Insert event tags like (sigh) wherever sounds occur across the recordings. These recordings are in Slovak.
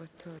rapporteur.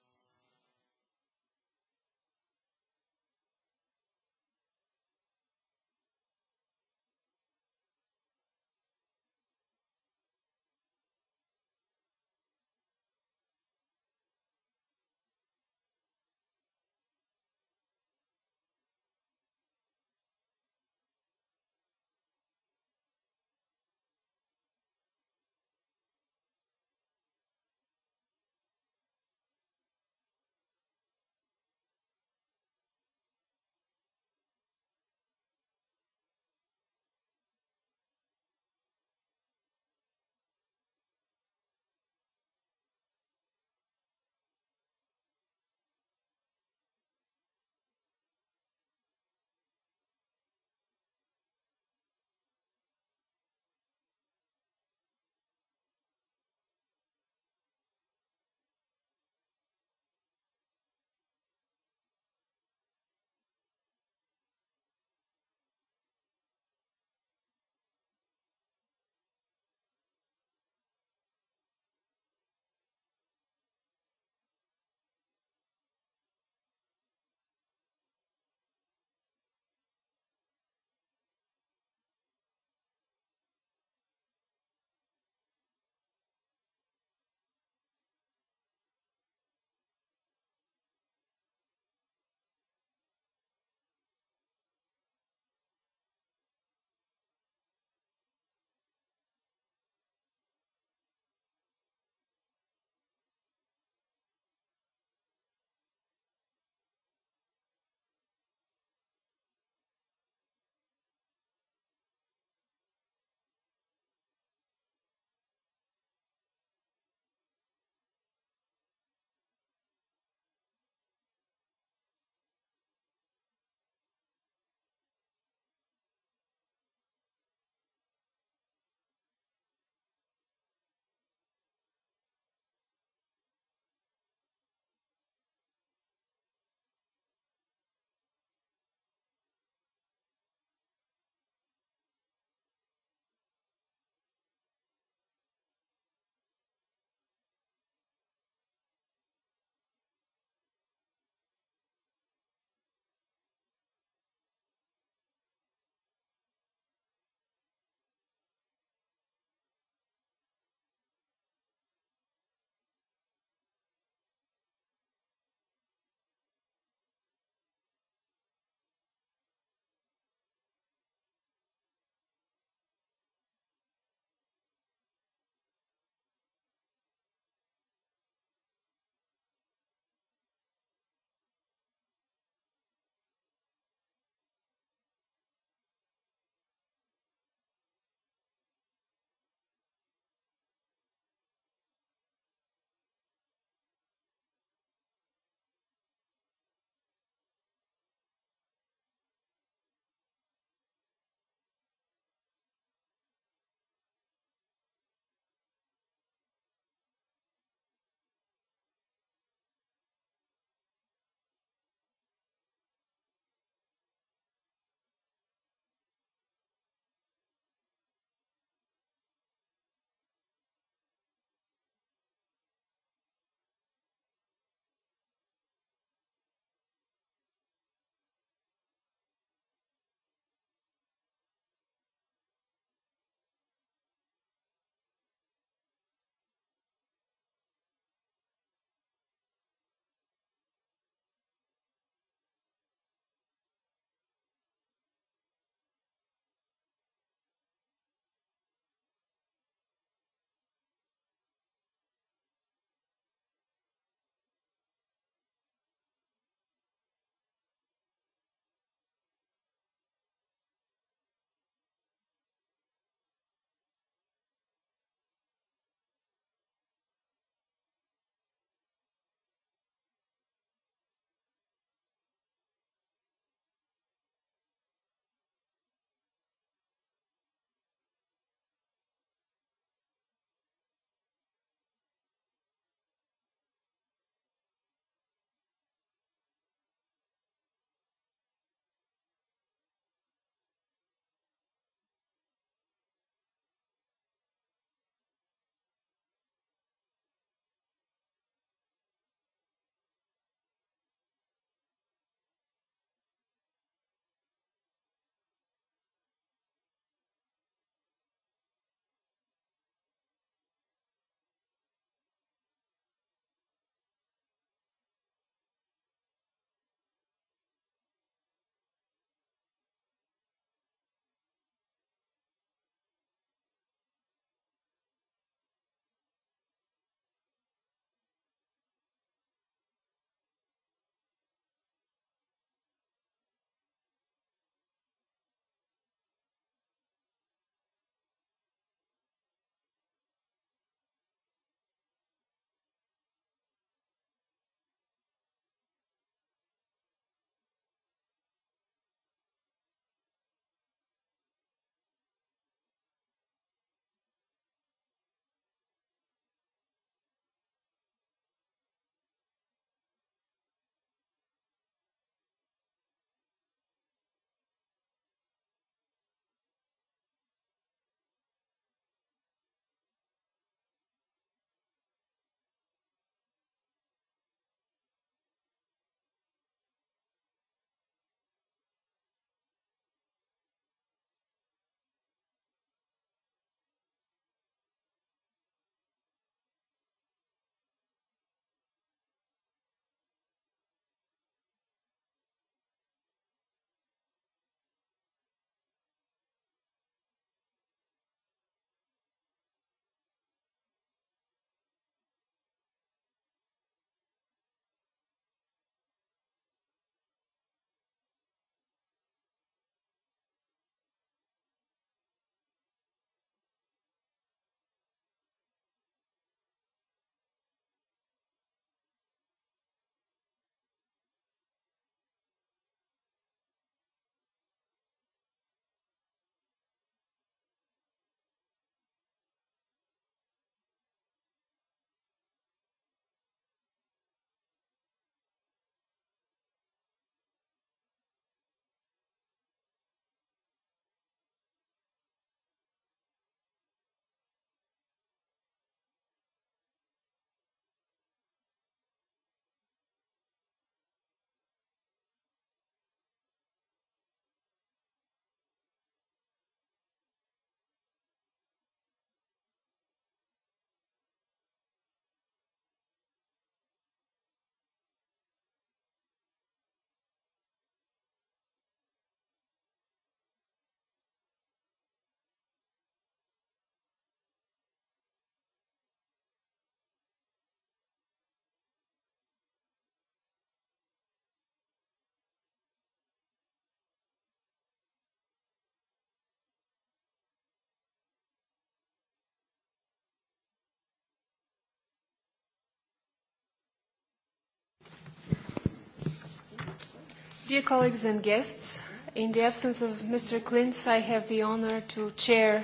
Dear colleagues and guests, in the absence of Mr. Klintz, I have the honor to chair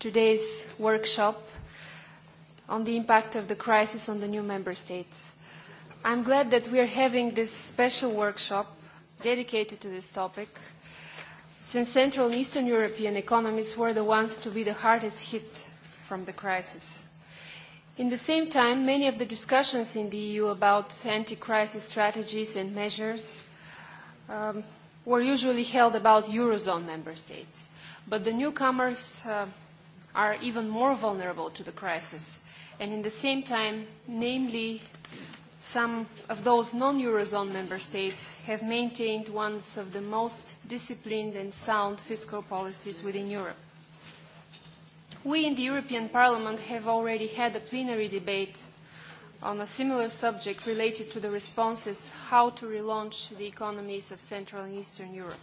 today's workshop on the impact of the crisis on the new member states. I'm glad that we are having this special workshop dedicated to this topic, since Central and Eastern European economies were the ones to be the hardest hit from the crisis. In the same time, many of the discussions in the EU about anti-crisis strategies and measures um, were usually held about Eurozone member states. But the newcomers uh, are even more vulnerable to the crisis. And in the same time, namely, some of those non-Eurozone member states have maintained one of the most disciplined and sound fiscal policies within Europe. We in the European Parliament have already had a plenary debate on a similar subject related to the responses how to relaunch the economies of Central and Eastern Europe.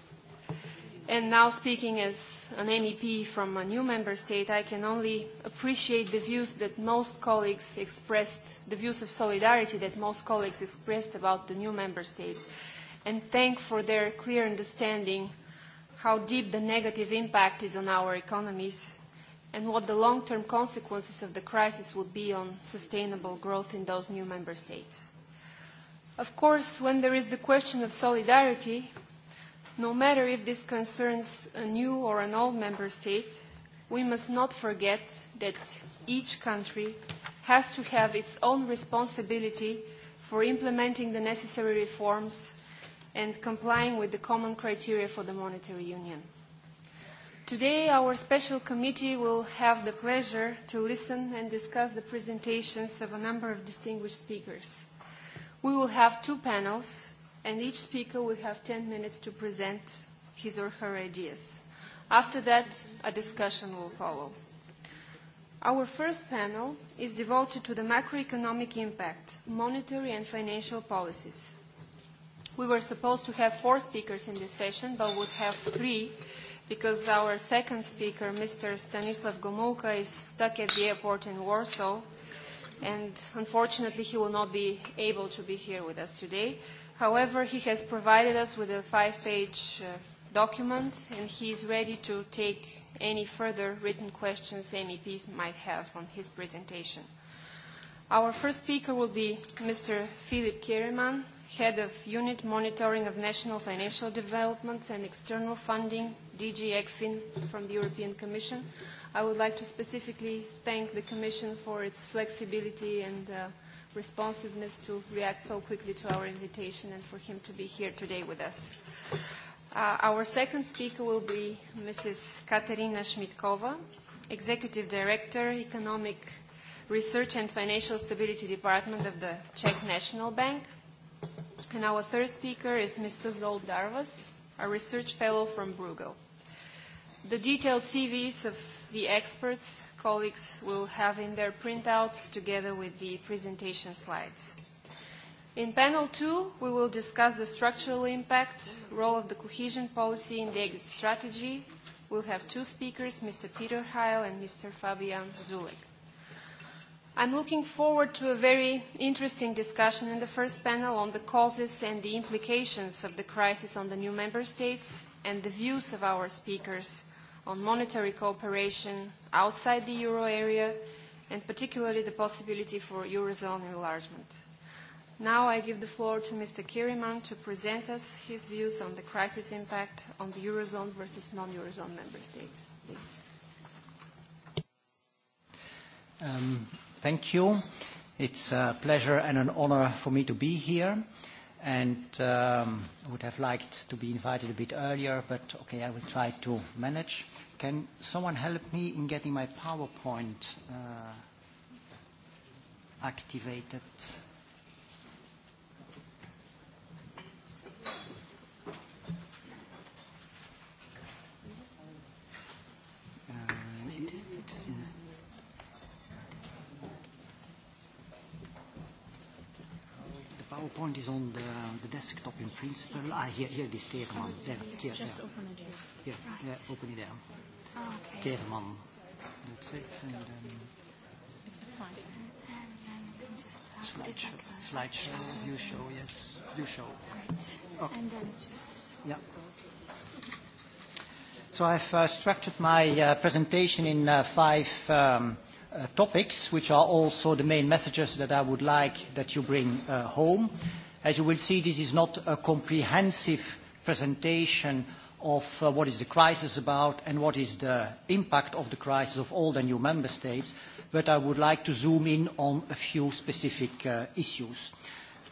And now speaking as an MEP from a new member state, I can only appreciate the views that most colleagues expressed, the views of solidarity that most colleagues expressed about the new member states, and thank for their clear understanding how deep the negative impact is on our economies and what the long-term consequences of the crisis would be on sustainable growth in those new member states. Of course, when there is the question of solidarity, no matter if this concerns a new or an old member state, we must not forget that each country has to have its own responsibility for implementing the necessary reforms and complying with the common criteria for the monetary union. Today, our special committee will have the pleasure to listen and discuss the presentations of a number of distinguished speakers. We will have two panels, and each speaker will have 10 minutes to present his or her ideas. After that, a discussion will follow. Our first panel is devoted to the macroeconomic impact, monetary and financial policies. We were supposed to have four speakers in this session, but would have three because our second speaker, Mr. Stanislav Gomulka, is stuck at the airport in Warsaw, and unfortunately he will not be able to be here with us today. However, he has provided us with a five-page uh, document, and he is ready to take any further written questions MEPs might have on his presentation. Our first speaker will be Mr. Philip Kiriman, Head of Unit Monitoring of National Financial Developments and External Funding, DG ECFIN from the European Commission. I would like to specifically thank the Commission for its flexibility and uh, responsiveness to react so quickly to our invitation and for him to be here today with us. Uh, our second speaker will be Mrs. Katerina Schmidkova, Executive Director, Economic Research and Financial Stability Department of the Czech National Bank. And our third speaker is Mr. Zol Darvas, a research fellow from Bruegel. The detailed CVs of the experts colleagues will have in their printouts together with the presentation slides. In panel two, we will discuss the structural impact, role of the cohesion policy in the exit strategy. We'll have two speakers, Mr. Peter Heil and Mr. Fabian Zulek. I'm looking forward to a very interesting discussion in the first panel on the causes and the implications of the crisis on the new member states and the views of our speakers on monetary cooperation outside the euro area and particularly the possibility for eurozone enlargement. Now I give the floor to Mr. Kiriman to present us his views on the crisis impact on the eurozone versus non-eurozone member states. Please. Um, Thank you. It's a pleasure and an honor for me to be here. And um, I would have liked to be invited a bit earlier, but okay, I will try to manage. Can someone help me in getting my PowerPoint uh, activated? PowerPoint is on the, the desktop in principle. Ah, here, here it is, Teerman. There, here, Just there. open it in. Here, right. yeah, open it there. Oh, ah, okay. Teerman. That's it. And then... It's been fine. And then just uh, uh you show, yes. You show. Okay. And then it's just this. Yeah. So I've uh, structured my uh, presentation in uh, five um, Uh, topics, which are also the main messages that I would like that you bring uh, home. As you will see, this is not a comprehensive presentation of uh, what is the crisis about and what is the impact of the crisis of all the new member states, but I would like to zoom in on a few specific issues.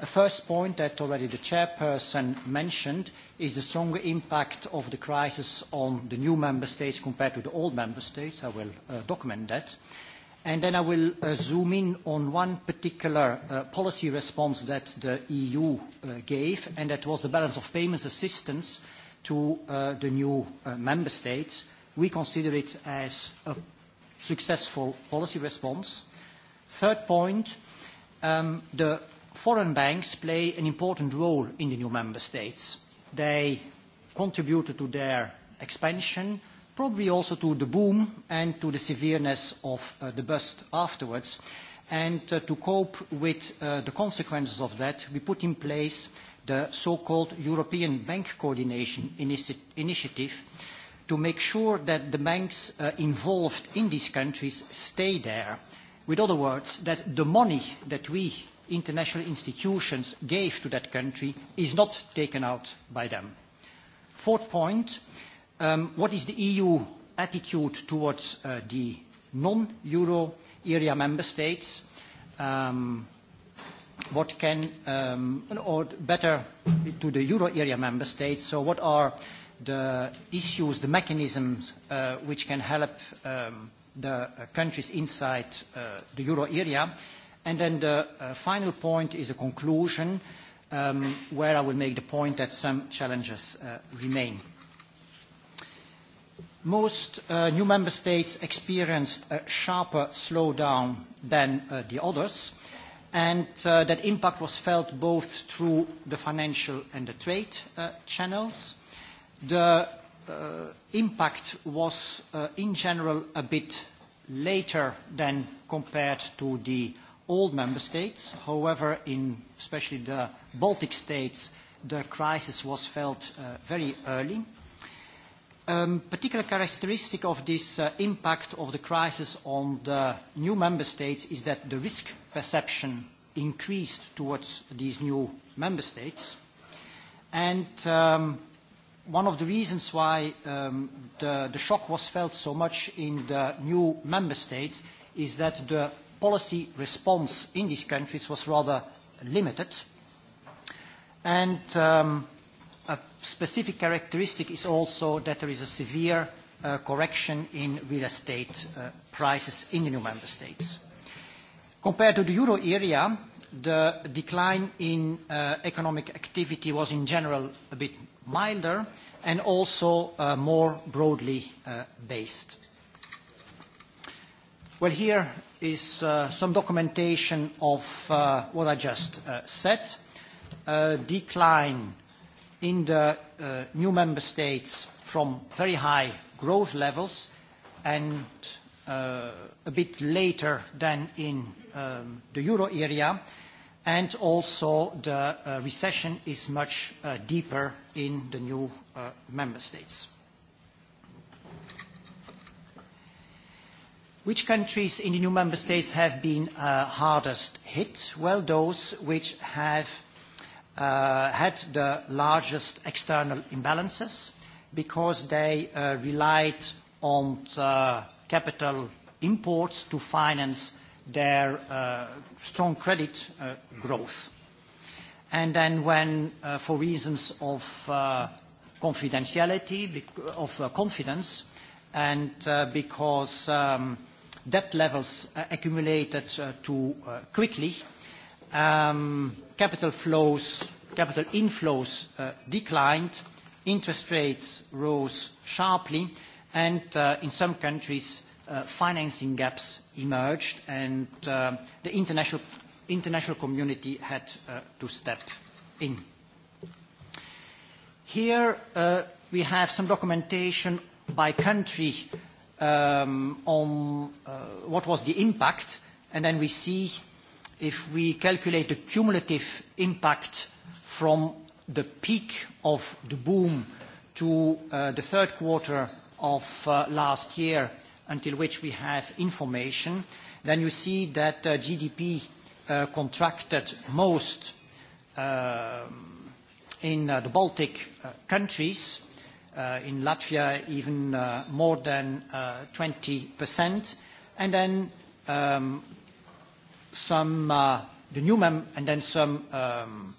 A first point that already the chairperson mentioned is the stronger impact of the crisis on the new member states compared to the old member states. I will document that. And then I will uh, zoom in on one particular uh, policy response that the EU uh, gave, and that was the balance of payments assistance to uh, the new uh, member states. We consider it as a successful policy response. Third point, um, the foreign banks play an important role in the new member states. They contributed to their expansion, probably also to the boom and to the severeness of uh, the bust afterwards. And uh, to cope with uh, the consequences of that, we put in place the so-called European Bank Coordination Initi Initiative to make sure that the banks uh, involved in these countries stay there. With other words, that the money that we international institutions gave to that country is not taken out by them. Fourth point, uh, Um, what is the EU attitude towards uh, the non-euro area member states? Um, what can, um, or better, to the euro area member states? So what are the issues, the mechanisms uh, which can help the uh, countries inside the euro area? And then the final point is a conclusion where I will make the point that some challenges remain. Most uh, new member states experienced a sharper slowdown than uh, the others, and uh, that impact was felt both through the financial and the trade uh, channels. The uh, impact was, uh, in general, a bit later than compared to the old member states. However, in especially the Baltic states, the crisis was felt uh, very early Um, particular characteristic of this uh, impact of the crisis on the new member states is that the risk perception increased towards these new member states. And um, one of the reasons why um, the, the shock was felt so much in the new member states is that the policy response in these countries was rather limited. And um, specific characteristic is also that there is a severe uh, correction in real estate uh, prices in the new member states. Compared to the euro area, the decline in uh, economic activity was in general a bit milder and also uh, more broadly uh, based. Well, here is uh, some documentation of uh, what I just uh, said. Uh, decline in the uh, new member states from very high growth levels and uh, a bit later than in um, the euro area, and also the uh, recession is much deeper in the new member states. Which countries in the new member states have been hardest hit? Well, those which have uh, had the largest external imbalances because they uh, relied on the uh, capital imports to finance their uh, strong credit uh, growth. And then when, uh, for reasons of uh, confidentiality, of uh, confidence, and uh, because um, debt levels uh, accumulated uh, too uh, quickly, um, capital flows, capital inflows uh, declined, interest rates rose sharply, and uh, in some countries, uh, financing gaps emerged, and the international, community had to step in. Here we have some documentation by country um, on what was the impact, and then we see if we calculate the cumulative impact from the peak of the boom to uh, the third quarter of uh, last year, until which we have information, then you see that uh, GDP contracted most um, in the Baltic countries, in Latvia even more than 20%, and then um, some uh, the new mem and then some um,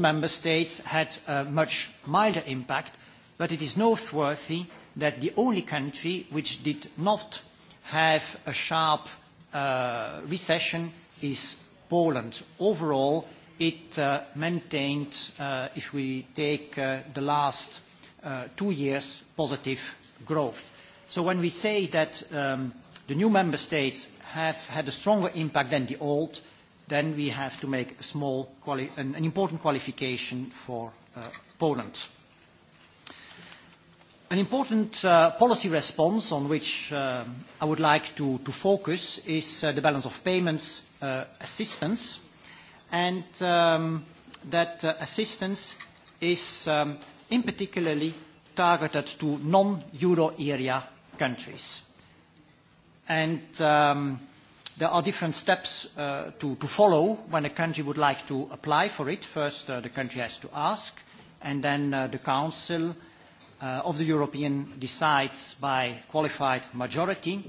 member states had a much milder impact, but it is noteworthy that the only country which did not have a sharp uh, recession is Poland. Overall, it uh, maintained, uh, if we take uh, the last uh, two years, positive growth. So when we say that um, the new member states have had a stronger impact than the old, then we have to make a small quali an, an important qualification for uh, Poland. An important uh, policy response on which uh, I would like to, to focus is uh, the balance of payments uh, assistance, and um, that uh, assistance is um, in particularly targeted to non-euro area countries. And um, there are different steps uh, to, to follow when a country would like to apply for it. First, uh, the country has to ask, and then uh, the Council uh, of the European decides by qualified majority.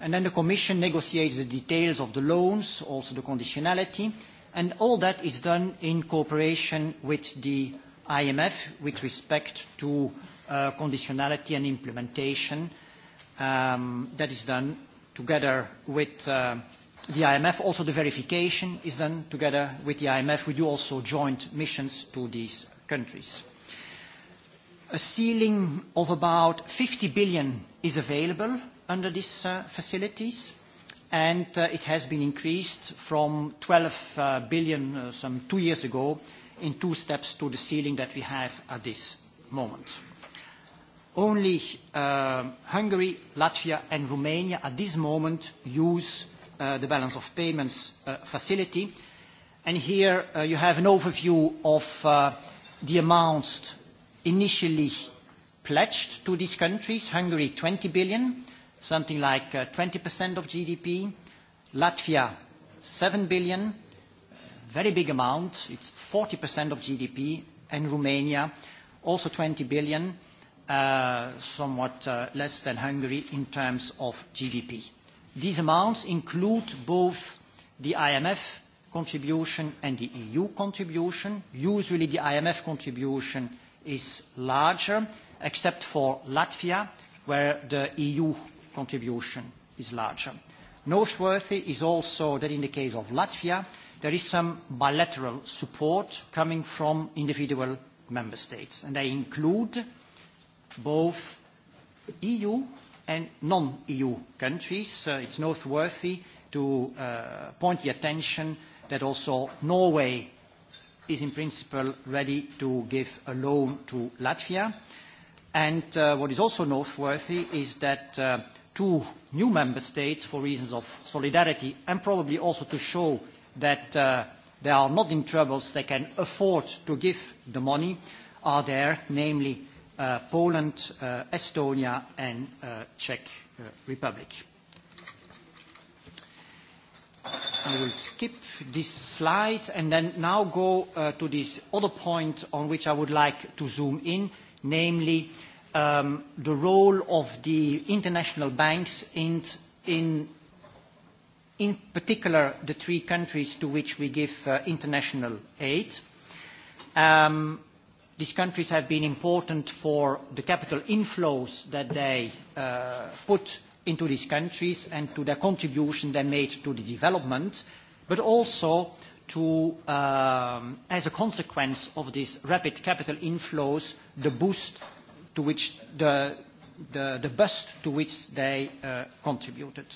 And then the Commission negotiates the details of the loans, also the conditionality, and all that is done in cooperation with the IMF with respect to uh, conditionality and implementation – Um, that is done together with uh, the IMF. Also, the verification is done together with the IMF. We do also joint missions to these countries. A ceiling of about 50 billion is available under these uh, facilities, and uh, it has been increased from 12 uh, billion uh, some two years ago in two steps to the ceiling that we have at this moment only uh, Hungary, Latvia and Romania at this moment use uh, the balance of payments uh, facility. And here uh, you have an overview of uh, the amounts initially pledged to these countries. Hungary, 20 billion, something like uh, 20% of GDP. Latvia, 7 billion, very big amount. It's 40% of GDP. And Romania, also 20 billion uh, somewhat uh, less than Hungary in terms of GDP. These amounts include both the IMF contribution and the EU contribution. Usually the IMF contribution is larger, except for Latvia, where the EU contribution is larger. Noteworthy is also that in the case of Latvia, there is some bilateral support coming from individual member states, and they include both EU and non-EU countries. Uh, it's noteworthy to uh, point the attention that also Norway is in principle ready to give a loan to Latvia. And uh, what is also noteworthy is that uh, two new member states, for reasons of solidarity and probably also to show that uh, they are not in troubles, they can afford to give the money, are there, namely Uh, Poland, uh, Estonia, and uh, Czech uh, Republic. I will skip this slide and then now go uh, to this other point on which I would like to zoom in, namely um, the role of the international banks in, in, in particular the three countries to which we give uh, international aid. Um, These countries have been important for the capital inflows that they uh, put into these countries and to the contribution they made to the development, but also to, um, as a consequence of these rapid capital inflows, the boost to which the, the, the bust to which they uh, contributed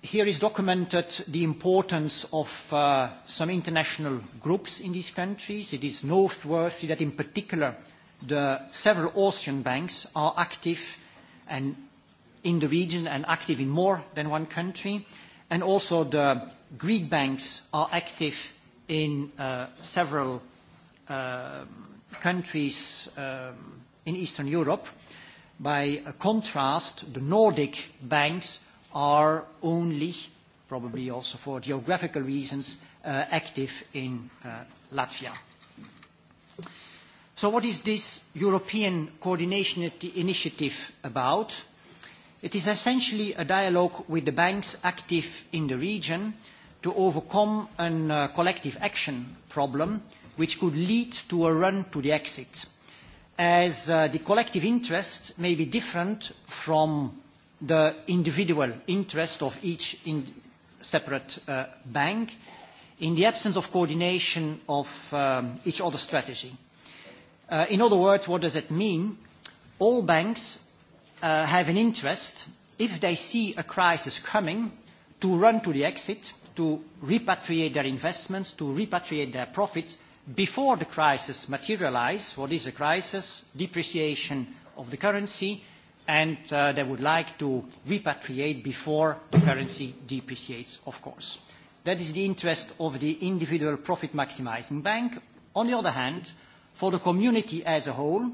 here is documented the importance of uh, some international groups in these countries. It is noteworthy that in particular the several Austrian banks are active and in the region and active in more than one country. And also the Greek banks are active in uh, several uh, countries um, in Eastern Europe. By contrast, the Nordic banks are only, probably also for geographical reasons, uh, active in uh, Latvia. So what is this European coordination initiative about? It is essentially a dialogue with the banks active in the region to overcome a uh, collective action problem which could lead to a run to the exit, as uh, the collective interest may be different from the individual interest of each in separate uh, bank in the absence of coordination of um, each other's strategy. Uh, in other words, what does it mean? All banks uh, have an interest, if they see a crisis coming, to run to the exit, to repatriate their investments, to repatriate their profits before the crisis materializes. What is a crisis? Depreciation of the currency, and uh, they would like to repatriate before the currency depreciates, of course. That is the interest of the individual profit maximizing bank. On the other hand, for the community as a whole,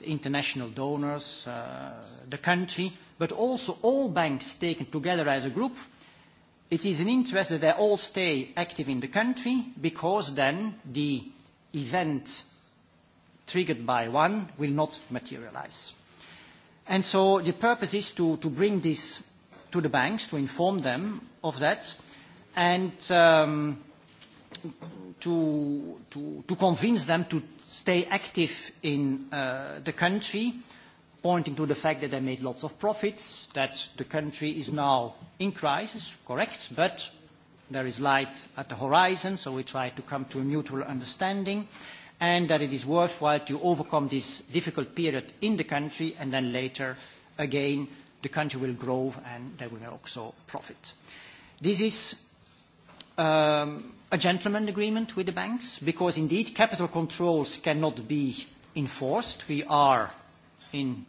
the international donors, uh, the country, but also all banks taken together as a group, it is an interest that they all stay active in the country because then the event triggered by one will not materialize. And so the purpose is to, to bring this to the banks, to inform them of that, and um, to, to, to convince them to stay active in uh, the country, pointing to the fact that they made lots of profits, that the country is now in crisis, correct, but there is light at the horizon, so we try to come to a mutual understanding. Uh, and that it is worthwhile to overcome this difficult period in the country and then later again the country will grow and they will also profit. This is um, a gentleman agreement with the banks because indeed capital controls cannot be enforced. We are in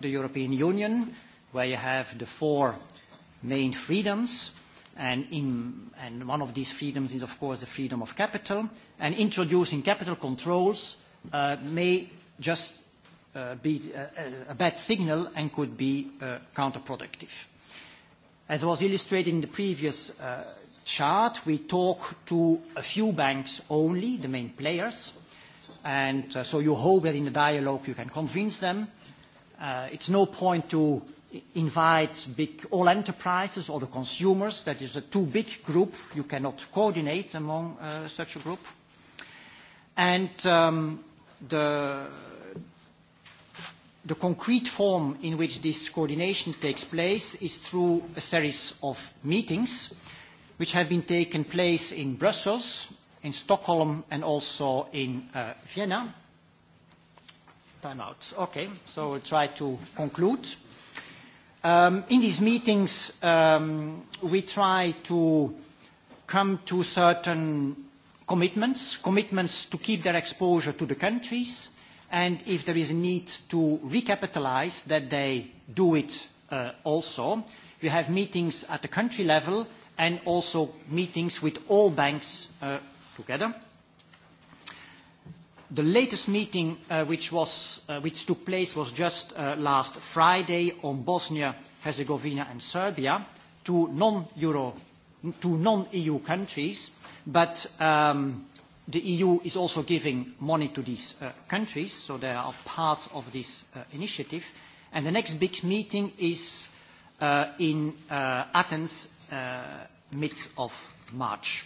the European Union where you have the four main freedoms And, in, and one of these freedoms is, of course, the freedom of capital. And introducing capital controls uh, may just uh, be a, uh, a bad signal and could be uh, counterproductive. As was illustrated in the previous uh, chart, we talk to a few banks only, the main players, and uh, so you hope that in the dialogue you can convince them. Uh, it's no point to invite big all enterprises or the consumers. That is a too big group. You cannot coordinate among uh, such a group. And um, the, the concrete form in which this coordination takes place is through a series of meetings which have been taken place in Brussels, in Stockholm, and also in uh, Vienna. Time out. Okay, so we'll try to conclude. Um, in these meetings, um, we try to come to certain commitments, commitments to keep their exposure to the countries, and if there is a need to recapitalize, that they do it uh, also. We have meetings at the country level and also meetings with all banks uh, together. The latest meeting uh, which, was, uh, which took place was just uh, last Friday on Bosnia, Herzegovina and Serbia, two non-Euro, non-EU countries, but um, the EU is also giving money to these uh, countries, so they are part of this uh, initiative. And the next big meeting is uh, in uh, Athens, uh, mid of March.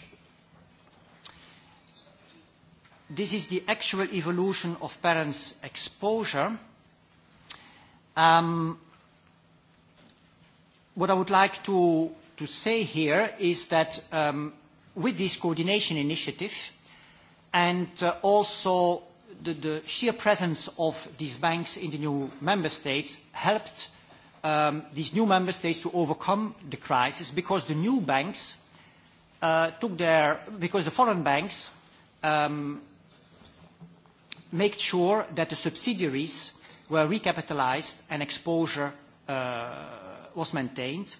this is the actual evolution of parents' exposure. Um, what I would like to, to say here is that um, with this coordination initiative and uh, also the, the sheer presence of these banks in the new member states helped um, these new member states to overcome the crisis because the new banks uh, took their, because the foreign banks um, make sure that the subsidiaries were recapitalized and exposure uh, was maintained.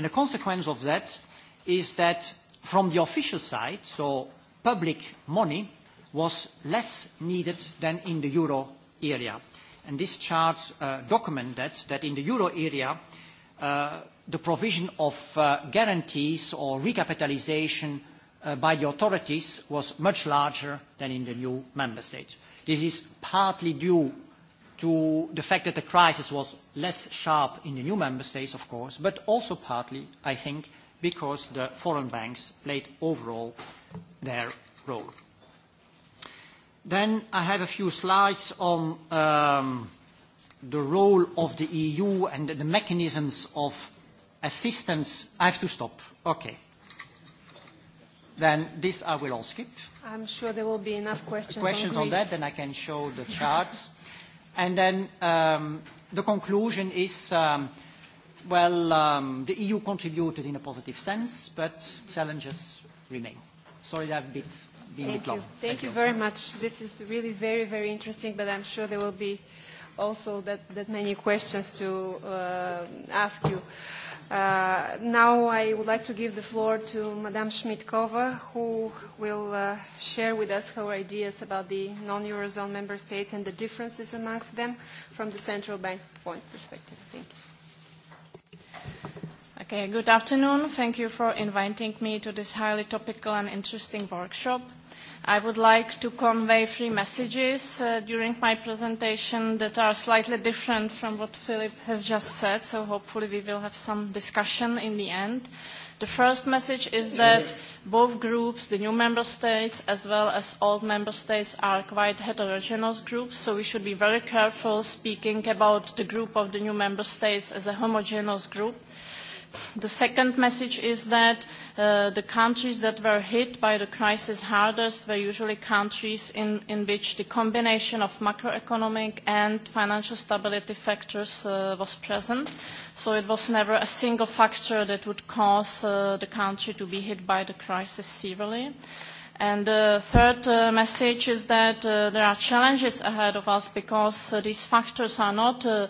the consequence of that is that from the official side, so public money was less needed than in the euro area. this chart documents that, in the euro area, uh, the provision of uh, guarantees or recapitalization by the authorities was much larger than in the new member states. This is partly due to the fact that the crisis was less sharp in the new member states, of course, but also partly, I think, because the foreign banks played overall their role. Then I have a few slides on um, the role of the EU and the mechanisms of assistance. I have to stop. Okay. Then this I will all skip. I'm sure there will be enough questions, on, Greece. on that. Then I can show the charts. and then um, the conclusion is, um, well, um, the EU contributed in a positive sense, but challenges remain. Sorry that I've been a bit long. You. Thank, you, very much. This is really very, very interesting, but I'm sure there will be also that, that many questions to uh, ask you. Uh, now I would like to give the floor to Madame Schmidkova, who will uh, share with us her ideas about the non-Eurozone member states and the differences amongst them from the central bank point perspective. Thank you. Okay, good afternoon. Thank you for inviting me to this highly topical and interesting workshop. I would like to convey three messages uh, during my presentation that are slightly different from what Philip has just said, so hopefully we will have some discussion in the end. The first message is that both groups, the new member states as well as old member states, are quite heterogeneous groups, so we should be very careful speaking about the group of the new member states as a homogeneous group The second message is that uh, the countries that were hit by the crisis hardest were usually countries in, in which the combination of macroeconomic and financial stability factors uh, was present. So it was never a single factor that would cause uh, the country to be hit by the crisis severely. And the third uh, message is that uh, there are challenges ahead of us because uh, these factors are not uh,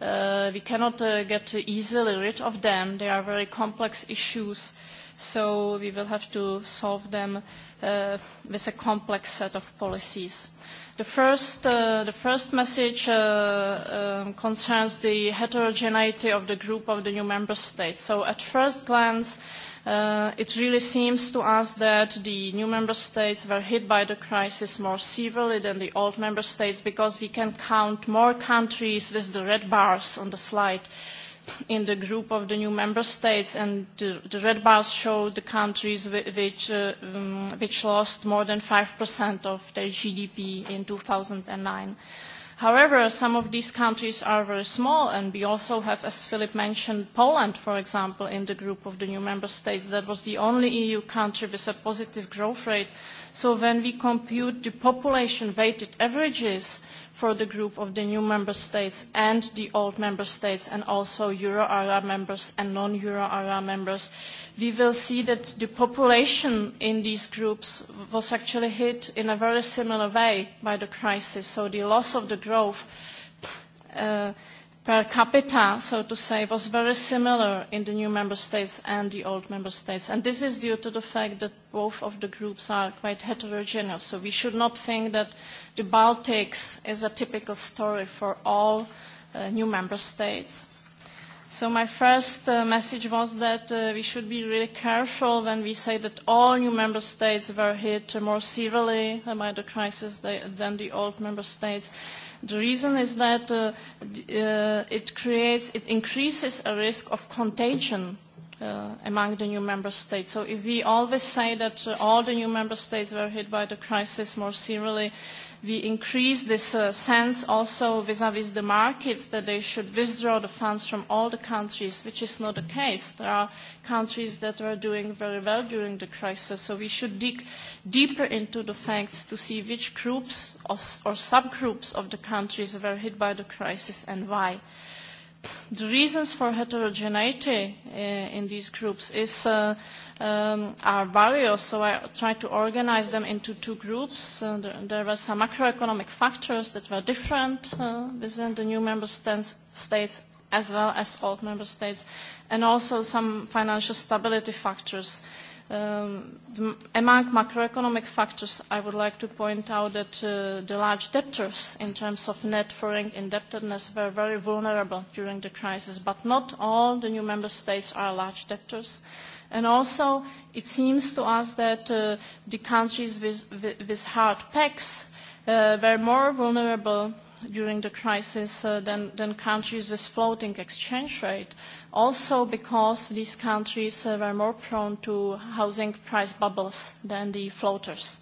Uh, we cannot uh, get easily rid of them. They are very complex issues, so we will have to solve them uh, with a complex set of policies. The first, uh, the first message uh, um, concerns the heterogeneity of the group of the new member states. So at first glance, Uh, it really seems to us that the new member states were hit by the crisis more severely than the old member states because we can count more countries with the red bars on the slide in the group of the new member states, and the, the red bars show the countries which, uh, um, which lost more than 5% of their GDP in 2009. However, some of these countries are very small, and we also have, as Philip mentioned, Poland, for example, in the group of the new member states. That was the only EU country with a positive growth rate. So when we compute the population-weighted averages, for the group of the new member states and the old member states and also euro area members and non-euro area members, we will see that the population in these groups was actually hit in a very similar way by the crisis. So the loss of the growth uh, per capita, so to say, was very similar in the new member states and the old member states. And this is due to the fact that both of the groups are quite heterogeneous. So we should not think that the Baltics is a typical story for all uh, new member states. So my first uh, message was that uh, we should be really careful when we say that all new member states were hit more severely by the crisis than the old member states The reason is that uh, uh, it creates, it increases a risk of contagion uh, among the new member states. So if we always say that uh, all the new member states were hit by the crisis more severely, we increase this uh, sense also vis-à-vis the markets that they should withdraw the funds from all the countries, which is not the case. There are countries that are doing very well during the crisis, so we should dig deeper into the facts to see which groups or, or subgroups of the countries were hit by the crisis and why. The reasons for heterogeneity uh, in these groups is uh, um, are various, so I tried to organize them into two groups. Uh, there, there were some macroeconomic factors that were different uh, within the new member states, states as well as old member states, and also some financial stability factors. Um, the, among macroeconomic factors, I would like to point out that uh, the large debtors in terms of net foreign indebtedness were very vulnerable during the crisis, but not all the new member states are large debtors. Uh, And also, it seems to us that uh, the countries with, with hard packs uh, were more vulnerable during the crisis uh, than, than countries with floating exchange rate, also because these countries uh, were more prone to housing price bubbles than the floaters.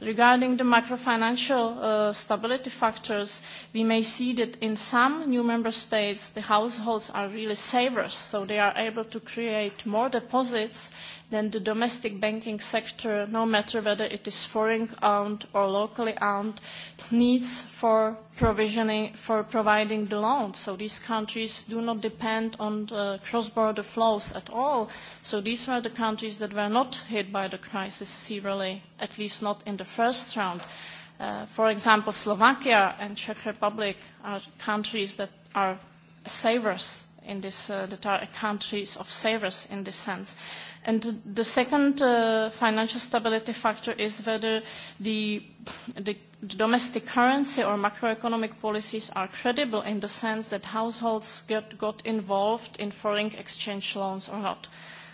Regarding the macrofinancial financial uh, stability factors, we may see that in some new member states, the households are really savers, so they are able to create more deposits then the domestic banking sector, no matter whether it is foreign owned or locally owned, needs for provisioning for providing the loans. So these countries do not depend on the cross-border flows at all. So these were the countries that were not hit by the crisis severely, at least not in the first round. Uh, for example, Slovakia and Czech Republic are countries that are savers in this, uh, that are countries of savers in this sense. Uh, And the second uh, financial stability factor is whether the, the domestic currency or macroeconomic policies are credible in the sense that households get, got involved in foreign exchange loans or not.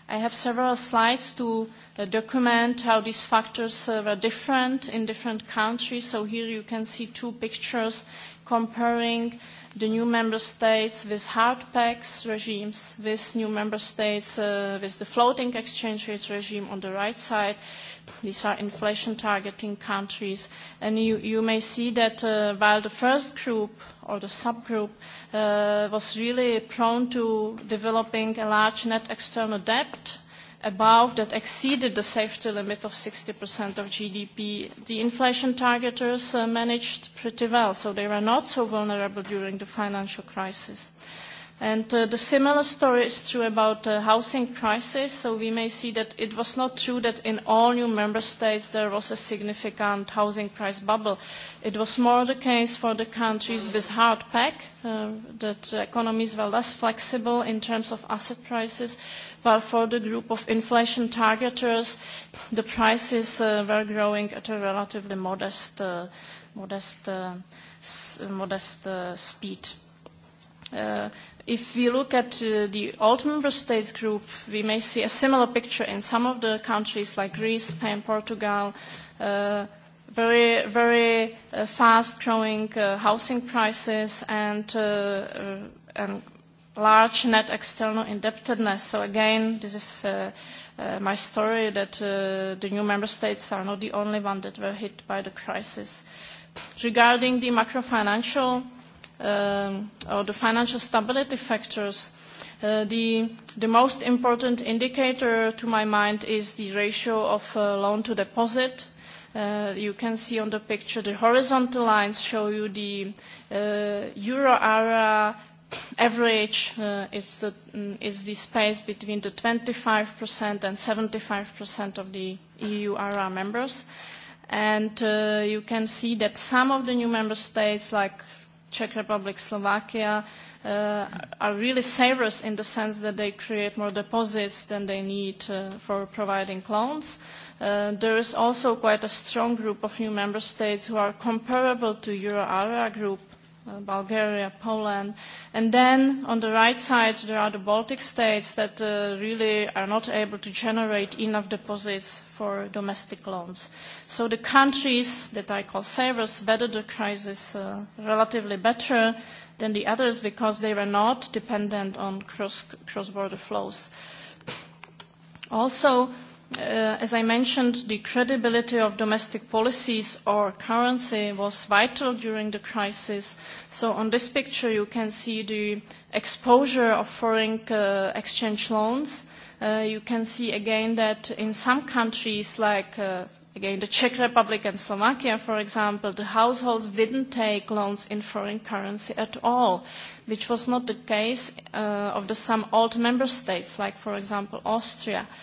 I have several slides to uh, document how these factors uh, were different in different countries. So here you can see two pictures comparing the new member states with hard packs regimes, with new member states uh, with the floating exchange rate regime on the right side. These are inflation targeting countries. And you, you may see that uh, while the first group or the subgroup uh, was really prone to developing a large net external debt, above that exceeded the safety limit of 60% of GDP, the inflation targeters uh, managed pretty well, so they were not so vulnerable during the financial crisis. And uh, the similar story is true about the uh, housing prices. So we may see that it was not true that in all new member states there was a significant housing price bubble. It was more the case for the countries with hard pack, uh, that economies were less flexible in terms of asset prices, while for the group of inflation targeters, the prices uh, were growing at a relatively modest, uh, modest, uh, s modest uh, speed. Uh, if we look at uh, the old member states group, we may see a similar picture in some of the countries like Greece, Spain, Portugal, uh, very, very uh, fast-growing uh, housing prices and, uh, uh, and large net external indebtedness. So again, this is uh, uh, my story that uh, the new member states are not the only one that were hit by the crisis. Regarding the macro-financial um, or the financial stability factors, uh, the, the most important indicator to my mind is the ratio of uh, loan to deposit. Uh, you can see on the picture the horizontal lines show you the uh, euro area (clears throat) average uh, is, the, um, is the space between the 25% and 75% of the EU area members. And uh, you can see that some of the new member states like Czech Republic, Slovakia, uh, are really savers in the sense that they create more deposits than they need uh, for providing loans. Uh, there is also quite a strong group of new member states who are comparable to euro area group Uh, Bulgaria, Poland. And then on the right side, there are the Baltic states that uh, really are not able to generate enough deposits for domestic loans. So the countries that I call savers weathered the crisis uh, relatively better than the others because they were not dependent on cross, cross-border flows. Also, Uh, as I mentioned, the credibility of domestic policies or currency was vital during the crisis. So on this picture, you can see the exposure of foreign uh, exchange loans. Uh, you can see again that in some countries like uh, again, the Czech Republic and Slovakia, for example, the households didn't take loans in foreign currency at all, which was not the case uh, of the some old member states, like, for example, Austria. Uh,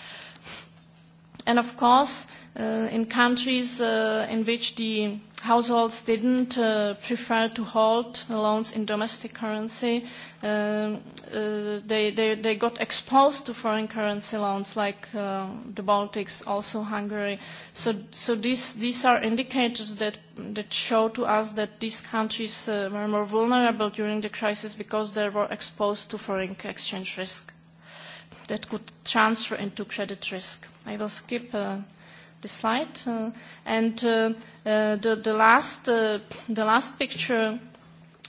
And of course, uh, in countries uh, in which the households didn't uh, prefer to hold loans in domestic currency, uh, uh, they, they, they got exposed to foreign currency loans like uh, the Baltics, also Hungary. So, so these, these are indicators that, that show to us that these countries uh, were more vulnerable during the crisis because they were exposed to foreign exchange risk that could transfer into credit risk. I will skip uh, the slide. Uh, and uh, uh, the, the, last, uh, the last picture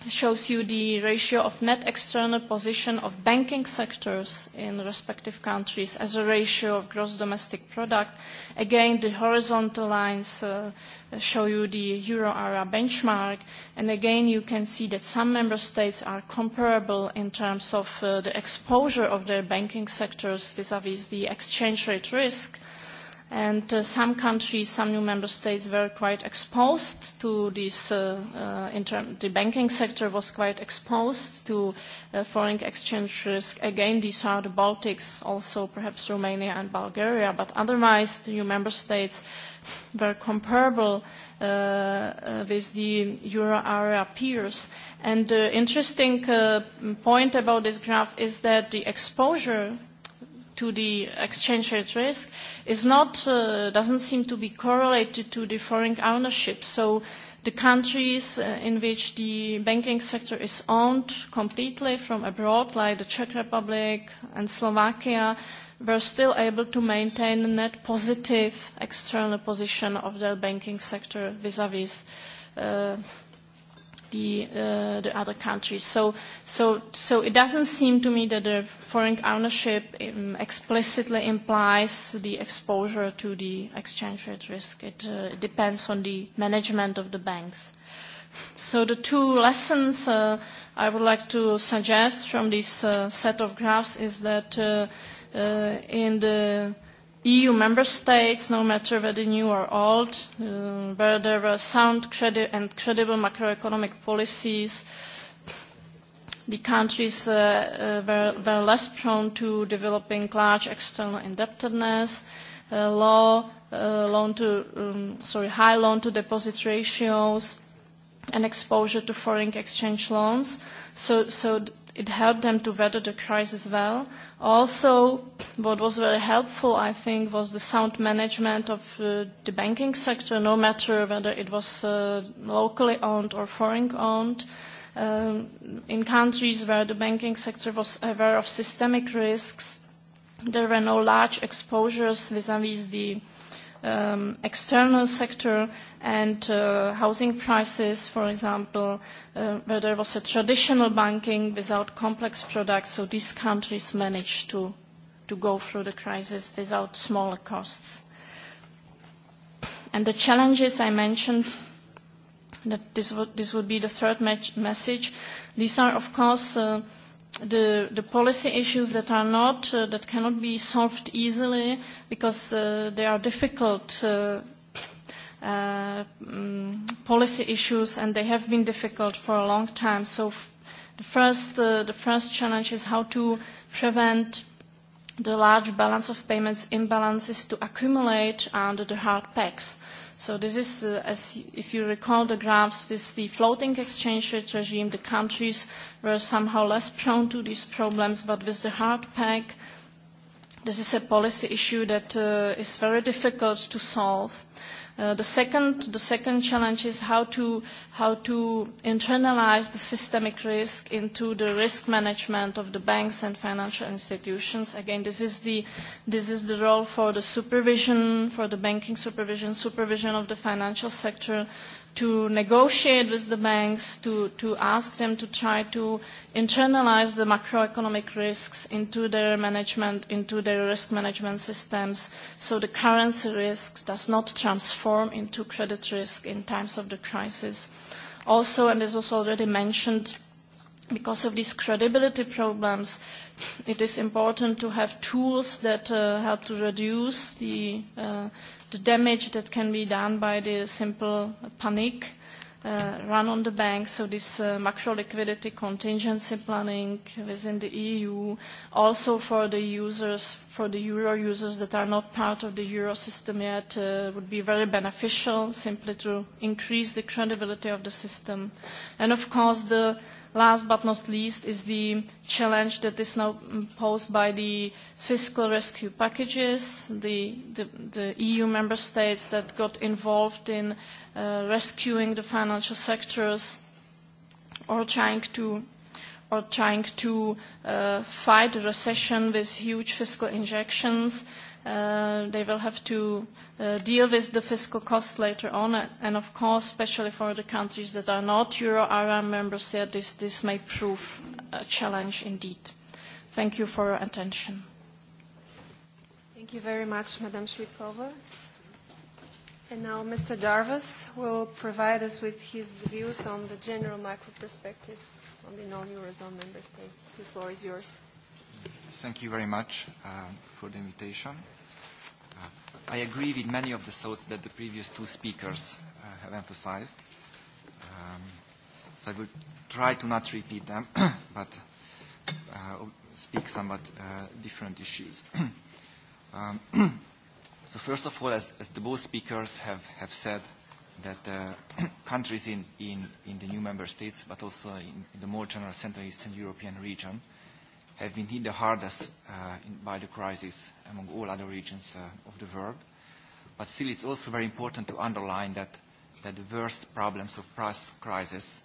shows you the ratio of net external position of banking sectors in respective countries as a ratio of gross domestic product. Again, the horizontal lines uh, show you the euro-area benchmark, and again, you can see that some member states are comparable in terms of uh, the exposure of their banking sectors vis-à-vis -vis the exchange rate risk. And uh, some countries, some new member states were quite exposed to this, uh, uh, in term, the banking sector was quite exposed to uh, foreign exchange risk. Again, these are the Baltics, also perhaps Romania and Bulgaria, but otherwise the new member states were comparable uh, uh, with the euro area peers. And the interesting uh, point about this graph is that the exposure to the exchange rate risk is not, uh, doesn't seem to be correlated to the foreign ownership. So the countries uh, in which the banking sector is owned completely from abroad, like the Czech Republic and Slovakia, were still able to maintain a net positive external position of their banking sector vis-à-vis -vis, uh, the, uh, the other countries. So, so, so it doesn't seem to me that the foreign ownership um, explicitly implies the exposure to the exchange rate risk. It uh, depends on the management of the banks. So the two lessons uh, I would like to suggest from this uh, set of graphs is that uh, uh, in the EU member states, no matter whether new or old, uh, where there were sound credi and credible macroeconomic policies, the countries uh, uh, were, were less prone to developing large external indebtedness, uh, low uh, loan to, um, sorry, high loan to deposit ratios, and exposure to foreign exchange loans. So, so it helped them to weather the crisis well. Also, what was very helpful, I think, was the sound management of uh, the banking sector, no matter whether it was uh, locally owned or foreign owned. Um, in countries where the banking sector was aware of systemic risks, there were no large exposures vis-à-vis -vis the um, external sector and uh, housing prices, for example, uh, where there was a traditional banking without complex products, so these countries managed to, to go through the crisis without smaller costs. And the challenges I mentioned, that this would, this would be the third message, these are, of course, uh, the, the policy issues that are not, uh, that cannot be solved easily because uh, they are difficult uh, uh, um, policy issues and they have been difficult for a long time. So f the, first, uh, the first challenge is how to prevent the large balance of payments imbalances to accumulate under the hard packs. Uh, so this is, uh, as if you recall the graphs with the floating exchange rate regime, the countries were somehow less prone to these problems, but with the hard peg, this is a policy issue that uh, is very difficult to solve. Uh, Uh, the second the second challenge is how to how to internalize the systemic risk into the risk management of the banks and financial institutions again this is the this is the role for the supervision for the banking supervision supervision of the financial sector to negotiate with the banks, to, to ask them to try to internalize the macroeconomic risks into their management, into their risk management systems, so the currency risk does not transform into credit risk in times of the crisis. Also, and this was already mentioned, because of these credibility problems, it is important to have tools that uh, help to reduce the uh, the damage that can be done by the simple panic uh, run on the bank. So this uh, macro liquidity contingency planning within the EU, also for the users, for the euro users that are not part of the euro system yet, uh, would be very beneficial simply to increase the credibility of the system. And of course, the last but not least is the challenge that is now posed by the fiscal rescue packages, the, the, the EU member states that got involved in uh, rescuing the financial sectors or trying to or trying to uh, fight the recession with huge fiscal injections. Uh, they will have to uh, Uh, deal with the fiscal costs later on. And of course, especially for the countries that are not euro area members, yeah, this, this may prove a challenge indeed. Thank you for your attention. Thank you very much, Madam Shvikova. And now Mr. Jarvis will provide us with his views on the general macro perspective on the non-Eurozone member states. The floor is yours. Thank you very much uh, for the invitation. I agree with many of the thoughts that the previous two speakers uh, have emphasized. Um, so I will try to not repeat them, (coughs) but uh, speak somewhat uh, different issues. (coughs) um, (coughs) so first of all, as, as the both speakers have, have said, that uh, countries in, in, in the new member states, but also in, in the more general Central Eastern European region, have been hit the hardest uh, in, by the crisis among all other regions uh, of the world. But still, it's also very important to underline that, that the worst problems of price crisis,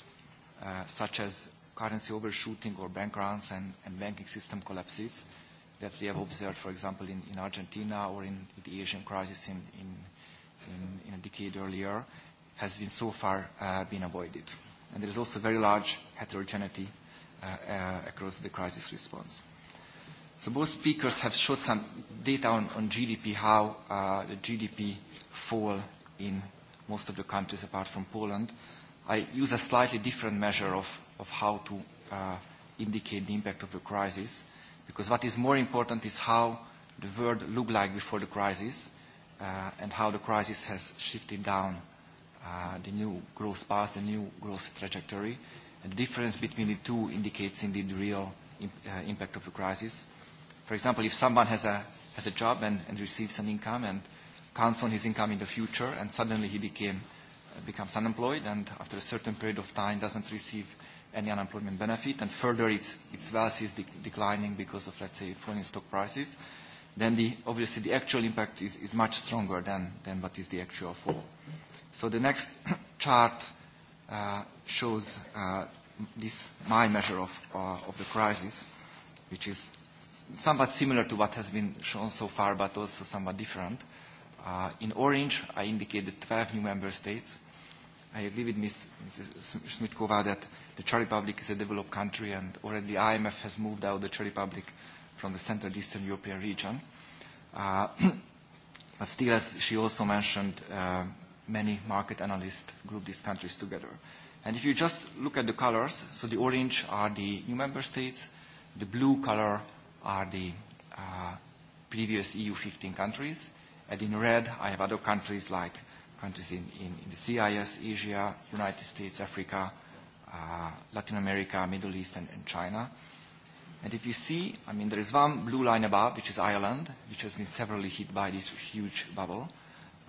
uh, such as currency overshooting or bank runs and, and banking system collapses, that we have observed, for example, in, in Argentina or in, the Asian crisis in, in, in, in a decade earlier, has been so far uh, been avoided. And there is also very large heterogeneity uh, uh, across the crisis response. So both speakers have showed some data on, on GDP, how uh, the GDP fall in most of the countries apart from Poland. I use a slightly different measure of, of how to uh, indicate the impact of the crisis, because what is more important is how the world looked like before the crisis uh, and how the crisis has shifted down uh, the new growth path, the new growth trajectory. Uh, The difference between the two indicates indeed the real uh, impact of the crisis. For example, if someone has a, has a job and, and receives an income and counts on his income in the future and suddenly he became, uh, becomes unemployed and after a certain period of time doesn't receive any unemployment benefit and further its, its wealth is de declining because of, let's say, falling stock prices, then the, obviously the actual impact is, is much stronger than, than what is the actual fall. So the next (clears throat) chart uh, shows uh, this my measure of, uh, of the crisis, which is somewhat similar to what has been shown so far, but also somewhat different. Uh, in orange, I indicated 12 new member states. I agree with Ms. Smitkova that the Czech Republic is a developed country, and already the IMF has moved out the Czech Republic from the Central Eastern European region. Uh, (clears throat) but still, as she also mentioned, uh, many market analysts group these countries together. And if you just look at the colors, so the orange are the new member states, the blue color are the uh, previous EU 15 countries, and in red I have other countries like countries in, in, in the CIS, Asia, United States, Africa, uh, Latin America, Middle East, and, and China. And if you see, I mean, there is one blue line above, which is Ireland, which has been severely hit by this huge bubble.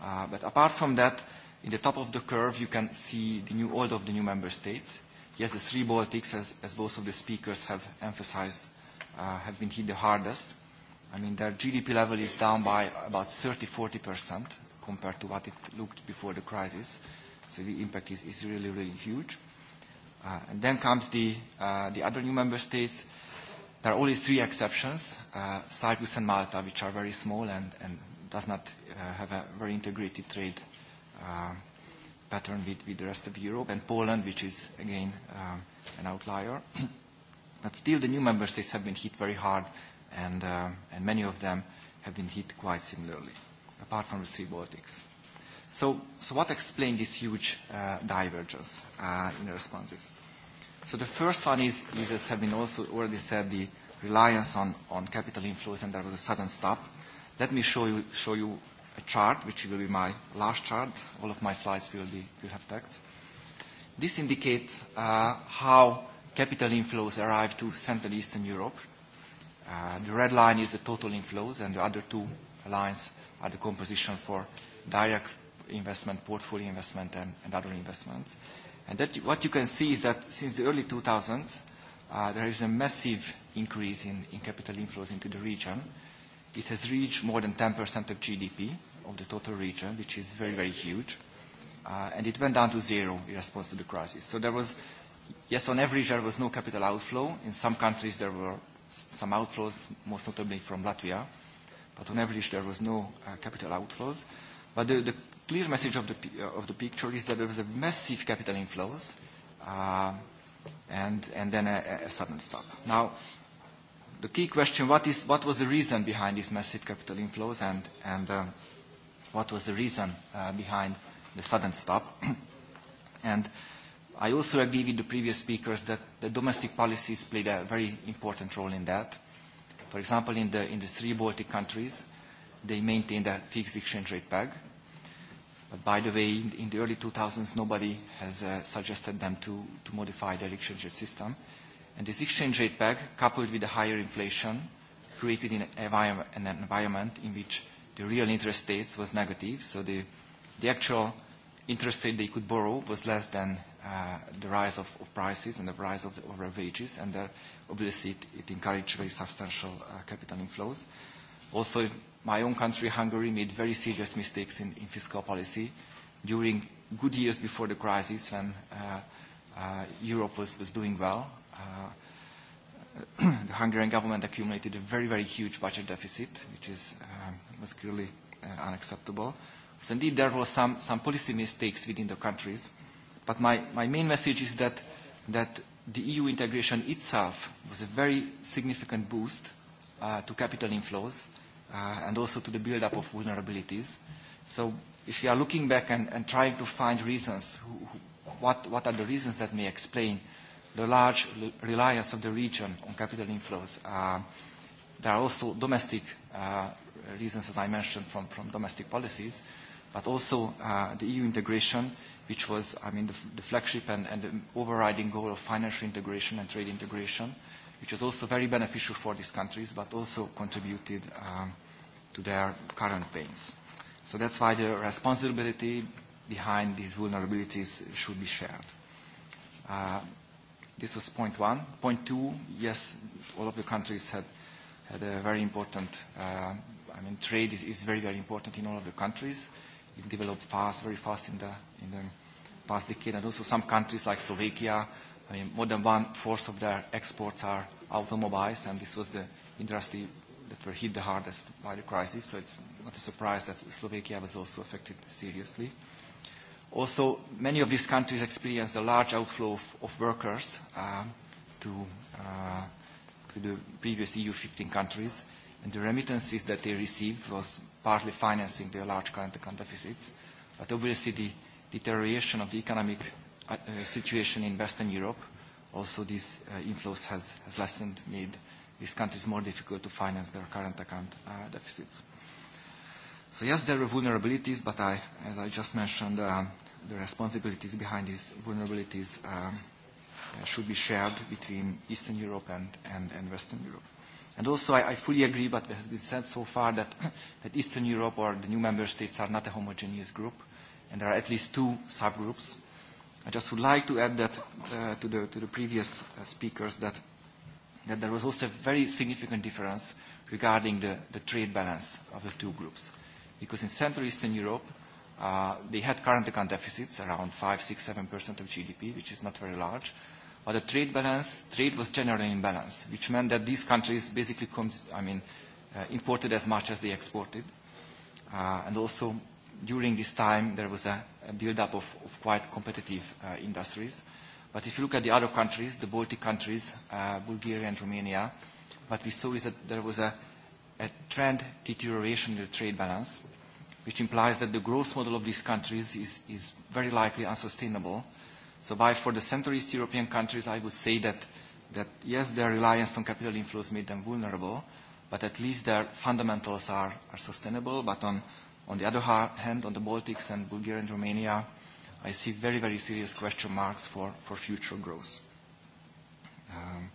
Uh, but apart from that, in the top of the curve, you can see the new order of the new member states. Yes, the three Baltics, as, as both of the speakers have emphasized, uh, have been hit the hardest. I mean, their GDP level is down by about 30-40% compared to what it looked before the crisis. So the impact is, is really, really huge. Uh, and then comes the, uh, the other new member states. There are only three exceptions, uh, Cyprus and Malta, which are very small and, and does not Uh, have a very integrated trade uh, pattern with, with the rest of Europe and Poland, which is again um, an outlier. (clears throat) but still, the new member states have been hit very hard, and, uh, and many of them have been hit quite similarly, apart from the Sea Baltics. So, so what explains this huge uh, divergence uh, in the responses? So the first one is, is, as have been also already said, the reliance on, on capital inflows, and there was a sudden stop. Let me show you, show you a chart, which will be my last chart. All of my slides will, be, will have text. This indicates uh, how capital inflows arrive to Central Eastern Europe. Uh, the red line is the total inflows, and the other two lines are the composition for direct investment, portfolio investment, and, and other investments. And that, what you can see is that since the early 2000s, uh, there is a massive increase in, in capital inflows into the region. It has reached more than 10% of GDP, of the total region, which is very, very huge. Uh, and it went down to zero in response to the crisis. So there was, yes, on average, there was no capital outflow. In some countries, there were some outflows, most notably from Latvia. But on average, there was no uh, capital outflows. But the, the clear message of the, uh, of the picture is that there was a massive capital inflows uh, and, and then a, a sudden stop. Now, the key question, what, is, what was the reason behind these massive capital inflows and, and um, what was the reason uh, behind the sudden stop. (clears throat) and I also agree with the previous speakers that the domestic policies played a very important role in that. For example, in the, in the three Baltic countries, they maintained a fixed exchange rate peg. But by the way, in, in the early 2000s, nobody has uh, suggested them to, to modify their exchange rate system. And this exchange rate peg, coupled with the higher inflation, created an, an environment in which the real interest rates was negative, so the, the actual interest rate they could borrow was less than uh, the rise of, of prices and the rise of the overall wages, and that uh, obviously it, it encouraged very substantial uh, capital inflows. Also, my own country, Hungary, made very serious mistakes in, in fiscal policy during good years before the crisis when uh, uh, Europe was, was doing well. Uh, (clears throat) the Hungarian government accumulated a very, very huge budget deficit, which is um, was clearly uh, unacceptable. So indeed, there were some, some policy mistakes within the countries. But my, my main message is that, that the EU integration itself was a very significant boost uh, to capital inflows uh, and also to the build-up of vulnerabilities. So if you are looking back and, and trying to find reasons, who, who, what, what are the reasons that may explain the large reliance of the region on capital inflows? Uh, there are also domestic uh, reasons, as I mentioned, from, from domestic policies, but also uh, the EU integration, which was, I mean, the, the flagship and, and the overriding goal of financial integration and trade integration, which was also very beneficial for these countries, but also contributed um, to their current pains. So that's why the responsibility behind these vulnerabilities should be shared. Uh, this was point one. Point two, yes, all of the countries had, had a very important uh, i mean, trade is, is very, very important in all of the countries. It developed fast, very fast in the, in the past decade, and also some countries like Slovakia, I mean, more than one-fourth of their exports are automobiles, and this was the industry that were hit the hardest by the crisis, so it's not a surprise that Slovakia was also affected seriously. Also, many of these countries experienced a large outflow of, of workers uh, to, uh, to the previous EU 15 countries, And the remittances that they received was partly financing their large current account deficits. But obviously the deterioration of the economic uh, uh, situation in Western Europe, also these uh, inflows has, has lessened, made these countries more difficult to finance their current account uh, deficits. So yes, there are vulnerabilities, but I, as I just mentioned, um, the responsibilities behind these vulnerabilities um, uh, should be shared between Eastern Europe and, and, and Western Europe. And also, I, I fully agree what has been said so far that, (clears throat) that Eastern Europe or the new member states are not a homogeneous group, and there are at least two subgroups. I just would like to add that uh, to, the, to the previous uh, speakers that, that there was also a very significant difference regarding the, the trade balance of the two groups. Because in Central Eastern Europe, uh, they had current account deficits around 5, 6, 7% of GDP, which is not very large or the trade balance, trade was generally in balance, which meant that these countries basically I mean, uh, imported as much as they exported. Uh, and also, during this time, there was a, a build-up of, of quite competitive uh, industries. But if you look at the other countries, the Baltic countries, uh, Bulgaria and Romania, what we saw is that there was a, a trend deterioration in the trade balance, which implies that the growth model of these countries is, is very likely unsustainable so by for the Central East European countries, I would say that, that yes, their reliance on capital inflows made them vulnerable, but at least their fundamentals are, are sustainable. But on, on the other hand, on the Baltics and Bulgaria and Romania, I see very, very serious question marks for, for future growth. Um,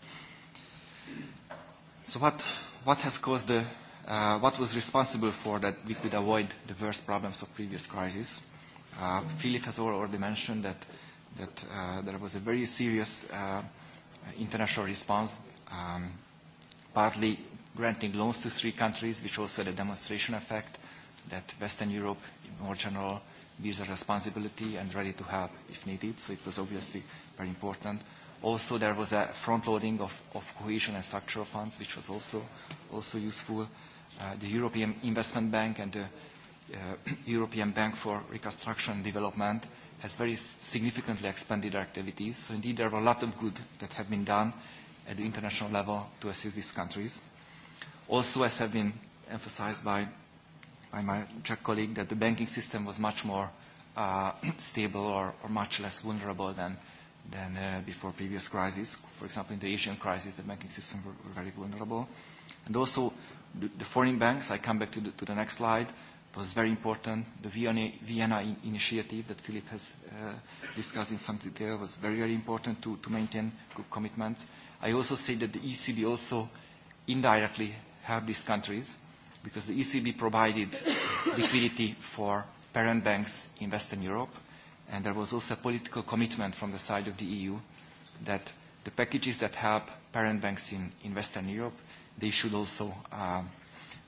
so what, what has caused the, uh, what was responsible for that we could avoid the worst problems of previous crises? Uh, Philip has already mentioned that that uh, there was a very serious uh, international response, um, partly granting loans to three countries, which also had a demonstration effect that Western Europe, in more general, bears a responsibility and ready to help if needed. So it was obviously very important. Also, there was a front-loading of, of cohesion and structural funds, which was also, also useful. Uh, the European Investment Bank and the uh, (clears throat) European Bank for Reconstruction and Development has very significantly expanded our activities. So indeed, there are a lot of good that have been done at the international level to assist these countries. Also, as has been emphasized by, by my Czech colleague, that the banking system was much more uh, (clears throat) stable or, or much less vulnerable than, than uh, before previous crises. For example, in the Asian crisis, the banking system were, were very vulnerable. And also, the, the foreign banks, I come back to the, to the next slide, was very important. The Vienna, Vienna initiative that Philip has uh, discussed in some detail was very, very important to, to maintain good commitments. I also say that the ECB also indirectly helped these countries because the ECB provided (coughs) liquidity for parent banks in Western Europe and there was also a political commitment from the side of the EU that the packages that help parent banks in, in Western Europe, they should also uh,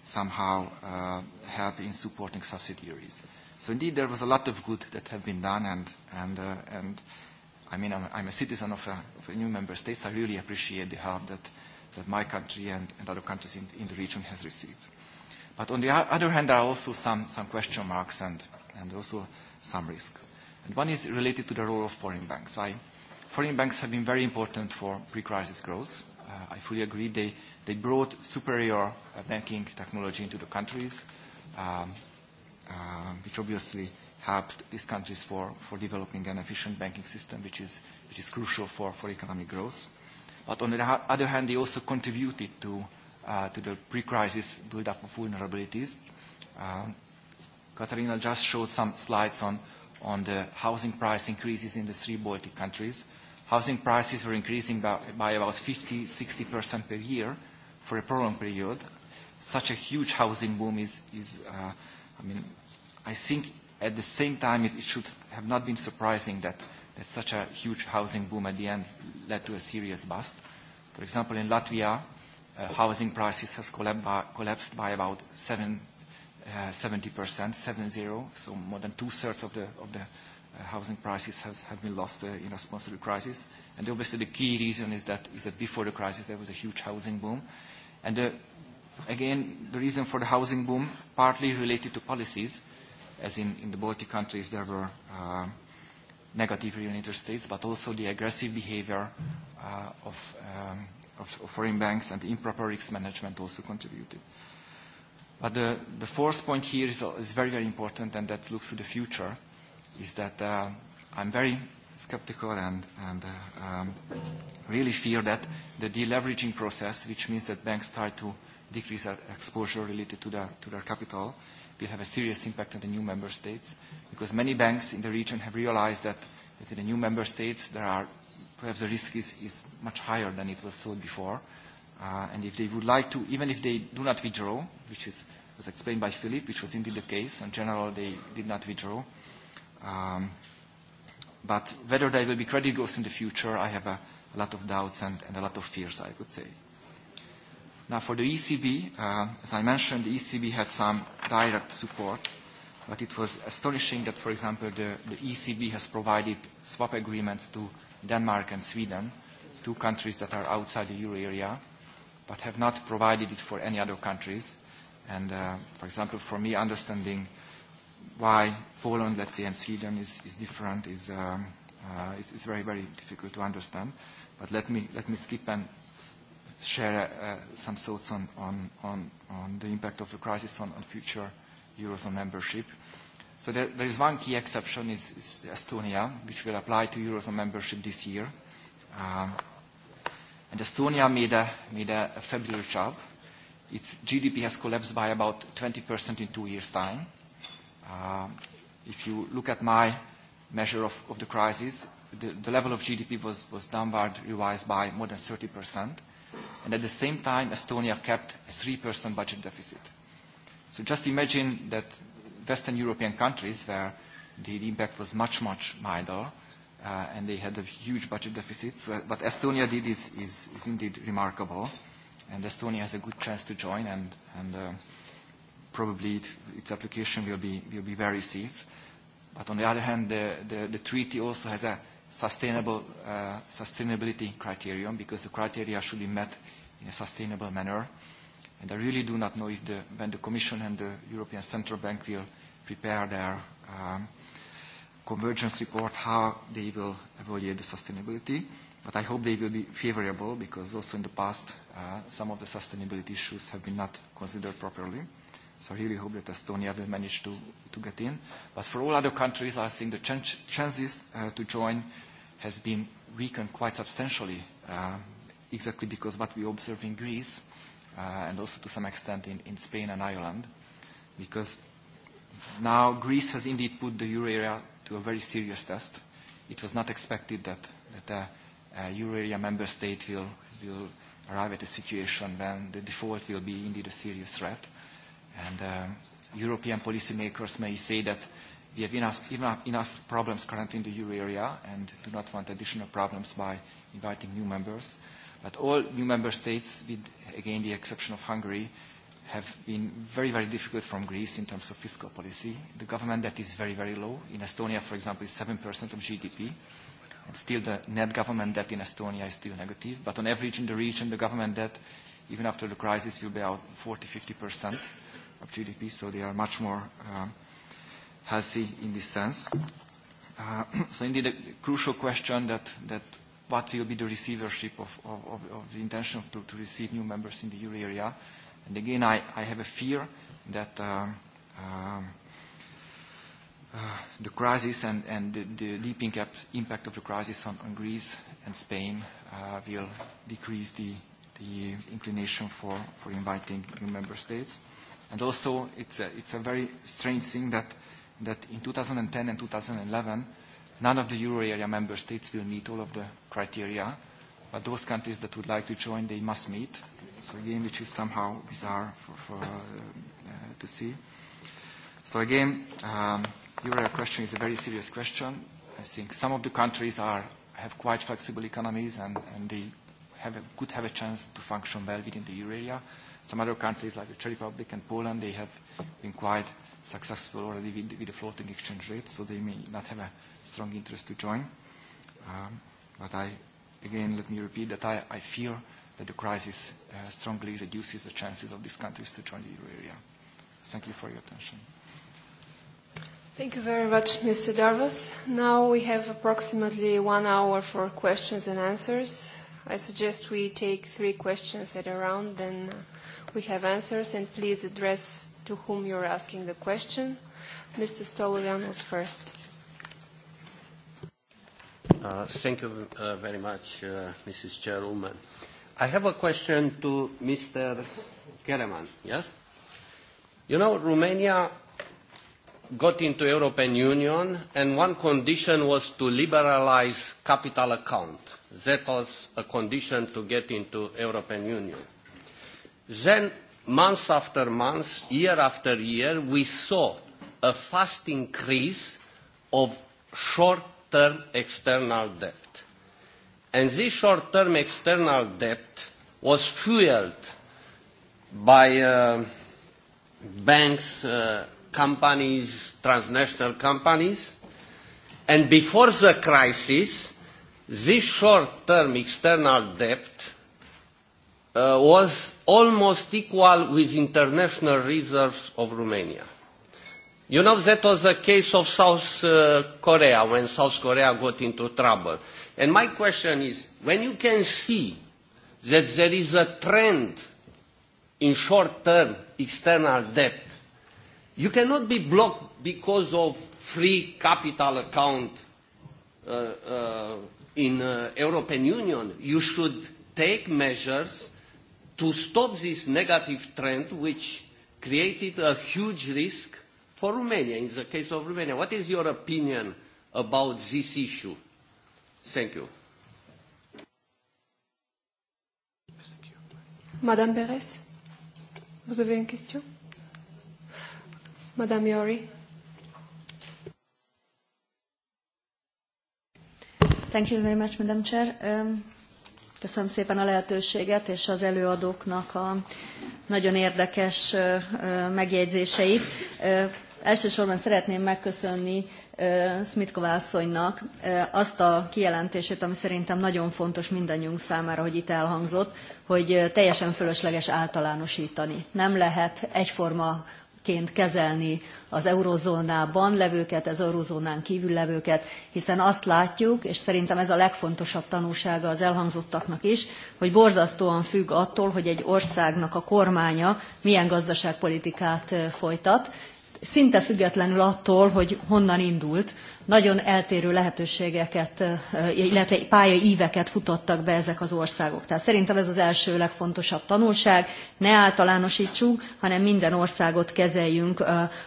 somehow uh, help in supporting subsidiaries. So indeed, there was a lot of good that have been done, and, and, uh, and I mean, I'm, I'm a citizen of a, of a new member state, so I really appreciate the help that, that my country and, and other countries in, in the region has received. But on the other hand, there are also some, some question marks and, and also some risks. And one is related to the role of foreign banks. I, foreign banks have been very important for pre-crisis growth. Uh, I fully agree. They, they brought superior Uh, banking technology into the countries, um, uh, which obviously helped these countries for, for developing an efficient banking system, which is, which is crucial for, for economic growth. But on the other hand, they also contributed to, uh, to the pre-crisis build-up of vulnerabilities. Um, Katarina just showed some slides on, on the housing price increases in the three Baltic countries. Housing prices were increasing by, by about 50, 60% per year for a prolonged period, such a huge housing boom is, is uh, I mean, I think at the same time it, it should have not been surprising that, that such a huge housing boom at the end led to a serious bust. For example, in Latvia, uh, housing prices has collab by, uh, collapsed by about seven, uh, 70%, seven zero, so more than two-thirds of the, of the uh, housing prices has, have been lost uh, in response to the crisis. And obviously the key reason is that, is that before the crisis there was a huge housing boom. And the again, the reason for the housing boom partly related to policies, as in, in the Baltic countries there were uh, negative real interest rates, but also the aggressive behavior uh, of, um, of, of foreign banks and the improper risk management also contributed. But the, the fourth point here is, is very, very important, and that looks to the future, is that uh, I'm very skeptical and, and uh, um, really fear that the deleveraging process, which means that banks try to decrease our exposure related to their, to their capital will have a serious impact on the new member states because many banks in the region have realized that, in the new member states there are perhaps the risk is, is much higher than it was thought before. Uh, and if they would like to, even if they do not withdraw, which is, was explained by Philip, which was indeed the case, in general they did not withdraw. Um, but whether there will be credit growth in the future, I have a, a lot of doubts and, and a lot of fears, I would say. Now for the ECB, uh, as I mentioned, the ECB had some direct support, but it was astonishing that, for example, the, the ECB has provided swap agreements to Denmark and Sweden, two countries that are outside the euro area, but have not provided it for any other countries. And, uh, for example, for me, understanding why Poland, let's say, and Sweden is, is different is, um, uh, is, is very, very difficult to understand. But let me, let me skip and share uh, some thoughts on, on, on, on the impact of the crisis on, on future Eurozone membership. So there, there is one key exception, is, is Estonia, which will apply to Eurozone membership this year. Um, and Estonia made a, made a, fabulous job. Its GDP has collapsed by about 20% in two years' time. Um, if you look at my measure of, of the crisis, the, the level of GDP was, was downward revised by more than 30%. And at the same time, Estonia kept a 3% budget deficit. So just imagine that Western European countries where the impact was much, much milder, uh, and they had a huge budget deficit. So what Estonia did is, is, is indeed remarkable, and Estonia has a good chance to join, and, and uh, probably it, its application will be, will be very safe. But on the other hand, the, the, the treaty also has a sustainable uh, sustainability criterion because the criteria should be met in a sustainable manner. And I really do not know if the, when the Commission and the European Central Bank will prepare their um, convergence report, how they will evaluate the sustainability. But I hope they will be favorable because also in the past, uh, some of the sustainability issues have been not considered properly. So I really hope that Estonia will manage to, to get in. But for all other countries, I think the ch chances uh, to join has been weakened quite substantially uh, exactly because what we observe in Greece uh, and also to some extent in, in Spain and Ireland, because now Greece has indeed put the euro area to a very serious test. It was not expected that, that a, a euro area member state will, will arrive at a situation when the default will be indeed a serious threat. And um, European policymakers may say that we have enough, enough, enough problems currently in the euro area and do not want additional problems by inviting new members. But all new member states, with again the exception of Hungary, have been very, very difficult from Greece in terms of fiscal policy. The government debt is very, very low. In Estonia, for example, is 7% of GDP. And still the net government debt in Estonia is still negative. But on average in the region, the government debt, even after the crisis, will be out 40-50% of GDP. So they are much more uh, healthy in this sense. Uh, (clears throat) so indeed, a crucial question that, that what will be the receivership of, of, of, of the intention to, to receive new members in the euro area. And again, I, I have a fear that uh, uh, uh, the crisis and, and the, the deep impact, impact of the crisis on, on Greece and Spain uh, will decrease the, the inclination for, for inviting new member states. And also, it's a, it's a very strange thing that, that in 2010 and 2011, None of the euro area member states will meet all of the criteria, but those countries that would like to join, they must meet. So again, which is somehow bizarre for, for, uh, uh, to see. So again, um, euro area question is a very serious question. I think some of the countries are, have quite flexible economies and, and they have a, could have a chance to function well within the euro area. Some other countries like the Czech Republic and Poland, they have been quite successful already with, with the floating exchange rate, so they may not have a strong interest to join. Um, but I, again, let me repeat that I, I fear that the crisis uh, strongly reduces the chances of these countries to join the euro area. Thank you for your attention. Thank you very much, Mr. Darvas. Now we have approximately one hour for questions and answers. I suggest we take three questions at a round, then we have answers, and please address to whom you're asking the question. Mr. Stolovian was first. Uh, thank you uh, very much, uh, Mrs. Chairwoman. I have a question to Mr. Kereman, yes? You know, Romania got into European Union and one condition was to liberalize capital account. That was a condition to get into European Union. Then, month after month, year after year, we saw a fast increase of short short-term external debt. And this short-term external debt was fueled by uh, banks, uh, companies, transnational companies. And before the crisis, this short-term external debt uh, was almost equal with international reserves of Romania. You know, that was the case of South uh, Korea, when South Korea got into trouble. And my question is, when you can see that there is a trend in short-term external debt, you cannot be blocked because of free capital account uh, uh, in uh, European Union. You should take measures to stop this negative trend which created a huge risk for Romania, in the case of Romania, what is your opinion about this issue? Thank you. Madame Perez, vous avez une question Madame Yori. Thank you very much, Madame Chair. Um, köszönöm szépen a lehetőséget és az előadóknak a nagyon érdekes uh, uh, megjegyzéseit. Uh, Elsősorban szeretném megköszönni Smitkova asszonynak azt a kijelentését, ami szerintem nagyon fontos mindannyiunk számára, hogy itt elhangzott, hogy teljesen fölösleges általánosítani. Nem lehet egyforma ként kezelni az eurozónában levőket, az eurozónán kívül levőket, hiszen azt látjuk, és szerintem ez a legfontosabb tanúsága az elhangzottaknak is, hogy borzasztóan függ attól, hogy egy országnak a kormánya milyen gazdaságpolitikát folytat, szinte függetlenül attól, hogy honnan indult, nagyon eltérő lehetőségeket, illetve íveket futottak be ezek az országok. Tehát szerintem ez az első legfontosabb tanulság, ne általánosítsunk, hanem minden országot kezeljünk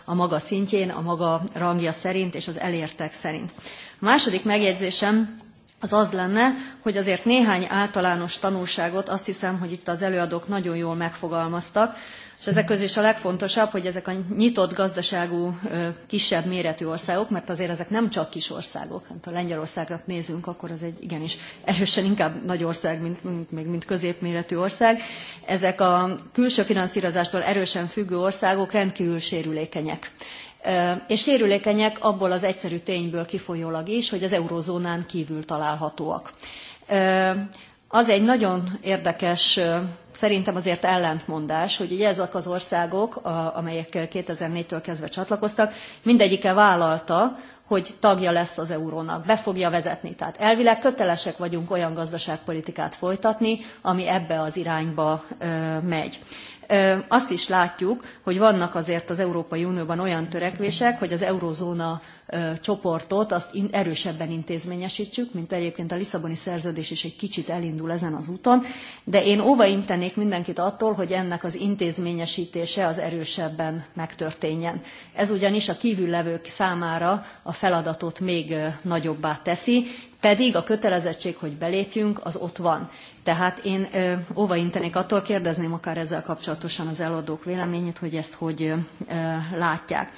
a maga szintjén, a maga rangja szerint és az elértek szerint. A második megjegyzésem az az lenne, hogy azért néhány általános tanulságot azt hiszem, hogy itt az előadók nagyon jól megfogalmaztak, És ezek közül is a legfontosabb, hogy ezek a nyitott gazdaságú kisebb méretű országok, mert azért ezek nem csak kis országok, hát ha Lengyelországra nézünk, akkor az egy igenis erősen inkább nagy ország, mint, mint, még mint középméretű ország. Ezek a külső finanszírozástól erősen függő országok rendkívül sérülékenyek. És sérülékenyek abból az egyszerű tényből kifolyólag is, hogy az eurozónán kívül találhatóak. Az egy nagyon érdekes, szerintem azért ellentmondás, hogy ugye ezek az országok, amelyek 2004-től kezdve csatlakoztak, mindegyike vállalta, hogy tagja lesz az eurónak, be fogja vezetni. Tehát elvileg kötelesek vagyunk olyan gazdaságpolitikát folytatni, ami ebbe az irányba megy azt is látjuk, hogy vannak azért az Európai Unióban olyan törekvések, hogy az eurozóna csoportot azt erősebben intézményesítsük, mint egyébként a Lisszaboni szerződés is egy kicsit elindul ezen az úton, de én óvaintenék mindenkit attól, hogy ennek az intézményesítése az erősebben megtörténjen. Ez ugyanis a kívüllevők számára a feladatot még nagyobbá teszi, Pedig a kötelezettség, hogy belépjünk, az ott van. Tehát én óva intenék attól, kérdezném akár ezzel kapcsolatosan az eladók véleményét, hogy ezt hogy látják.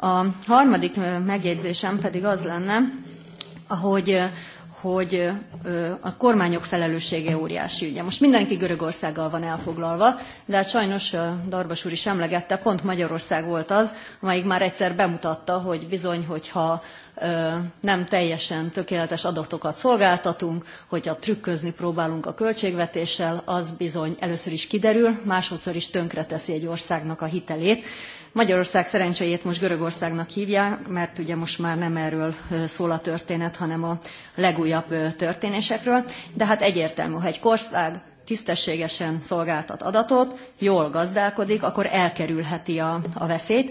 A harmadik megjegyzésem pedig az lenne, hogy hogy a kormányok felelőssége óriási ügye. Most mindenki Görögországgal van elfoglalva, de hát sajnos Darbas úr is emlegette, pont Magyarország volt az, amelyik már egyszer bemutatta, hogy bizony, hogyha nem teljesen tökéletes adatokat szolgáltatunk, hogyha trükközni próbálunk a költségvetéssel, az bizony először is kiderül, másodszor is tönkreteszi egy országnak a hitelét. Magyarország szerencséjét most Görögországnak hívják, mert ugye most már nem erről szól a történet, hanem a legújabb történésekről. De hát egyértelmű, ha egy kország tisztességesen szolgáltat adatot, jól gazdálkodik, akkor elkerülheti a, a veszélyt.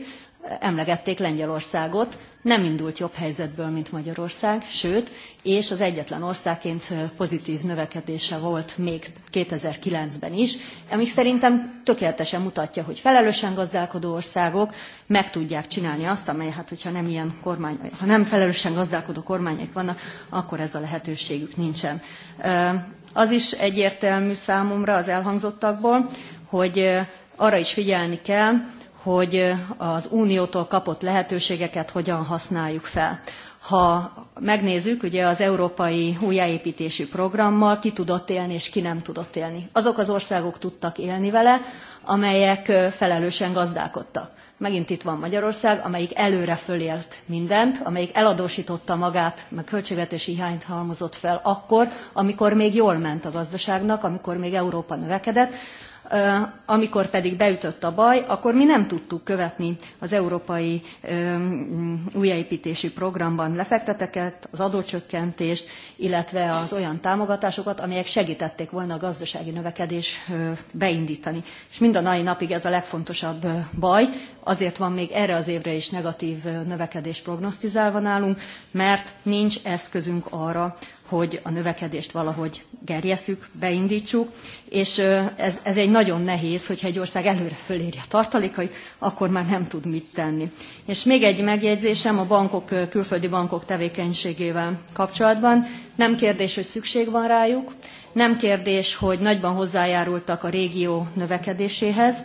Emlegették Lengyelországot, nem indult jobb helyzetből, mint Magyarország, sőt, és az egyetlen országként pozitív növekedése volt még 2009-ben is, ami szerintem tökéletesen mutatja, hogy felelősen gazdálkodó országok meg tudják csinálni azt, amely, hát hogyha nem ilyen kormány, ha nem felelősen gazdálkodó kormányok vannak, akkor ez a lehetőségük nincsen. Az is egyértelmű számomra az elhangzottakból, hogy arra is figyelni kell, hogy az uniótól kapott lehetőségeket hogyan használjuk fel. Ha megnézzük, ugye az európai újjáépítési programmal ki tudott élni és ki nem tudott élni. Azok az országok tudtak élni vele, amelyek felelősen gazdálkodtak. Megint itt van Magyarország, amelyik előre fölélt mindent, amelyik eladósította magát, meg költségvetési hiányt halmozott fel akkor, amikor még jól ment a gazdaságnak, amikor még Európa növekedett, amikor pedig beütött a baj, akkor mi nem tudtuk követni az európai újjáépítési programban lefekteteket, az adócsökkentést, illetve az olyan támogatásokat, amelyek segítették volna a gazdasági növekedés beindítani. És mind a mai napig ez a legfontosabb baj, azért van még erre az évre is negatív növekedés prognosztizálva nálunk, mert nincs eszközünk arra, hogy a növekedést valahogy gerjeszük, beindítsuk, és ez, ez egy nagyon nehéz, hogyha egy ország előre fölírja a tartalékait, akkor már nem tud mit tenni. És még egy megjegyzésem a bankok, külföldi bankok tevékenységével kapcsolatban. Nem kérdés, hogy szükség van rájuk, nem kérdés, hogy nagyban hozzájárultak a régió növekedéséhez,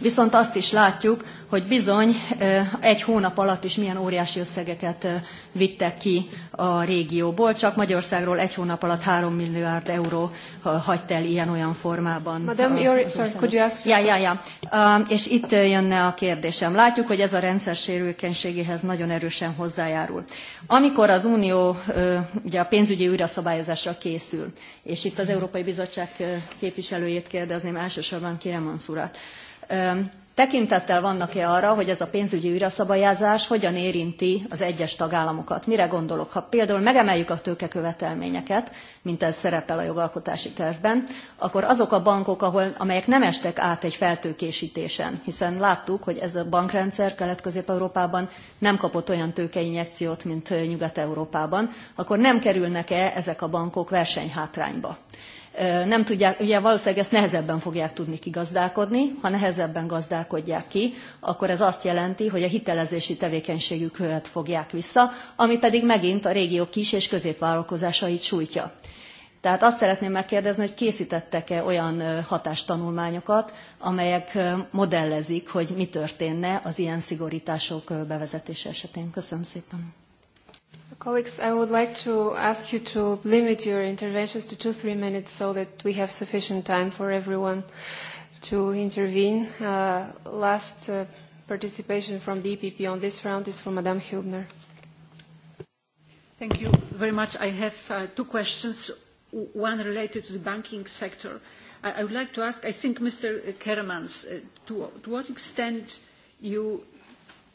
Viszont azt is látjuk, hogy bizony egy hónap alatt is milyen óriási összegeket vittek ki a régióból, csak Magyarországról egy hónap alatt 3 milliárd euró hagyt el ilyen-olyan formában. Madam, your, sorry, could you ask yeah, yeah. Uh, És itt jönne a kérdésem. Látjuk, hogy ez a rendszer sérülkenységéhez nagyon erősen hozzájárul. Amikor az Unió ugye a pénzügyi újraszabályozásra készül, és itt az Európai Bizottság képviselőjét kérdezném, elsősorban kérem Mansurat, Tekintettel vannak-e arra, hogy ez a pénzügyi üraszabályázás hogyan érinti az egyes tagállamokat? Mire gondolok? Ha például megemeljük a tőkekövetelményeket, mint ez szerepel a jogalkotási tervben, akkor azok a bankok, ahol, amelyek nem estek át egy feltőkésítésen, hiszen láttuk, hogy ez a bankrendszer Kelet-Közép-Európában nem kapott olyan tőkeinjekciót, mint Nyugat-Európában, akkor nem kerülnek-e ezek a bankok versenyhátrányba? nem tudják, ugye valószínűleg ezt nehezebben fogják tudni kigazdálkodni, ha nehezebben gazdálkodják ki, akkor ez azt jelenti, hogy a hitelezési tevékenységüket fogják vissza, ami pedig megint a régió kis és középvállalkozásait sújtja. Tehát azt szeretném megkérdezni, hogy készítettek-e olyan hatástanulmányokat, amelyek modellezik, hogy mi történne az ilyen szigorítások bevezetése esetén. Köszönöm szépen. Colleagues, I would like to ask you to limit your interventions to two, three minutes so that we have sufficient time for everyone to intervene. Uh, last uh, participation from the EPP on this round is from Madame Hübner. Thank you very much. I have uh, two questions, one related to the banking sector. I, I would like to ask, I think, Mr. Keremans, uh, to, to what extent you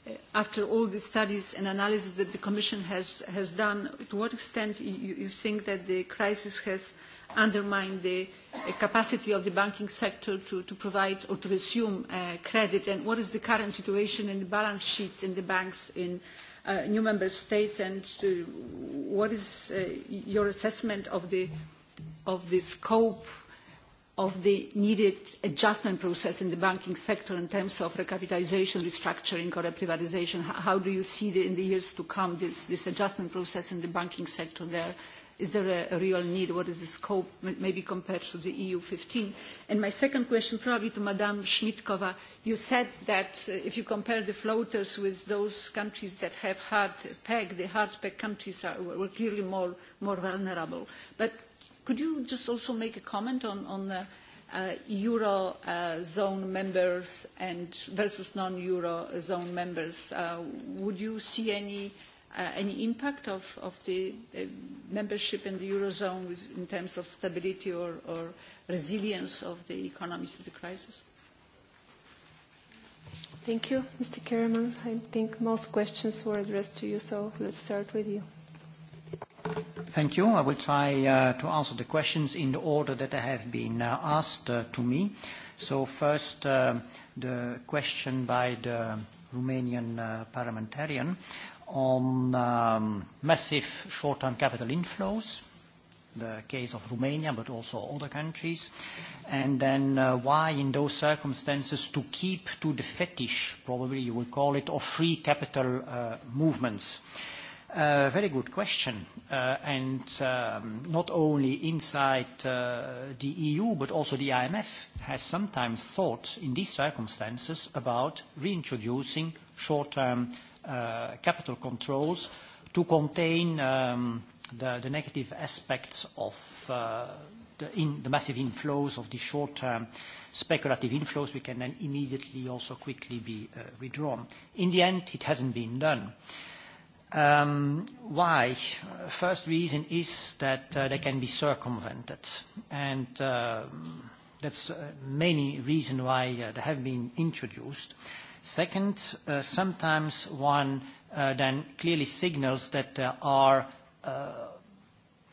Uh, after all the studies and analysis that the Commission has, has done, to what extent you, you think that the crisis has undermined the uh, capacity of the banking sector to, to provide or to resume uh, credit, and what is the current situation in the balance sheets in the banks in uh, new member states, and uh, what is uh, your assessment of the, of the scope of the needed adjustment process in the banking sector in terms of recapitalisation, restructuring or privatisation? How do you see the, in the years to come this, this adjustment process in the banking sector there? Is there a, a real need? What is the scope maybe compared to the EU 15? And my second question probably to Madame Schmidkova. You said that uh, if you compare the floaters with those countries that have hard PEG, the hard PEG countries are, were clearly more, more vulnerable. But Could you just also make a comment on, on the uh, Eurozone uh, members and versus non-Eurozone members? Uh, would you see any, uh, any impact of, of the uh, membership in the Eurozone with, in terms of stability or, or resilience of the economies to the crisis? Thank you, Mr. Kerriman. I think most questions were addressed to you, so let's start with you. Thank you. I will try uh, to answer the questions in the order that they have been uh, asked uh, to me. So first, the question by the Romanian parliamentarian on um, massive short-term capital inflows, the case of Romania, but also other countries, and then why in those circumstances to keep to the fetish, probably you will call it, of free capital movements very good question. Uh, um, not only inside uh, the EU, but also the IMF has sometimes thought in these circumstances about reintroducing short-term uh, capital controls to contain um, the, negative aspects of the, the massive inflows of the short-term speculative inflows, which can then immediately also quickly be withdrawn. In the end, it hasn't been done. Um, why? First reason is that uh, they can be circumvented. And um, that's uh, mainly reason why uh, they have been introduced. Second, uh, sometimes one then clearly signals that there are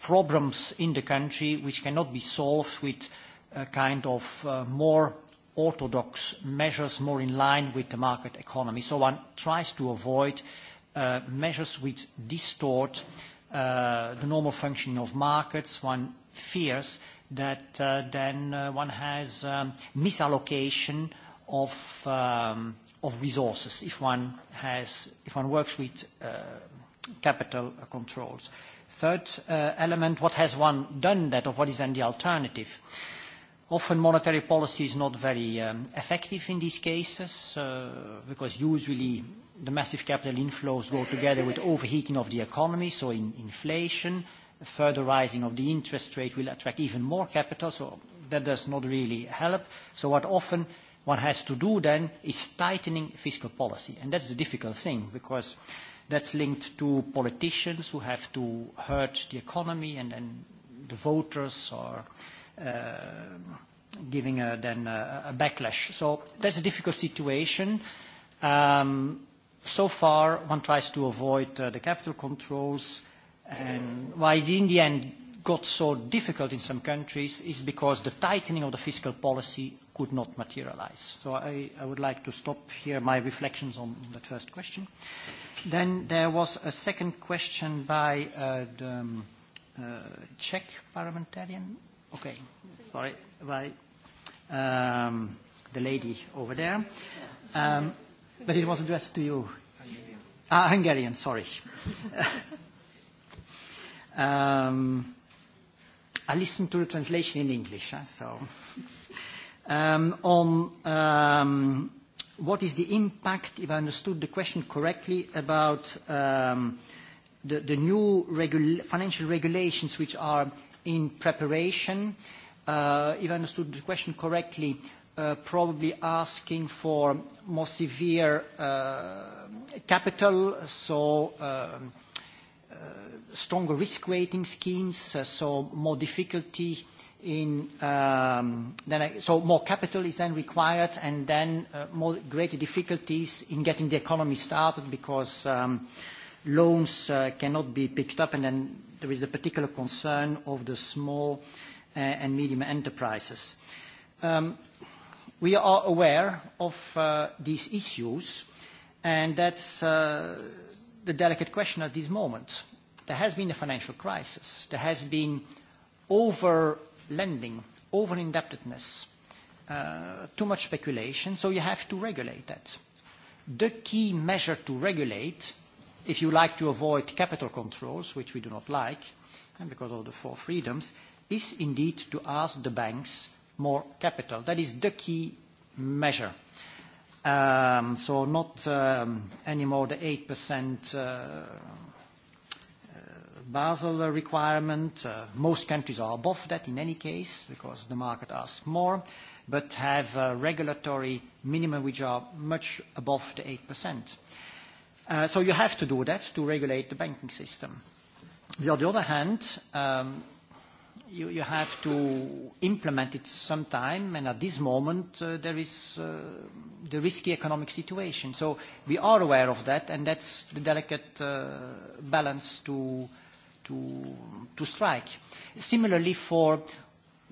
problems in the country which cannot be solved with a kind of more orthodox measures, more in line with the market economy. So one tries to avoid uh, measures which distort uh, the normal functioning of markets. One fears that uh, then uh, one has um, misallocation of, um, of resources if one, has, if one works with uh, capital controls. Third uh, element, what has one done that or what is then the alternative? Uh, Often monetary policy is not very um, effective in these cases uh, because usually the massive capital inflows go together with overheating of the economy, so in inflation, a further rising of the interest rate will attract even more capital, so that does not really help. So what often one has to do then is tightening fiscal policy. And that's the difficult thing because that's linked to politicians who have to hurt the economy and then the voters or uh, uh, giving a, then a, a backlash. So that's a difficult situation. Um, so far, one tries to avoid uh, the capital controls, and why it in the end got so difficult in some countries is because the tightening of the fiscal policy could not materialize. So I, I would like to stop here my reflections on that first question. Then there was a second question by uh, the um, uh, Czech parliamentarian. Okay. Sorry. Bye. Um, the lady over there. Um, but it was addressed to you. Hungarian. Ah, Hungarian, sorry. (laughs) um, I listened to the translation in English, huh, so. Um, on um, what is the impact, if I understood the question correctly, about um, the, the new regul financial regulations which are in preparation. Uh, if I understood the question correctly, uh, probably asking for more severe uh, capital, so um, stronger risk rating schemes, so more difficulty in um, then I, so more capital is then required and then more greater difficulties in getting the economy started because um, loans cannot be picked up and then there is a particular concern of the small uh, and medium enterprises. Um, we are aware of uh, these issues, and that's uh, the delicate question at this moment. There has been a financial crisis. There has been over-lending, over-indebtedness, uh, too much speculation, so you have to regulate that. The key measure to regulate if you like to avoid capital controls, which we do not like, and eh, because of the four freedoms, is indeed to ask the banks more capital. That is the key measure. Um, so not um, anymore the 8% uh, uh, Basel requirement. Uh, most countries are above that in any case because the market asks more, but have a uh, regulatory minimum which are much above the 8%. Uh, so you have to do that to regulate the banking system. On the other hand, um, you, you have to implement it sometime, and at this moment, uh, there is uh, the risky economic situation. So we are aware of that, and that's the delicate uh, balance to, to, to strike. Similarly, for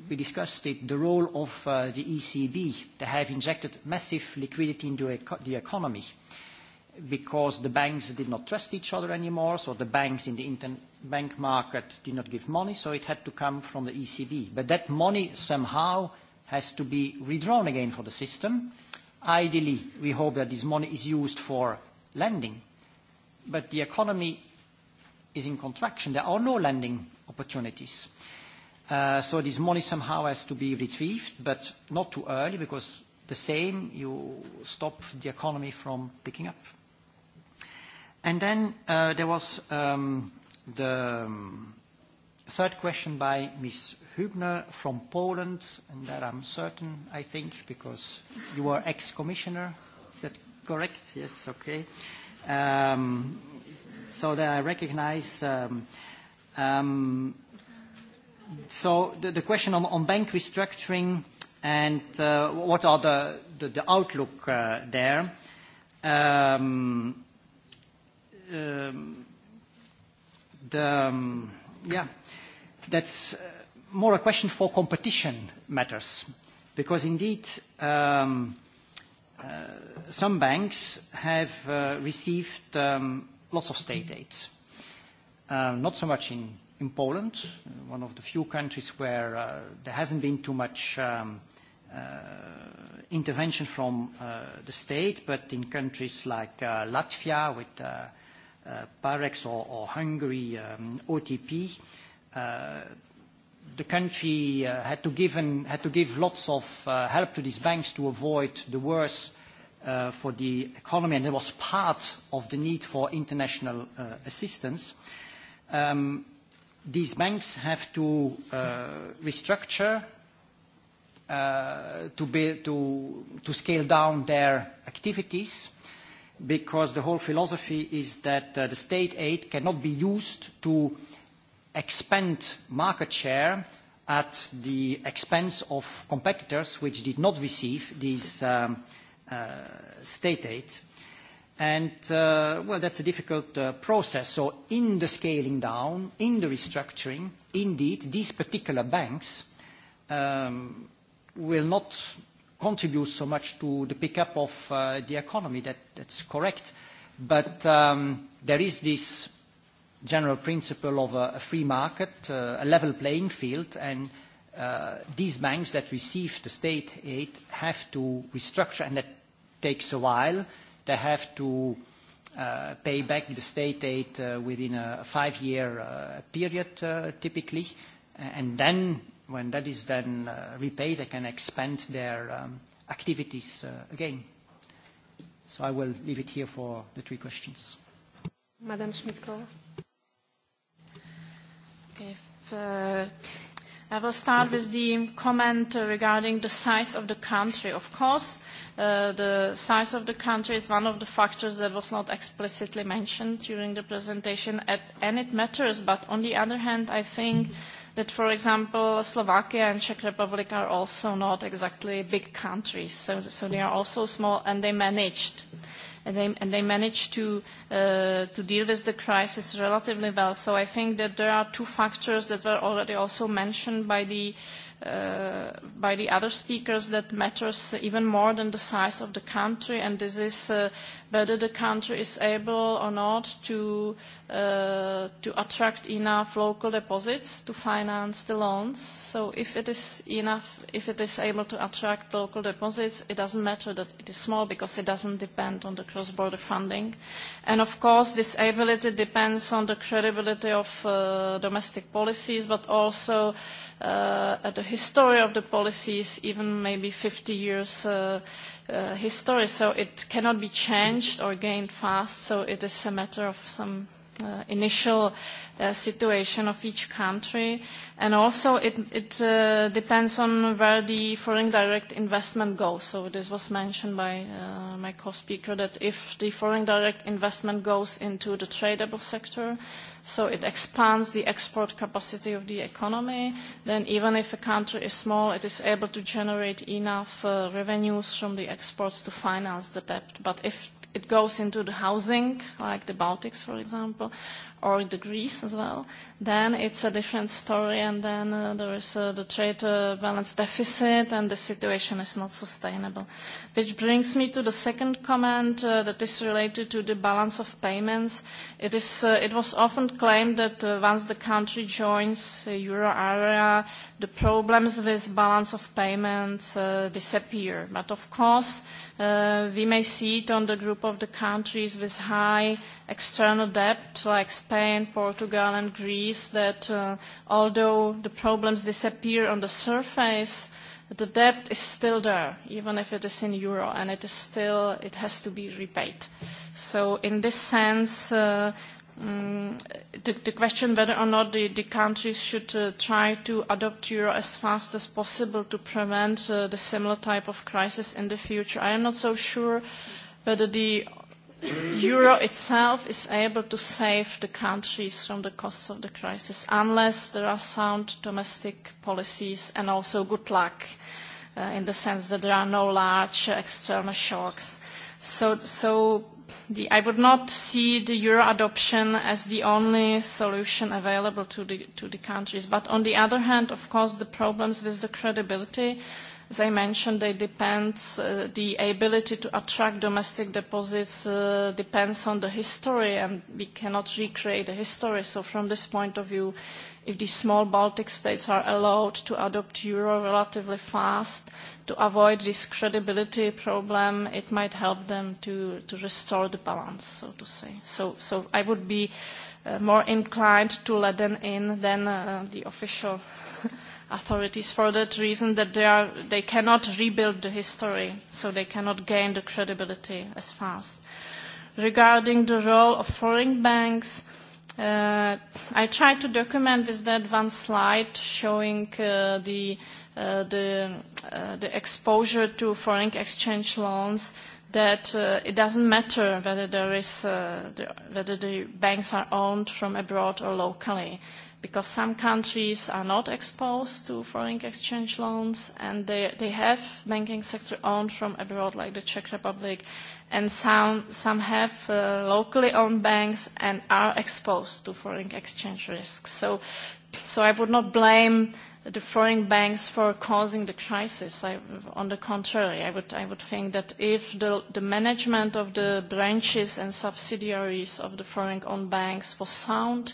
we discussed it, the role of uh, the ECB. They have injected massive liquidity into the economy. Uh, because the banks did not trust each other anymore, so the banks in the interbank market did not give money, so it had to come from the ECB. But that money somehow has to be redrawn again for the system. Ideally, we hope that this money is used for lending, but the economy is in contraction. There are no lending opportunities. Uh, so this money somehow has to be retrieved, but not too early, because the same, you stop the economy from picking up. And then uh, there was um, the um, third question by Ms. Hübner from Poland, and that I'm certain, I think, because you were ex-commissioner. Is that correct? Yes. Okay. Um, so that I recognize. Um, um, so the, the question on, on bank restructuring and uh, what are the, the, the outlook uh, there. Um, Um, um, yeah, that's uh, more a question for competition matters, because indeed um, uh, some banks have uh, received um, lots of state aid. Uh, not so much in, in Poland, uh, one of the few countries where uh, there hasn't been too much um, uh, intervention from uh, the state, but in countries like uh, Latvia with uh, Uh, Parex or, or Hungary um, OTP, uh, the country uh, had to, give had to give lots of help to these banks to avoid the worst for the economy, and that was part of the need for international assistance. Um, these banks have to restructure to scale down their activities because the whole philosophy is that uh, the state aid cannot be used to expand market share at the expense of competitors which did not receive these um, uh, state aid. And, uh, well, that's a difficult uh, process. So in the scaling down, in the restructuring, indeed, these particular banks um, will not contribute so much to the pickup of uh, the economy. That, that's correct. But um, there is this general principle of a, a free market, uh, a level playing field, and uh, these banks that receive the state aid have to restructure, and that takes a while. They have to uh, pay back the state aid uh, within a five-year uh, period, uh, typically, and then when that is then uh, repaid, they can expand their um, activities uh, again. So I will leave it here for the three questions. Madam Schmidkova. Okay. If, uh, I will start with the comment uh, regarding the size of the country. Of course, uh, the size of the country is one of the factors that was not explicitly mentioned during the presentation, at, and it matters. But on the other hand, I think mm -hmm that, for example, Slovakia and Czech Republic are also not exactly big countries, so, so they are also small and they managed. And they, and they managed to, uh, to deal with the crisis relatively well. So I think that there are two factors that were already also mentioned by the, uh, by the other speakers that matters even more than the size of the country, and this is uh, whether the country is able or not to, uh, to attract enough local deposits to finance the loans. So if it is enough, if it is able to attract local deposits, it doesn't matter that it is small because it doesn't depend on the cross-border funding. And of course, this ability depends on the credibility of uh, domestic policies, but also uh, at the history of the policies, even maybe 50 years uh, uh, history, so it cannot be changed or gained fast, so it is a matter of some uh, initial uh, situation of each country. And also it, it uh, depends on where the foreign direct investment goes. So this was mentioned by uh, my co-speaker that if the foreign direct investment goes into the tradable sector, so it expands the export capacity of the economy. Then even if a country is small, it is able to generate enough uh, revenues from the exports to finance the debt. But if it goes into the housing, like the Baltics, for example, or the Greece as well, then it's a different story, and then uh, there is uh, the trade uh, balance deficit, and the situation is not sustainable. Which brings me to the second comment uh, that is related to the balance of payments. It, is, uh, it was often claimed that uh, once the country joins the euro area, the problems with balance of payments uh, disappear. But of course, uh, we may see it on the group of the countries with high external debt, like Spain, Portugal, and Greece is that uh, although the problems disappear on the surface, the debt is still there, even if it is in euro, and it is still, it has to be repaid. So in this sense, uh, mm, the, the question whether or not the, the countries should uh, try to adopt euro as fast as possible to prevent uh, the similar type of crisis in the future, I am not so sure whether the euro itself is able to save the countries from the costs of the crisis unless there are sound domestic policies and also good luck uh, in the sense that there are no large external shocks. So, so the, I would not see the euro adoption as the only solution available to the, to the countries. But on the other hand, of course, the problems with the credibility As I mentioned, they depend, uh, the ability to attract domestic deposits uh, depends on the history, and we cannot recreate the history. So from this point of view, if the small Baltic states are allowed to adopt euro relatively fast to avoid this credibility problem, it might help them to, to restore the balance, so to say. So, so I would be uh, more inclined to let them in than uh, the official authorities for that reason that they, are, they cannot rebuild the history, so they cannot gain the credibility as fast. Regarding the role of foreign banks, uh, I tried to document with that one slide showing uh, the, uh, the, uh, the exposure to foreign exchange loans that uh, it doesn't matter whether there is uh, the, whether the banks are owned from abroad or locally because some countries are not exposed to foreign exchange loans and they, they have banking sector owned from abroad like the Czech Republic and some, some have uh, locally owned banks and are exposed to foreign exchange risks. So, so I would not blame the foreign banks for causing the crisis. I, on the contrary, I would, I would think that if the, the management of the branches and subsidiaries of the foreign-owned banks was sound,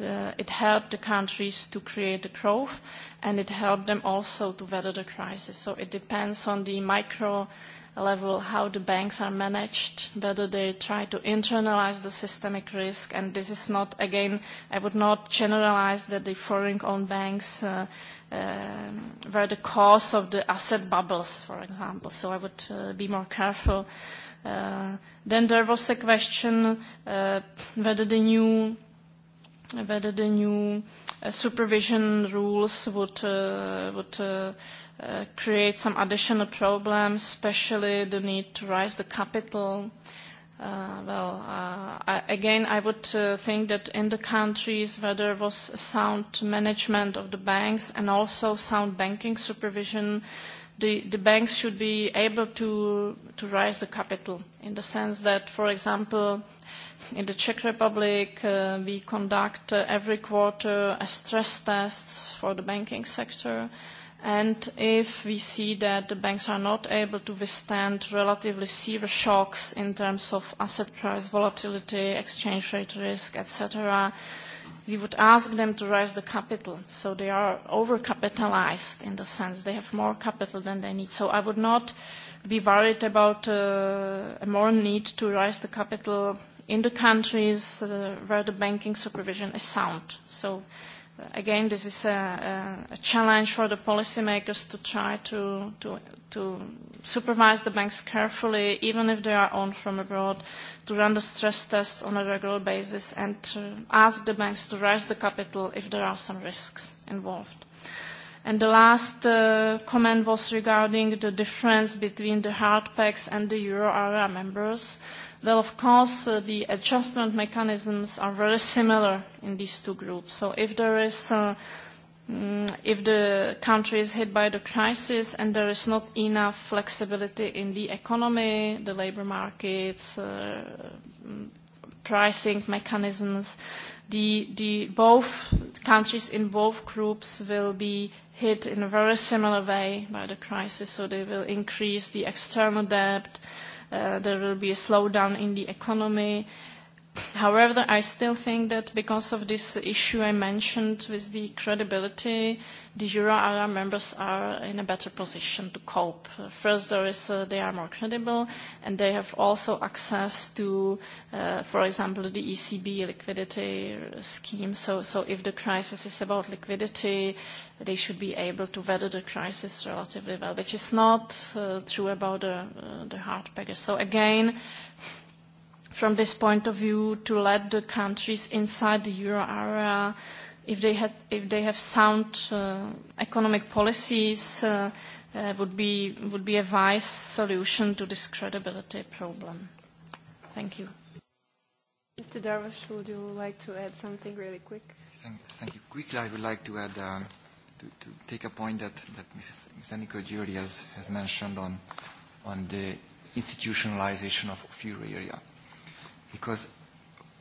Uh, it helped the countries to create the growth, and it helped them also to weather the crisis. So it depends on the micro level how the banks are managed, whether they try to internalize the systemic risk. And this is not, again, I would not generalize that the foreign-owned banks uh, uh, were the cause of the asset bubbles, for example. So I would uh, be more careful. Uh, then there was a question uh, whether the new whether the new uh, supervision rules would, uh, would uh, uh, create some additional problems, especially the need to raise the capital. Uh, well, uh, I, again, I would uh, think that in the countries where there was sound management of the banks and also sound banking supervision, the, the banks should be able to, to raise the capital in the sense that, for example, in the Czech Republic, uh, we conduct uh, every quarter a uh, stress test for the banking sector. And if we see that the banks are not able to withstand relatively severe shocks in terms of asset price volatility, exchange rate risk, etc., we would ask them to raise the capital. So they are overcapitalized in the sense they have more capital than they need. So I would not be worried about uh, a more need to raise the capital in the countries uh, where the banking supervision is sound. So uh, again, this is a, a, a challenge for the policymakers to try to, to, to supervise the banks carefully, even if they are owned from abroad, to run the stress tests on a regular basis and to ask the banks to raise the capital if there are some risks involved. And the last uh, comment was regarding the difference between the hard packs and the euro area members. Well, of course, uh, the adjustment mechanisms are very similar in these two groups. So if there is, uh, mm, if the country is hit by the crisis and there is not enough flexibility in the economy, the labor markets, uh, mm, pricing mechanisms, the, the both countries in both groups will be hit in a very similar way by the crisis. So they will increase the external debt, Uh, there will be a slowdown in the economy, However, I still think that because of this issue I mentioned with the credibility, the euro area members are in a better position to cope. First, there is, uh, they are more credible, and they have also access to, uh, for example, the ECB liquidity scheme. So, so if the crisis is about liquidity, they should be able to weather the crisis relatively well, which is not uh, true about the, uh, the hard package. So again, from this point of view to let the countries inside the euro area, if they, had, if they have sound uh, economic policies, uh, uh, would, be, would be a wise solution to this credibility problem. Thank you. Mr. Darvish, would you like to add something really quick? Thank, thank you. Quickly, I would like to add, um, to, to take a point that, that Mrs. Nico Giuri has, has mentioned on, on the institutionalization of, of euro area because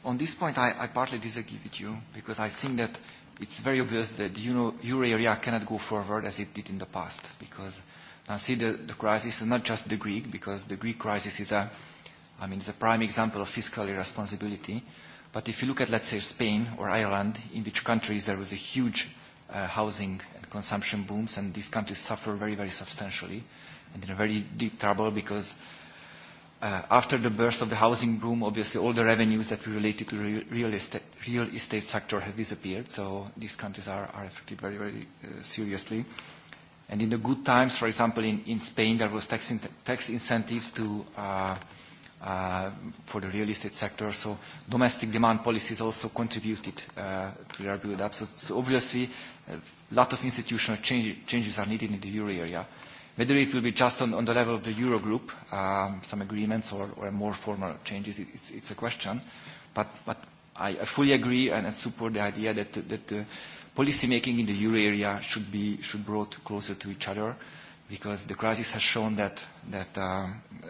on this point I, I partly disagree with you because I think that it's very obvious that you know, euro area cannot go forward as it did in the past because now see the, the crisis is not just the Greek because the Greek crisis is a, I mean, it's a prime example of fiscal irresponsibility. But if you look at, let's say, Spain or Ireland, in which countries there was a huge uh, housing and consumption booms, and these countries suffer very, very substantially and in a very deep trouble because Uh, after the burst of the housing boom, obviously all the revenues that were related to the real estate, real estate sector has disappeared. So these countries are, are affected very, very uh, seriously. And in the good times, for example, in, in Spain, there was tax, in, tax incentives to, uh, uh, for the real estate sector. So domestic demand policies also contributed uh, to their build-up. So, so obviously, a lot of institutional change, changes are needed in the euro area. Uh, Whether it will be just on, the level of the Eurogroup, um, some agreements or, or more formal changes, it, it's, a question. But, I fully agree and, support the idea that, the policy making in the euro area should be brought closer to each other because the crisis has shown that, um, uh,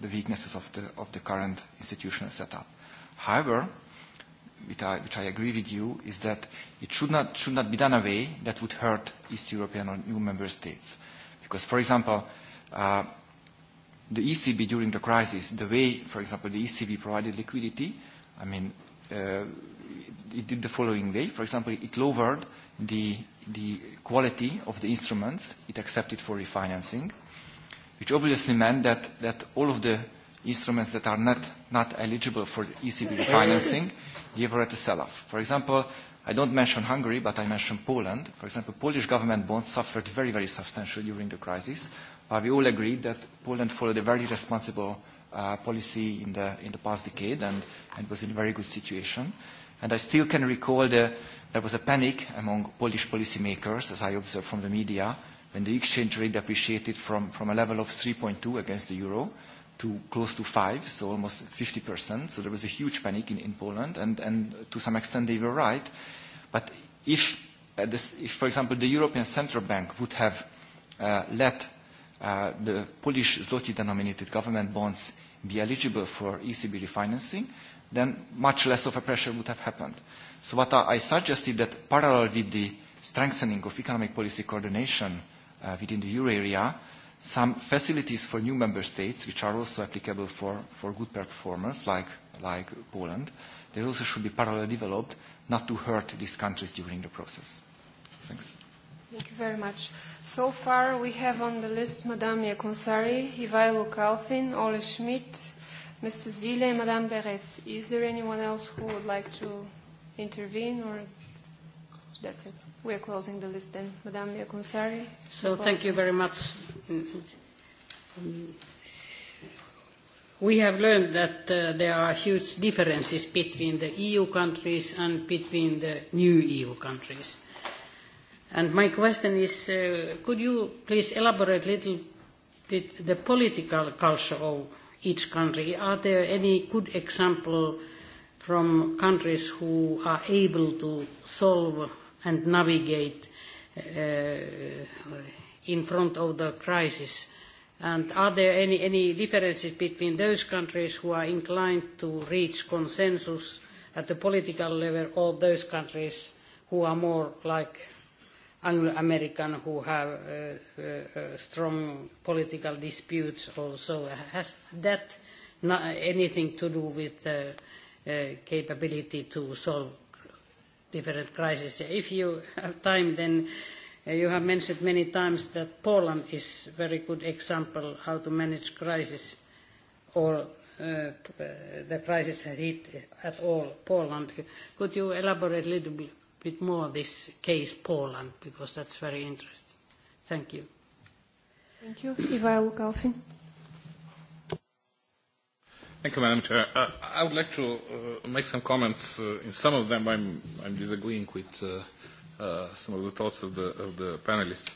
the weaknesses of the, of the current institutional setup. However, which I, agree with you, is that it should not, should not be done away that would hurt East European or new member states. Because, for example, uh, the ECB during the crisis, the way, for example, the ECB provided liquidity, I mean, uh, it did the following way. For example, it lowered the, the quality of the instruments it accepted for refinancing, which obviously meant that, that all of the instruments that are not, not eligible for ECB refinancing, they were at a sell-off. For example, i don't mention Hungary, but I mention Poland. For example, Polish government bonds suffered very, very substantially during the crisis. But we all agreed that Poland followed a very responsible uh, policy in the, in the past decade and, and was in a very good situation. And I still can recall the, there was a panic among Polish policymakers, as I observed from the media, when the exchange rate depreciated from, from a level of 3.2 against the euro to close to five, so almost 50%. So there was a huge panic in, in Poland, and, and to some extent they were right. But if, uh, this, if, for example, the European Central Bank would have uh, let uh, the Polish zloty-denominated government bonds be eligible for ECB refinancing, then much less of a pressure would have happened. So what I suggested that parallel with the strengthening of economic policy coordination uh, within the euro area, some facilities for new member states, which are also applicable for, for good performance, like, like Poland, they also should be parallel developed, not to hurt these countries during the process. Thanks. Thank you very much. So far, we have on the list Madame Yakonsari, Ivailo Kalfin, Ole Schmidt, Mr. Zile, and Madame Beres. Is there anyone else who would like to intervene, or that's it? We are closing the list then. Madame Yakunsari. So thank you very much. We have learned that uh, there are huge differences between the EU countries and between the new EU countries. And my question is, uh, could you please elaborate a little bit the political culture of each country? Are there any good examples from countries who are able to solve and navigate uh, in front of the crisis? And are there any, any differences between those countries who are inclined to reach consensus at the political level or those countries who are more like Anglo-American who have uh, uh, uh, strong political disputes also. Has that anything to do with uh, uh capability to solve different crises. If you have time, then uh, you have mentioned many times that Poland is a very good example how to manage crisis or Uh, uh the crisis has hit at all Poland. Could you elaborate a little bit, more on this case Poland, because that's very interesting. Thank you. Thank you. Ivailo Kalfin. Thank you, Madam Chair. Uh, I would like to uh, make some comments. Uh, in some of them, I'm, I'm disagreeing with uh, uh, some of the thoughts of the, of the panelists.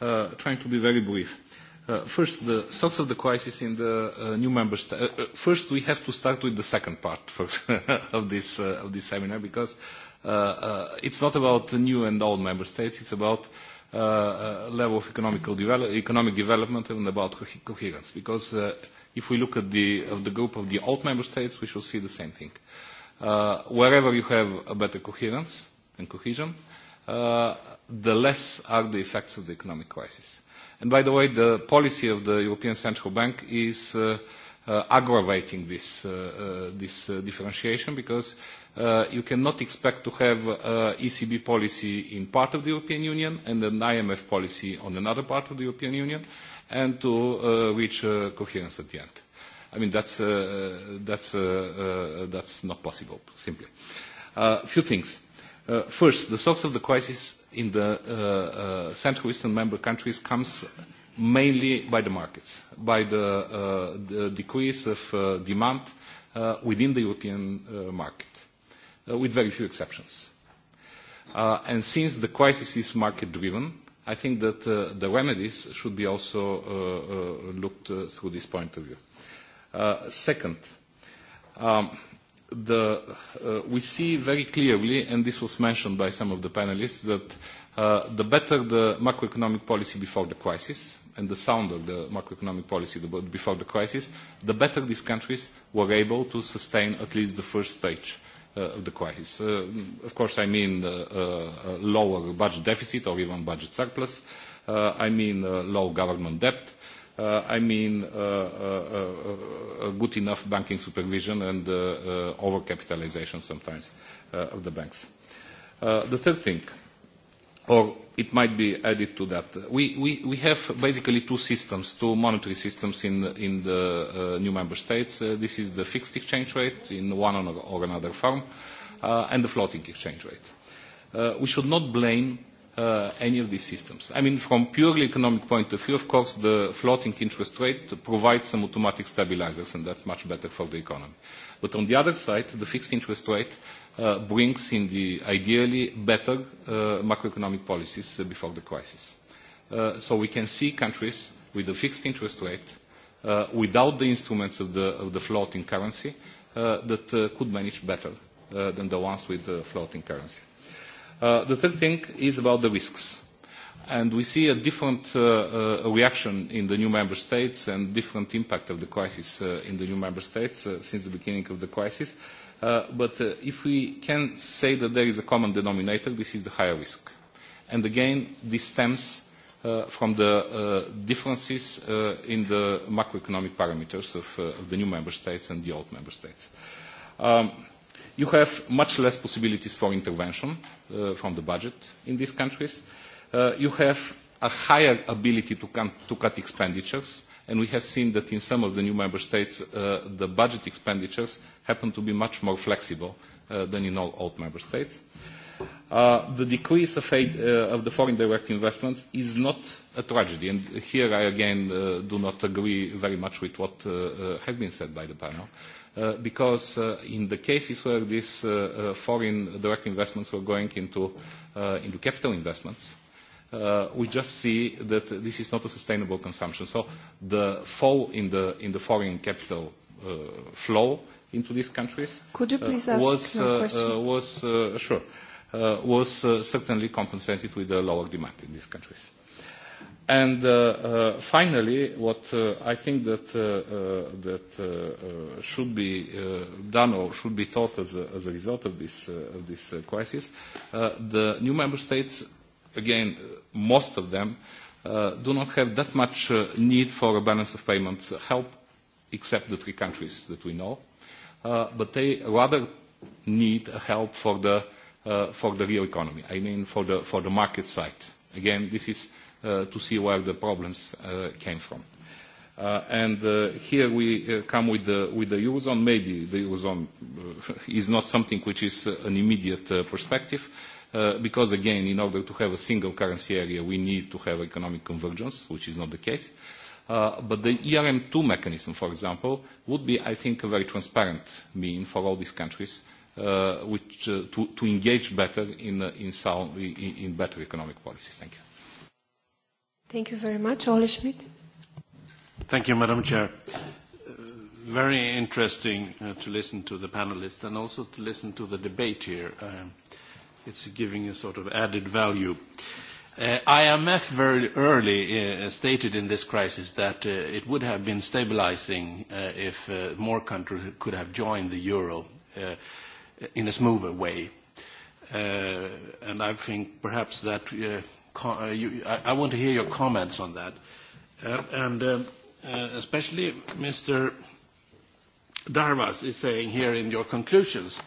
Uh, trying to be very brief. Uh, first, the source of the crisis in the uh, new member states. Uh, uh, first, we have to start with the second part (laughs) first of, this, uh, of this seminar because uh, uh, it's not about the new and old member states. It's about uh, uh, level of economical develop economic development and about co coherence because uh, If we look at the, of the group of the old member states, we shall see the same thing. Uh, wherever you have a better coherence and cohesion, uh, the less are the effects of the economic crisis. And by the way, the policy of the European Central Bank is uh, uh, aggravating this, uh, uh, this uh, differentiation because uh, you cannot expect to have uh, ECB policy in part of the European Union and an IMF policy on another part of the European Union and to uh, reach uh, coherence at the end. I mean, that's, uh, that's, uh, uh, that's not possible, simply. A uh, few things. Uh, first, the source of the crisis in the uh, uh, Central Eastern member countries comes mainly by the markets, by the, uh, the decrease of uh, demand uh, within the European uh, market, uh, with very few exceptions. Uh, and since the crisis is market-driven, i think that uh, the remedies should be also uh, uh, looked uh, through this point of view. Uh, second, um, the, uh, we see very clearly, and this was mentioned by some of the panelists, that uh, the better the macroeconomic policy before the crisis, and the sounder the macroeconomic policy before the crisis, the better these countries were able to sustain at least the first stage Uh, of the crisis. Uh, of course, I mean uh, lower budget deficit or even budget surplus. I mean low government debt. I mean good enough banking supervision and over capitalisation sometimes of the banks. the third thing, or it might be added to that. We, we, we have basically two systems, two monetary systems in the, in the uh, new member states. Uh, this is the fixed exchange rate in one or another form, uh, and the floating exchange rate. Uh, we should not blame uh, any of these systems. I mean, from purely economic point of view, of course, the floating interest rate provides some automatic stabilizers, and that's much better for the economy. But on the other side, the fixed interest rate uh, brings in the ideally better uh, macroeconomic policies uh, before the crisis. Uh, so we can see countries with a fixed interest rate uh, without the instruments of the, of the floating currency uh, that uh, could manage better uh, than the ones with the floating currency. Uh, the third thing is about the risks. And we see a different uh, uh, reaction in the new member states and different impact of the crisis uh, in the new member states uh, since the beginning of the crisis. Uh, Uh, but uh, if we can say that there is a common denominator, this is the higher risk. And again, this stems uh, from the differences in the macroeconomic parameters of, the new member states and the old member states. Um, you have much less possibilities for intervention from the budget in these countries. you have a higher ability to cut expenditures and we have seen that in some of the new member states uh, the budget expenditures happen to be much more flexible uh, than in all old member states. Uh, the decrease of, aid, uh, of, the foreign direct investments is not a tragedy, and here I again uh, do not agree very much with what uh, has been said by the panel. Uh, because uh, in the cases where these uh, foreign direct investments were going into, into capital investments, uh, we just see that this is not a sustainable consumption. So the fall in the, in the foreign capital uh, flow into these countries Could you uh, please uh, ask was, uh, question? uh, was uh, sure uh, was uh, certainly compensated with a lower demand in these countries. And uh, uh, finally, what uh, I think that, uh, uh, that uh, uh should be uh, done or should be taught as a, as a result of this, uh, of this uh, crisis, uh, the new member states, again, most of them, uh, do not have that much uh, need for a balance of payments help, except the three countries that we know. Uh, but they rather need help for the, uh, for the real economy, I mean for the, for the market side. Again, this is uh, to see where the problems uh, came from. Uh, and uh, here we uh, come with the, with the Eurozone. Maybe the Eurozone uh, (laughs) is not something which is uh, an immediate uh, perspective. Uh, Uh, because again, in order to have a single currency area, we need to have economic convergence, which is not the case. Uh, but the ERM2 mechanism, for example, would be, I think, a very transparent mean for all these countries uh, which, uh, to, to engage better in, uh, in, sound, in, in better economic policies. Thank you. Thank you very much. Ole Schmidt. Thank you, Madam Chair. Uh, very interesting uh, to listen to the panelists and also to listen to the debate here. Um, it's giving a sort of added value. Uh, IMF very early uh, stated in this crisis that uh, it would have been stabilizing uh, if uh, more countries could have joined the euro uh, in a smoother way. Uh, and I think perhaps that uh, co- uh, you, I, I want to hear your comments on that. Uh, and uh, uh, especially Mr. Darvas is saying here in your conclusions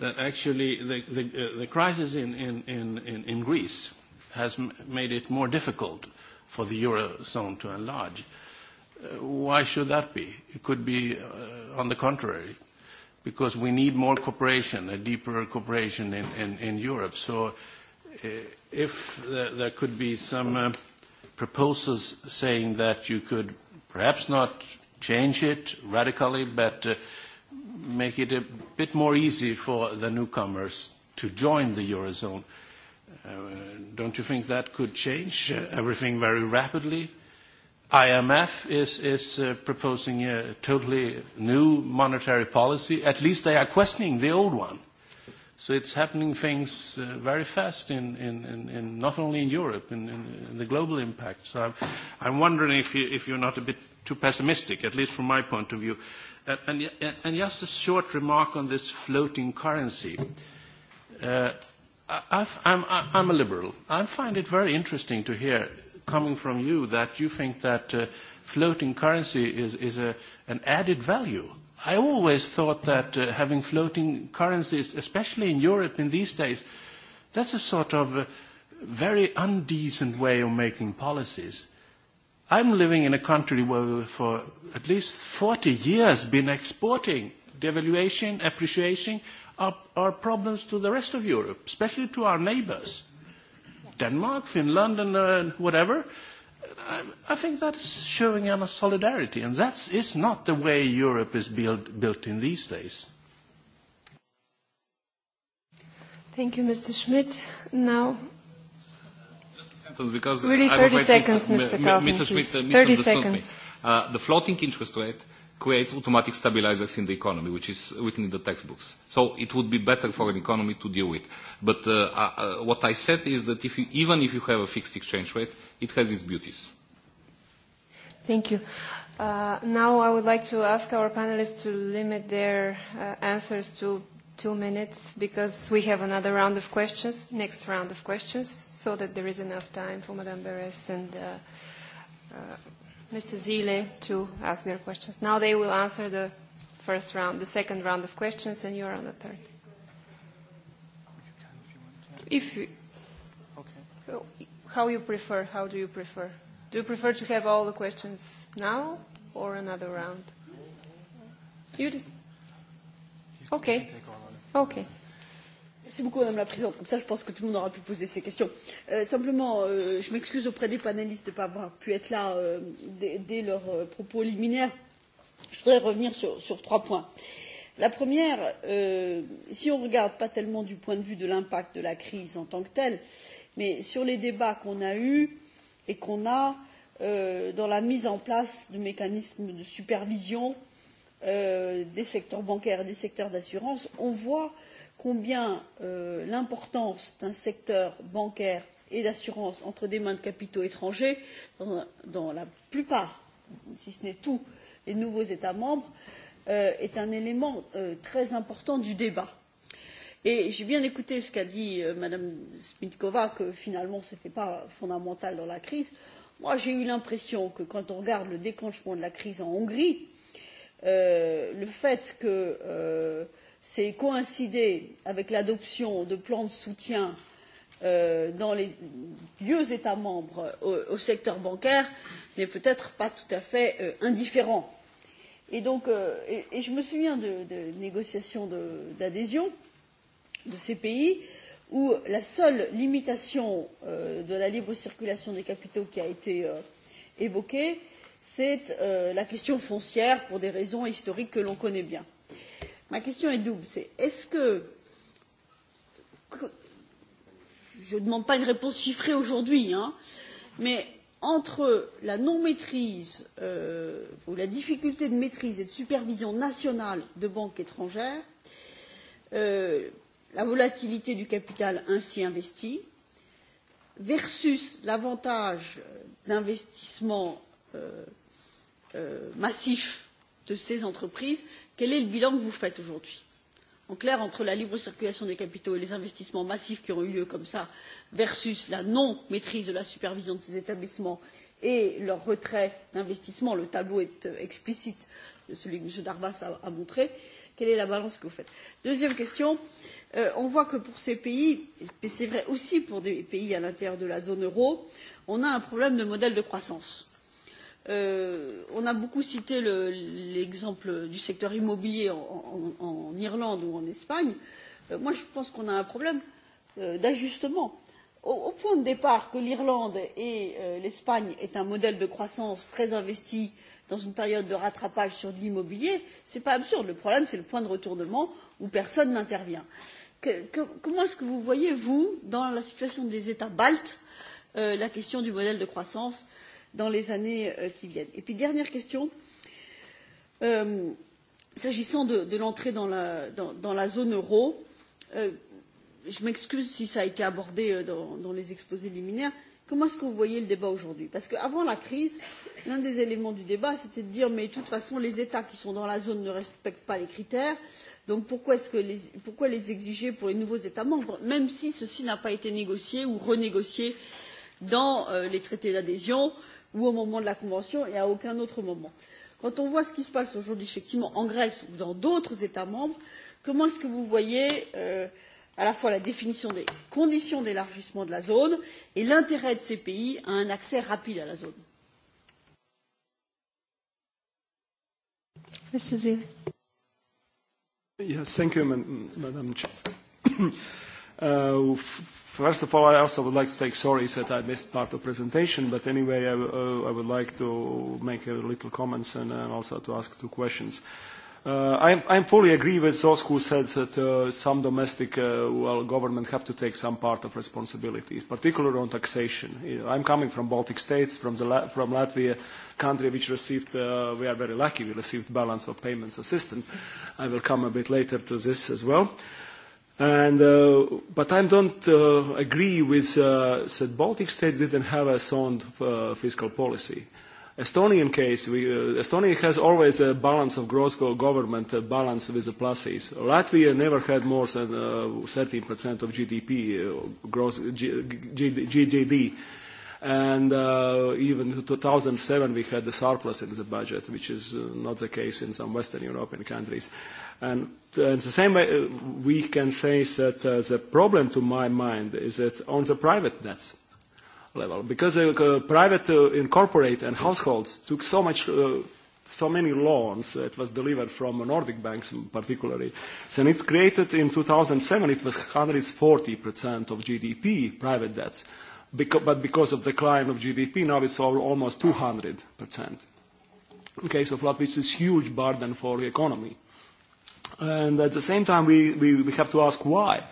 that actually the, the, uh, the crisis in, in, in, in Greece has m made it more difficult for the Eurozone to enlarge. Uh, why should that be? It could be uh, on the contrary, because we need more cooperation, a deeper cooperation in, in, in Europe. So uh, if there, there could be some uh, proposals saying that you could perhaps not change it radically, but uh, make it a bit more easy for the newcomers to join the Eurozone. Uh, don't you think that could change uh, everything very rapidly? IMF is, is uh, proposing a totally new monetary policy. At least they are questioning the old one. So it's happening things uh, very fast in, in, in, in not only in Europe, in, in, in the global impact. So I'm, I'm wondering if, you, if you're not a bit too pessimistic, at least from my point of view. Uh, Uh, and, uh, and just a short remark on this floating currency. Uh, I'm, I'm a liberal. I find it very interesting to hear coming from you that you think that floating currency is, is a, an added value. I always thought that uh, having floating currencies, especially in Europe in these days, that's a sort of very undecent way of making policies I'm living in a country where we for at least 40 years been exporting devaluation, appreciation, our, our problems to the rest of Europe, especially to our neighbors. Denmark, Finland, and uh, whatever. I, I think that's showing a solidarity, and that is not the way Europe is build, built in these days. Thank you, Mr. Schmidt. Now, sentence because really, 30 I'm seconds, Mr. Kaufman, Mr. Schmidt uh, misunderstood me. Uh, the floating interest rate creates automatic stabilizers in the economy, which is written in the textbooks. So it would be better for an economy to deal with. But uh, uh, what I said is that if you, even if you have a fixed exchange rate, it has its beauties. Thank you. Uh, now I would like to ask our panelists to limit their uh, answers to two minutes because we have another round of questions, next round of questions, so that there is enough time for Madame Beres and uh, uh, Mr. Zile to ask their questions. Now they will answer the first round, the second round of questions, and you are on the third. If you, okay. how you prefer, how do you prefer? Do you prefer to have all the questions now or another round? You just, okay. Okay. Merci beaucoup, Madame la Présidente. Comme ça, je pense que tout le monde aura pu poser ces questions. Euh, simplement, euh, je m'excuse auprès des panélistes de ne pas avoir pu être là euh, dès, dès leurs euh, propos liminaires. Je voudrais revenir sur, sur trois points. La première, euh, si on ne regarde pas tellement du point de vue de l'impact de la crise en tant que telle, mais sur les débats qu'on a eus et qu'on a euh, dans la mise en place de mécanismes de supervision euh, Euh, des secteurs bancaires et des secteurs d'assurance, on voit combien euh, l'importance d'un secteur bancaire et d'assurance entre des mains de capitaux étrangers dans, dans la plupart, si ce n'est tous, les nouveaux États membres euh, est un élément euh, très important du débat j'ai bien écouté ce qu'a dit euh, mme smykova que finalement ce n'était pas fondamental dans la crise. j'ai eu l'impression que quand on regarde le déclenchement de la crise en hongrie Euh, le fait que euh, c'est coïncidé avec l'adoption de plans de soutien euh, dans les vieux États membres au, au secteur bancaire n'est peut être pas tout à fait euh, indifférent. Et, donc, euh, et, et je me souviens de, de négociations d'adhésion de, de ces pays où la seule limitation euh, de la libre circulation des capitaux qui a été euh, évoquée c'est euh, la question foncière pour des raisons historiques que l'on connaît bien. ma question est double c'est est ce que, que je ne demande pas une réponse chiffrée aujourd'hui mais entre la non maîtrise euh, ou la difficulté de maîtrise et de supervision nationale de banques étrangères euh, la volatilité du capital ainsi investi versus l'avantage d'investissements Euh, euh, massif de ces entreprises quel est le bilan que vous faites aujourd'hui? en clair entre la libre circulation des capitaux et les investissements massifs qui ont eu lieu comme cela versus la non maîtrise de la supervision de ces établissements et leur retrait d'investissement le tableau est euh, explicite de celui que m. darvas a montré quelle est la balance que vous faites? deuxième question on voit que pour ces pays et c'est vrai aussi pour des pays à l'intérieur de la zone euro on a un problème de modèle de croissance Euh, on a beaucoup cité l'exemple le, du secteur immobilier en, en, en irlande ou en espagne euh, moi je pense qu'on a un problème euh, d'ajustement. Au, au point de départ que l'irlande et euh, l'espagne aient un modèle de croissance très investi dans une période de rattrapage sur de l'immobilier ce n'est pas absurde le problème c'est le point de retournement où personne n'intervient. comment est ce que vous voyez vous dans la situation des états baltes euh, la question du modèle de croissance? dans les années euh, qui viennent. et puis dernière question euh, s'agissant de, de l'entrée dans, dans, dans la zone euro euh, je m'excuse si cela a été abordé euh, dans, dans les exposés liminaires comment est ce que vous voyez le débat aujourd'hui? parce qu'avant la crise l'un des éléments du débat c'était de dire mais de toute façon les états qui sont dans la zone ne respectent pas les critères donc pourquoi, que les, pourquoi les exiger pour les nouveaux états membres même si ceci n'a pas été négocié ou renégocié dans euh, les traités d'adhésion? ou au moment de la convention et à aucun autre moment. quand on voit ce qui se passe aujourd'hui effectivement en grèce ou dans d'autres états membres comment est ce que vous voyez euh, à la fois la définition des conditions d'élargissement de la zone et l'intérêt de ces pays à un accès rapide à la zone? Yes, thank you, Madam Chair. (coughs) uh, First of all, I also would like to take sorry that I missed part of presentation, but anyway, I, uh, I would like to make a little comments and uh, also to ask two questions. Uh, I, I fully agree with those who said that uh, some domestic uh, well, government have to take some part of responsibility, particularly on taxation. I'm coming from Baltic states, from, the La from Latvia, country which received, uh, we are very lucky, we received balance of payments assistance. I will come a bit later to this as well. Uh, And, uh, but I don't uh, agree with uh, that Baltic states didn't have a sound uh, fiscal policy. Estonian case, we, uh, Estonia has always a balance of gross government a balance with the pluses. Latvia never had more than uh, 13% of GDP, uh, gross G- G- GDP. And uh, even in 2007, we had the surplus in the budget, which is uh, not the case in some Western European countries. And uh, in the same way, uh, we can say that uh, the problem, to my mind, is that on the private nets level, because the uh, uh, private uh, in corporate and households took so much. Uh, so many loans that was delivered from Nordic banks particularly. So it created in 2007, it was 140% of GDP private debts. Because, but because of decline of GDP, now it's over almost 200% in case of flood, which is huge burden for the economy. And at the same time, we, we, we have to ask why.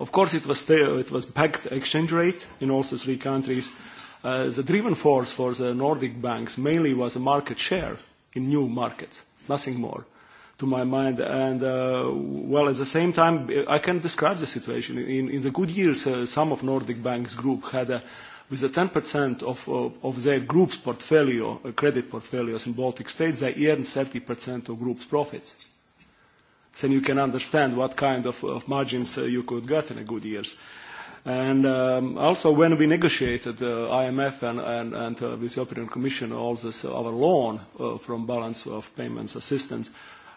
Of course, it was, it was pegged exchange rate in all the three countries. Uh, the driven force for the Nordic banks mainly was a market share in new markets, nothing more to my mind. And uh, well, at the same time, I can describe the situation. In, in the good years, uh, some of Nordic banks group had a, uh, with a 10% of, of, of their group's portfolio, uh, credit portfolios in Baltic states, they earn 30% of group's profits. Then you can understand what kind of, of margins uh, you could get in a good years. And um, also when we negotiated uh, IMF and, and, and uh, with the European Commission all this, uh, our loan uh, from balance of payments assistance, uh,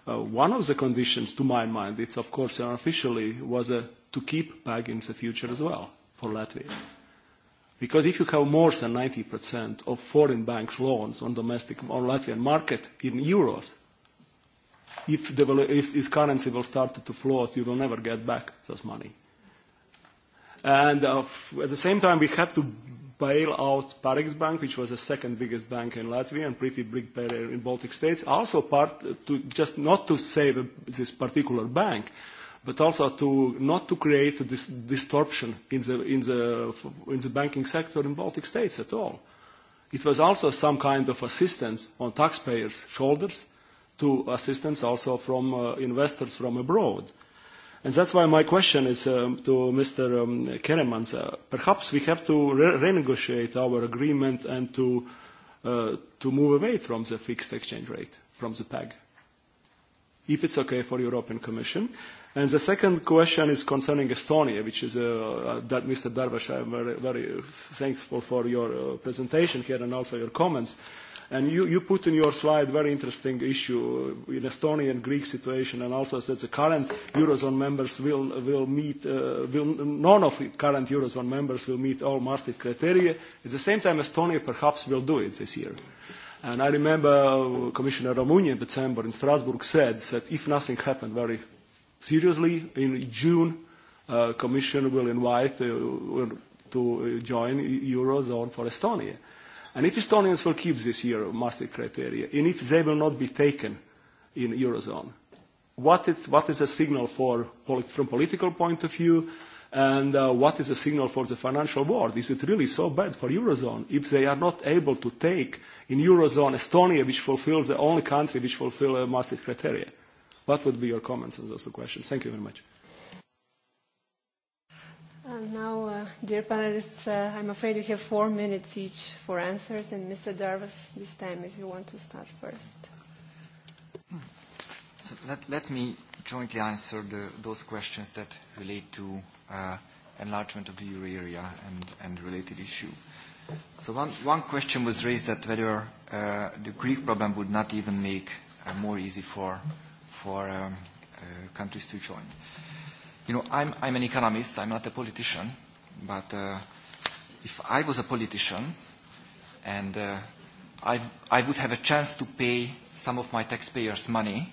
Uh, one of the conditions, to my mind, it's of course unofficially, was uh, to keep PAG in the future as well for Latvia. Because if you have more than 90% of foreign banks' loans on domestic on Latvian market in euros, if, the, if if currency will start to float, you will never get back those money. And uh, at the same time, we have to bail out Parex Bank, which was the second biggest bank in Latvia and pretty big player in Baltic states, also part to just not to save this particular bank, but also to not to create this distortion in the, in the, in the banking sector in Baltic states at all. It was also some kind of assistance on taxpayers' shoulders to assistance also from uh, investors from abroad. And that's why my question is um, to Mr. Um, Keremans. Uh, perhaps we have to re renegotiate our agreement and to, uh, to move away from the fixed exchange rate, from the PEG, if it's okay for European Commission. And the second question is concerning Estonia, which is uh, uh that Mr. Darvash, I'm very, very thankful for your uh, presentation here and also your comments. Uh, And you, you put in your slide very interesting issue uh, in Estonian Greek situation and also said the current Eurozone members will, will meet, uh, will, none of the current Eurozone members will meet all Maastricht criteria. At the same time, Estonia perhaps will do it this year. And I remember uh, Commissioner Ramunia in December in Strasbourg said that if nothing happened very seriously, in June, uh, Commission will invite uh, to uh, join Eurozone for Estonia. And if Estonians will keep this Euro Maastricht criteria, and if they will not be taken in Eurozone, what is, what is a signal for, from political point of view, and uh, what is a signal for the financial world? Is it really so bad for Eurozone if they are not able to take in Eurozone Estonia, which fulfills the only country which fulfills the uh, Maastricht criteria? What would be your comments on those two questions? Thank you very much. And now, uh, dear panelists, uh, I'm afraid you have four minutes each for answers, and Mr. Darvas, this time, if you want to start first. So let, let me jointly answer the, those questions that relate to uh, enlargement of the euro area and, and related issue. So one, one question was raised that whether uh, the Greek problem would not even make uh, more easy for, for um, uh, countries to join you know, I'm, I'm an economist, I'm not a politician, but uh, if I was a politician and uh, I, I would have a chance to pay some of my taxpayers' money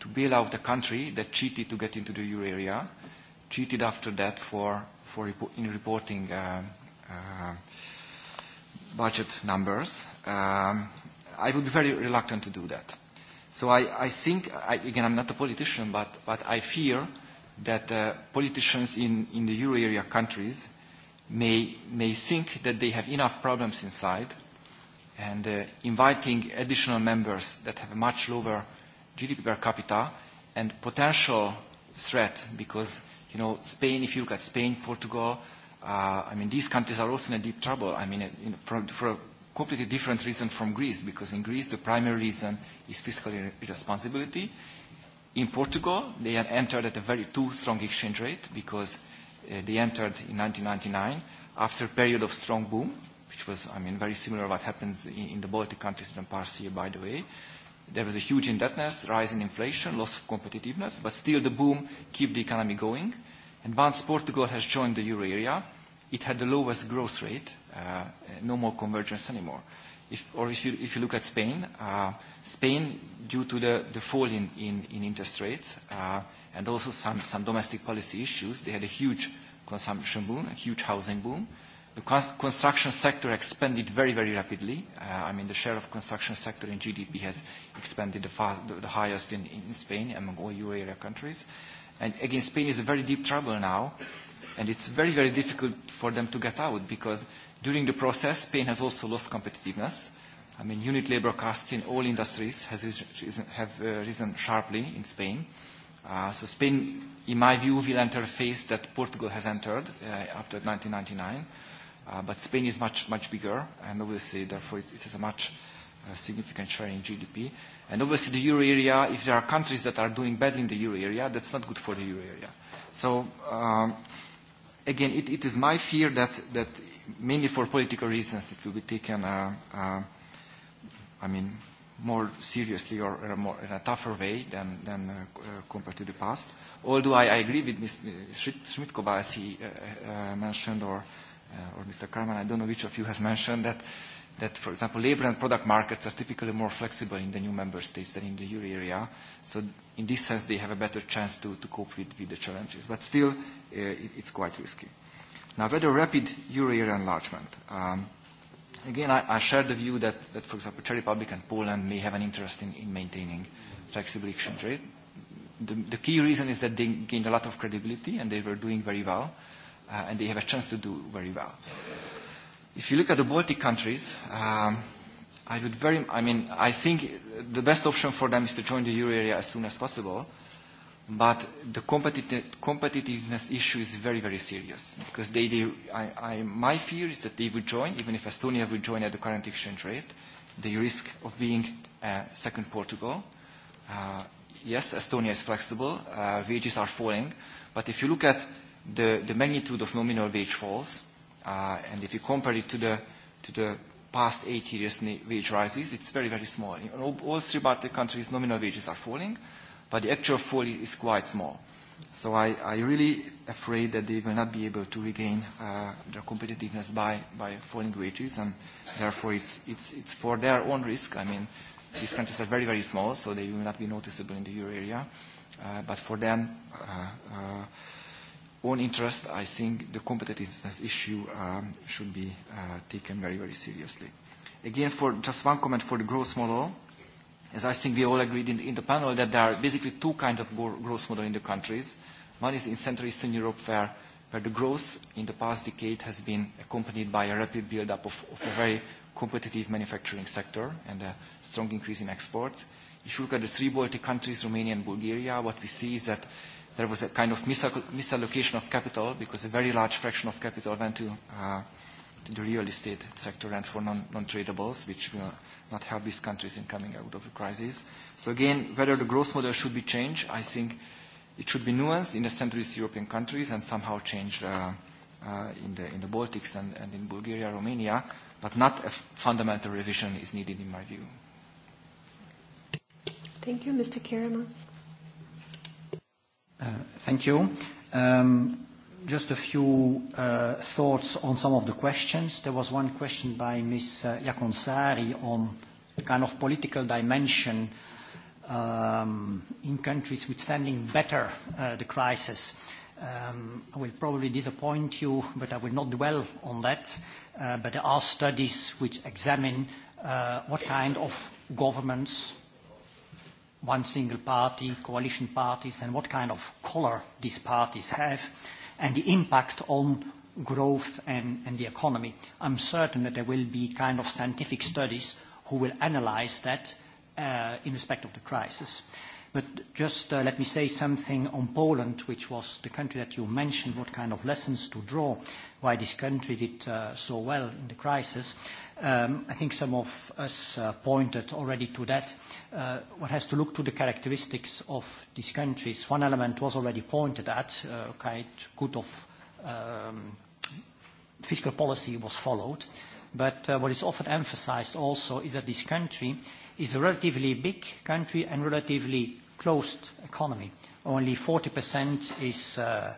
to bail out a country that cheated to get into the euro area, cheated after that for, for repo in reporting uh, uh, budget numbers, um, I would be very reluctant to do that. So I, I think, I, again, I'm not a politician, but, but I fear that uh, politicians in, in the euro area countries may, may think that they have enough problems inside and uh, inviting additional members that have a much lower GDP per capita and potential threat because, you know, Spain, if you look at Spain, Portugal, uh, I mean, these countries are also in a deep trouble. I mean, in, for, for a completely different reason from Greece because in Greece the primary reason is fiscal irresponsibility In Portugal, they had entered at a very too strong exchange rate because uh, they entered in 1999 after a period of strong boom, which was, I mean, very similar to what happens in, the Baltic countries in the past year, by the way. There was a huge indebtedness, rise in inflation, loss of competitiveness, but still the boom keep the economy going. And once Portugal has joined the euro area, it had the lowest growth rate, uh, no more convergence anymore if, or if you, if you look at Spain, uh, Spain, due to the, the fall in, in, in interest rates uh, and also some, some domestic policy issues, they had a huge consumption boom, a huge housing boom. The construction sector expanded very, very rapidly. Uh, I mean, the share of construction sector in GDP has expanded the, far, the, the highest in, in Spain among all euro area countries. And again, Spain is in very deep trouble now, and it's very, very difficult for them to get out because During the process, Spain has also lost competitiveness. I mean, unit labor costs in all industries has risen, have uh, risen sharply in Spain. Uh, so Spain, in my view, will enter a phase that Portugal has entered uh, after 1999. Uh, but Spain is much, much bigger, and obviously, therefore, it, it has a much uh, significant share in GDP. And obviously, the euro area, if there are countries that are doing badly in the euro area, that's not good for the euro area. So, um, again, it, it is my fear that, that mainly for political reasons, it will be taken, uh, uh, I mean, more seriously or in a, more, in a tougher way than, than uh, uh, compared to the past. Although I, I agree with Ms. schmidt as he uh, uh, mentioned, or, uh, or Mr. Carman, I don't know which of you has mentioned that, that, for example, labor and product markets are typically more flexible in the new member states than in the euro area. So in this sense, they have a better chance to, to cope with, with the challenges. But still, uh, it, it's quite risky. Now, very rapid euro-area enlargement. Um, again, I, I share the view that, that, for example, Czech Republic and Poland may have an interest in, in maintaining flexible exchange rate. The, the key reason is that they gained a lot of credibility and they were doing very well, uh, and they have a chance to do very well. If you look at the Baltic countries, um, I would very, I mean, I think the best option for them is to join the euro area as soon as possible, But the competitive, competitiveness issue is very, very serious because they, they, I, I, my fear is that they would join, even if Estonia would join at the current exchange rate, the risk of being uh, second Portugal. Uh, yes, Estonia is flexible, uh, wages are falling, but if you look at the, the magnitude of nominal wage falls, uh, and if you compare it to the, to the past eight years wage rises, it's very, very small. In all, all three Baltic countries, nominal wages are falling, uh, but the actual fall is quite small. So I, I really afraid that they will not be able to regain uh, their competitiveness by, by falling wages, and therefore it's, it's, it's for their own risk. I mean, these countries are very, very small, so they will not be noticeable in the euro area. Uh, but for them, uh, uh, own interest, I think the competitiveness issue um, should be uh, taken very, very seriously. Again, for just one comment for the growth model as I think we all agreed in, in the panel, that there are basically two kinds of growth model in the countries. One is in Central Eastern Europe, where, where the growth in the past decade has been accompanied by a rapid build-up of, of a very competitive manufacturing sector and a strong increase in exports. If you look at the three Baltic countries, Romania and Bulgaria, what we see is that there was a kind of misallocation of capital because a very large fraction of capital went to, uh, to the real estate sector and for non-tradables, non, which will not help these countries in coming out of the crisis. So again, whether the growth model should be changed, I think it should be nuanced in the Central East European countries and somehow changed uh, uh, in, the, in the Baltics and, and in Bulgaria, Romania, but not a fundamental revision is needed in my view. Thank you, Mr. Kiramas. Uh, thank you. Um, Just a few uh, thoughts on some of the questions. There was one question by Ms. Uh, Jaconsari on the kind of political dimension um, in countries withstanding better uh, the crisis. Um, I will probably disappoint you, but I will not dwell on that. but there are studies which examine what kind of governments, one single party, coalition parties, and what kind of color these parties have and the impact on growth and, and the economy. I'm certain that there will be kind of scientific studies who will analyze that uh, in respect of the crisis. But just uh, let me say something on Poland, which was the country that you mentioned, what kind of lessons to draw, why this country did uh, so well in the crisis. Um, I think some of us uh, pointed already to that. Uh, one has to look to the characteristics of these countries. One element was already pointed at, uh, quite good of um, fiscal policy was followed. But uh, what is often emphasized also is that this country is a relatively big country and relatively closed economy. Only 40% is uh,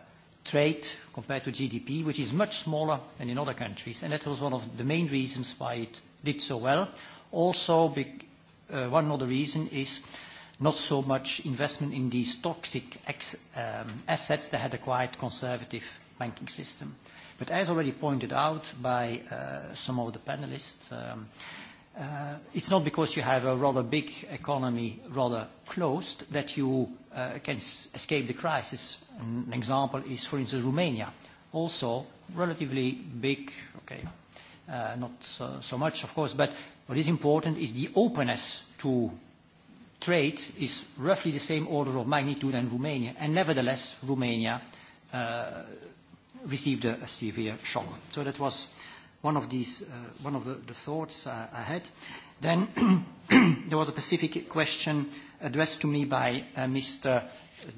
trade compared to GDP, which is much smaller than in other countries, and that was one of the main reasons why it did so well. Also, big, uh, one other reason is not so much investment in these toxic ex, um, assets that had a quite conservative banking system. But as already pointed out by uh, some of the panelists, um, uh, it's not because you have a rather big economy, rather closed, that you uh, can escape the crisis An example is, for instance, Romania, also relatively big, okay, uh, not so so much, of course, but what is important is the openness to trade is roughly the same order of magnitude in Romania, and nevertheless, Romania uh, received a, a severe shock. So that was one of these, uh, one of the, the thoughts uh, I had. Then (clears throat) there was a specific question addressed to me by uh, Mr.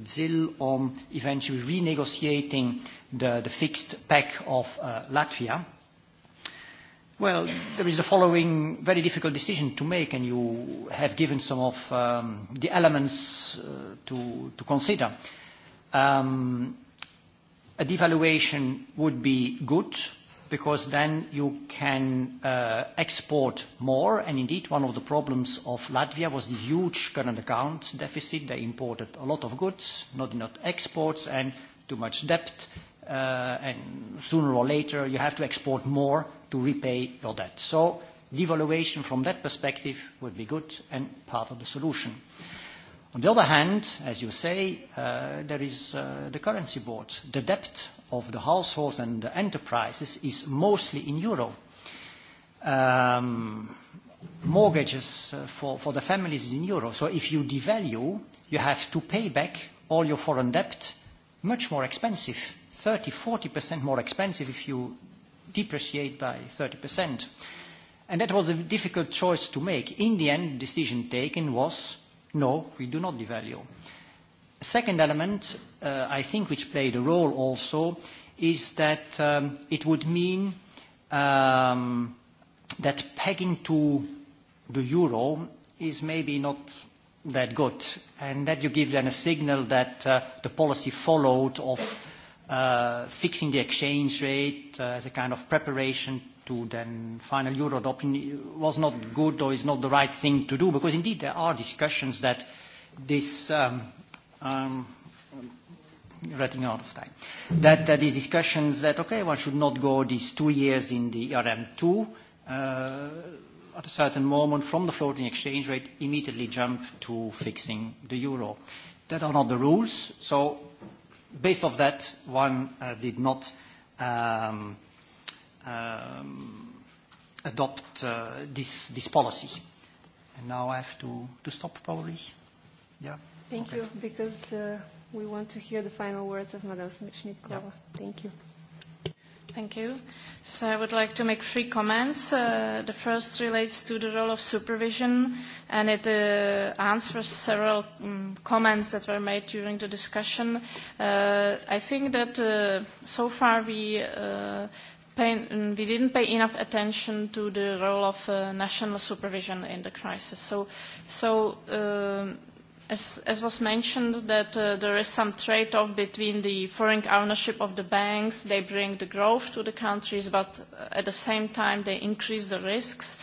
Zil on eventually renegotiating the, the fixed pack of uh, Latvia. Well, there is the following very difficult decision to make, and you have given some of um, the elements uh, to, to consider. Um, a devaluation would be good because then you can uh, export more. And indeed, one of the problems of Latvia was the huge current account deficit. They imported a lot of goods, not enough exports, and too much debt. Uh, and sooner or later, you have to export more to repay your debt. So devaluation from that perspective would be good and part of the solution. On the other hand, as you say, uh, there is uh, the currency board. The debt of the households and the enterprises is mostly in euro. Um, mortgages uh, for, for the families is in euro. So if you devalue, you have to pay back all your foreign debt much more expensive, 30%-40% more expensive if you depreciate by 30%. And that was a difficult choice to make. In the end, the decision taken was, no, we do not devalue second element, uh, I think, which played a role also, is that um, it would mean um, that pegging to the euro is maybe not that good, and that you give then a signal that uh, the policy followed of uh, fixing the exchange rate uh, as a kind of preparation to then final euro adoption was not good or is not the right thing to do, because indeed there are discussions that this um, Um, um, running out of time, that uh, these discussions that, okay, one should not go these two years in the ERM2, uh, at a certain moment from the floating exchange rate immediately jump to fixing the euro. That are not the rules, so based off that, one uh, did not um, um, adopt uh, this, this policy. And now I have to, to stop probably. Yeah. Thank okay. you, because uh, we want to hear the final words of Madame schmidt Yeah. Thank you. Thank you. So I would like to make three comments. Uh, the first relates to the role of supervision, and it uh, answers several um, comments that were made during the discussion. Uh, I think that uh, so far we uh, pay, mm, we didn't pay enough attention to the role of uh, national supervision in the crisis. So, so um, As, as was mentioned, that uh, there is some trade-off between the foreign ownership of the banks, they bring the growth to the countries, but uh, at the same time they increase the risks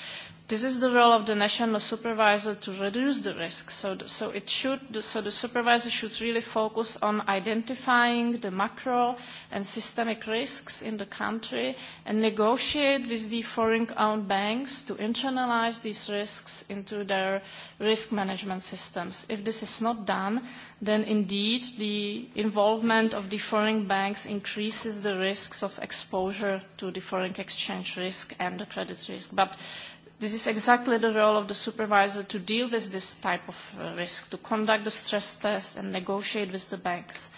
this is the role of the national supervisor to reduce the risk. So, the, so it should, so the supervisor should really focus on identifying the macro and systemic risks in the country and negotiate with the foreign-owned banks to internalize these risks into their risk management systems. If this is not done, then indeed the involvement of the foreign banks increases the risks of exposure to the foreign exchange risk and the credit risk. But This is exactly the role of the supervisor to deal with this type of uh, risk, to conduct the stress test and negotiate with the banks.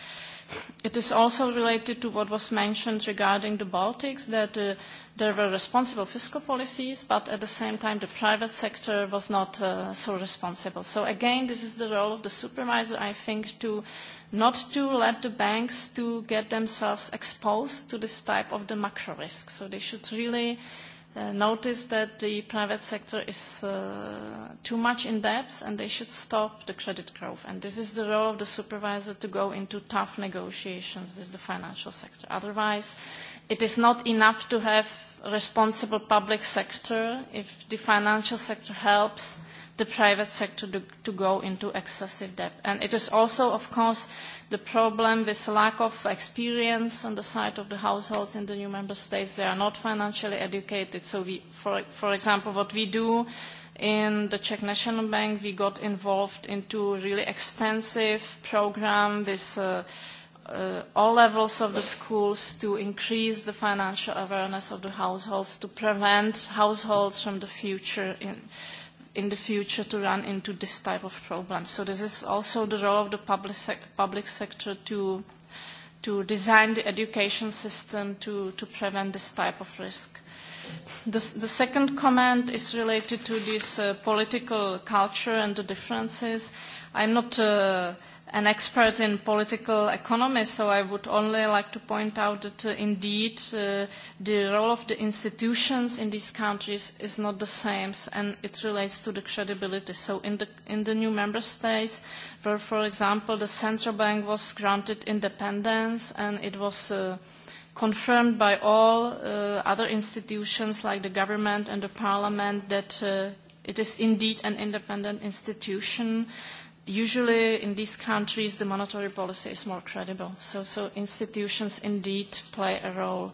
It is also related to what was mentioned regarding the Baltics, that uh, there were responsible fiscal policies, but at the same time the private sector was not uh, so responsible. So again, this is the role of the supervisor, I think, to not to let the banks to get themselves exposed to this type of the macro risk. So they should really uh, Uh, notice that the private sector is uh, too much in debt and they should stop the credit growth. And this is the role of the supervisor to go into tough negotiations with the financial sector. Otherwise, it is not enough to have a responsible public sector if the financial sector helps the private sector to, to go into excessive debt. And it is also, of course, the problem with lack of experience on the side of the households in the new member states. They are not financially educated. So, we, for, for example, what we do in the Czech National Bank, we got involved into a really extensive program with uh, uh, all levels of the schools to increase the financial awareness of the households, to prevent households from the future in, in the future to run into this type of problem. So this is also the role of the public, sec public sector to, to design the education system to, to prevent this type of risk. The, the second comment is related to this uh, political culture and the differences. I'm not uh, an expert in political economy, so I would only like to point out that uh, indeed uh, the role of the institutions in these countries is not the same, and it relates to the credibility. So in the, in the new member states, where, for example, the central bank was granted independence and it was uh, confirmed by all uh, other institutions like the government and the parliament that uh, it is indeed an independent institution, uh, usually in these countries the monetary policy is more credible. So, so institutions indeed play a role.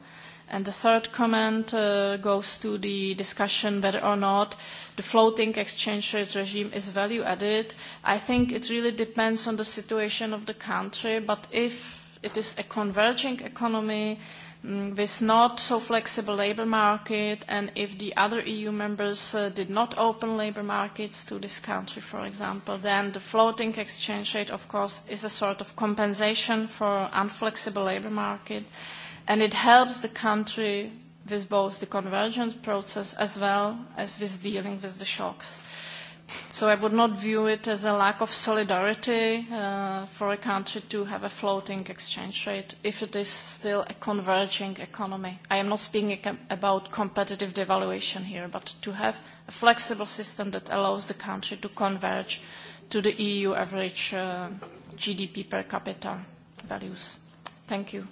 And the third comment uh, goes to the discussion whether or not the floating exchange rate regime is value added. I think it really depends on the situation of the country, but if it is a converging economy, uh, Mm, with not so flexible labor market and if the other EU members uh, did not open labor markets to this country, for example, then the floating exchange rate, of course, is a sort of compensation for unflexible labor market and it helps the country with both the convergence process as well as with dealing with the shocks. So I would not view it as a lack of solidarity uh, for a country to have a floating exchange rate if it is still a converging economy. I am not speaking about competitive devaluation here, but to have a flexible system that allows the country to converge to the EU average uh, GDP per capita values. Thank you.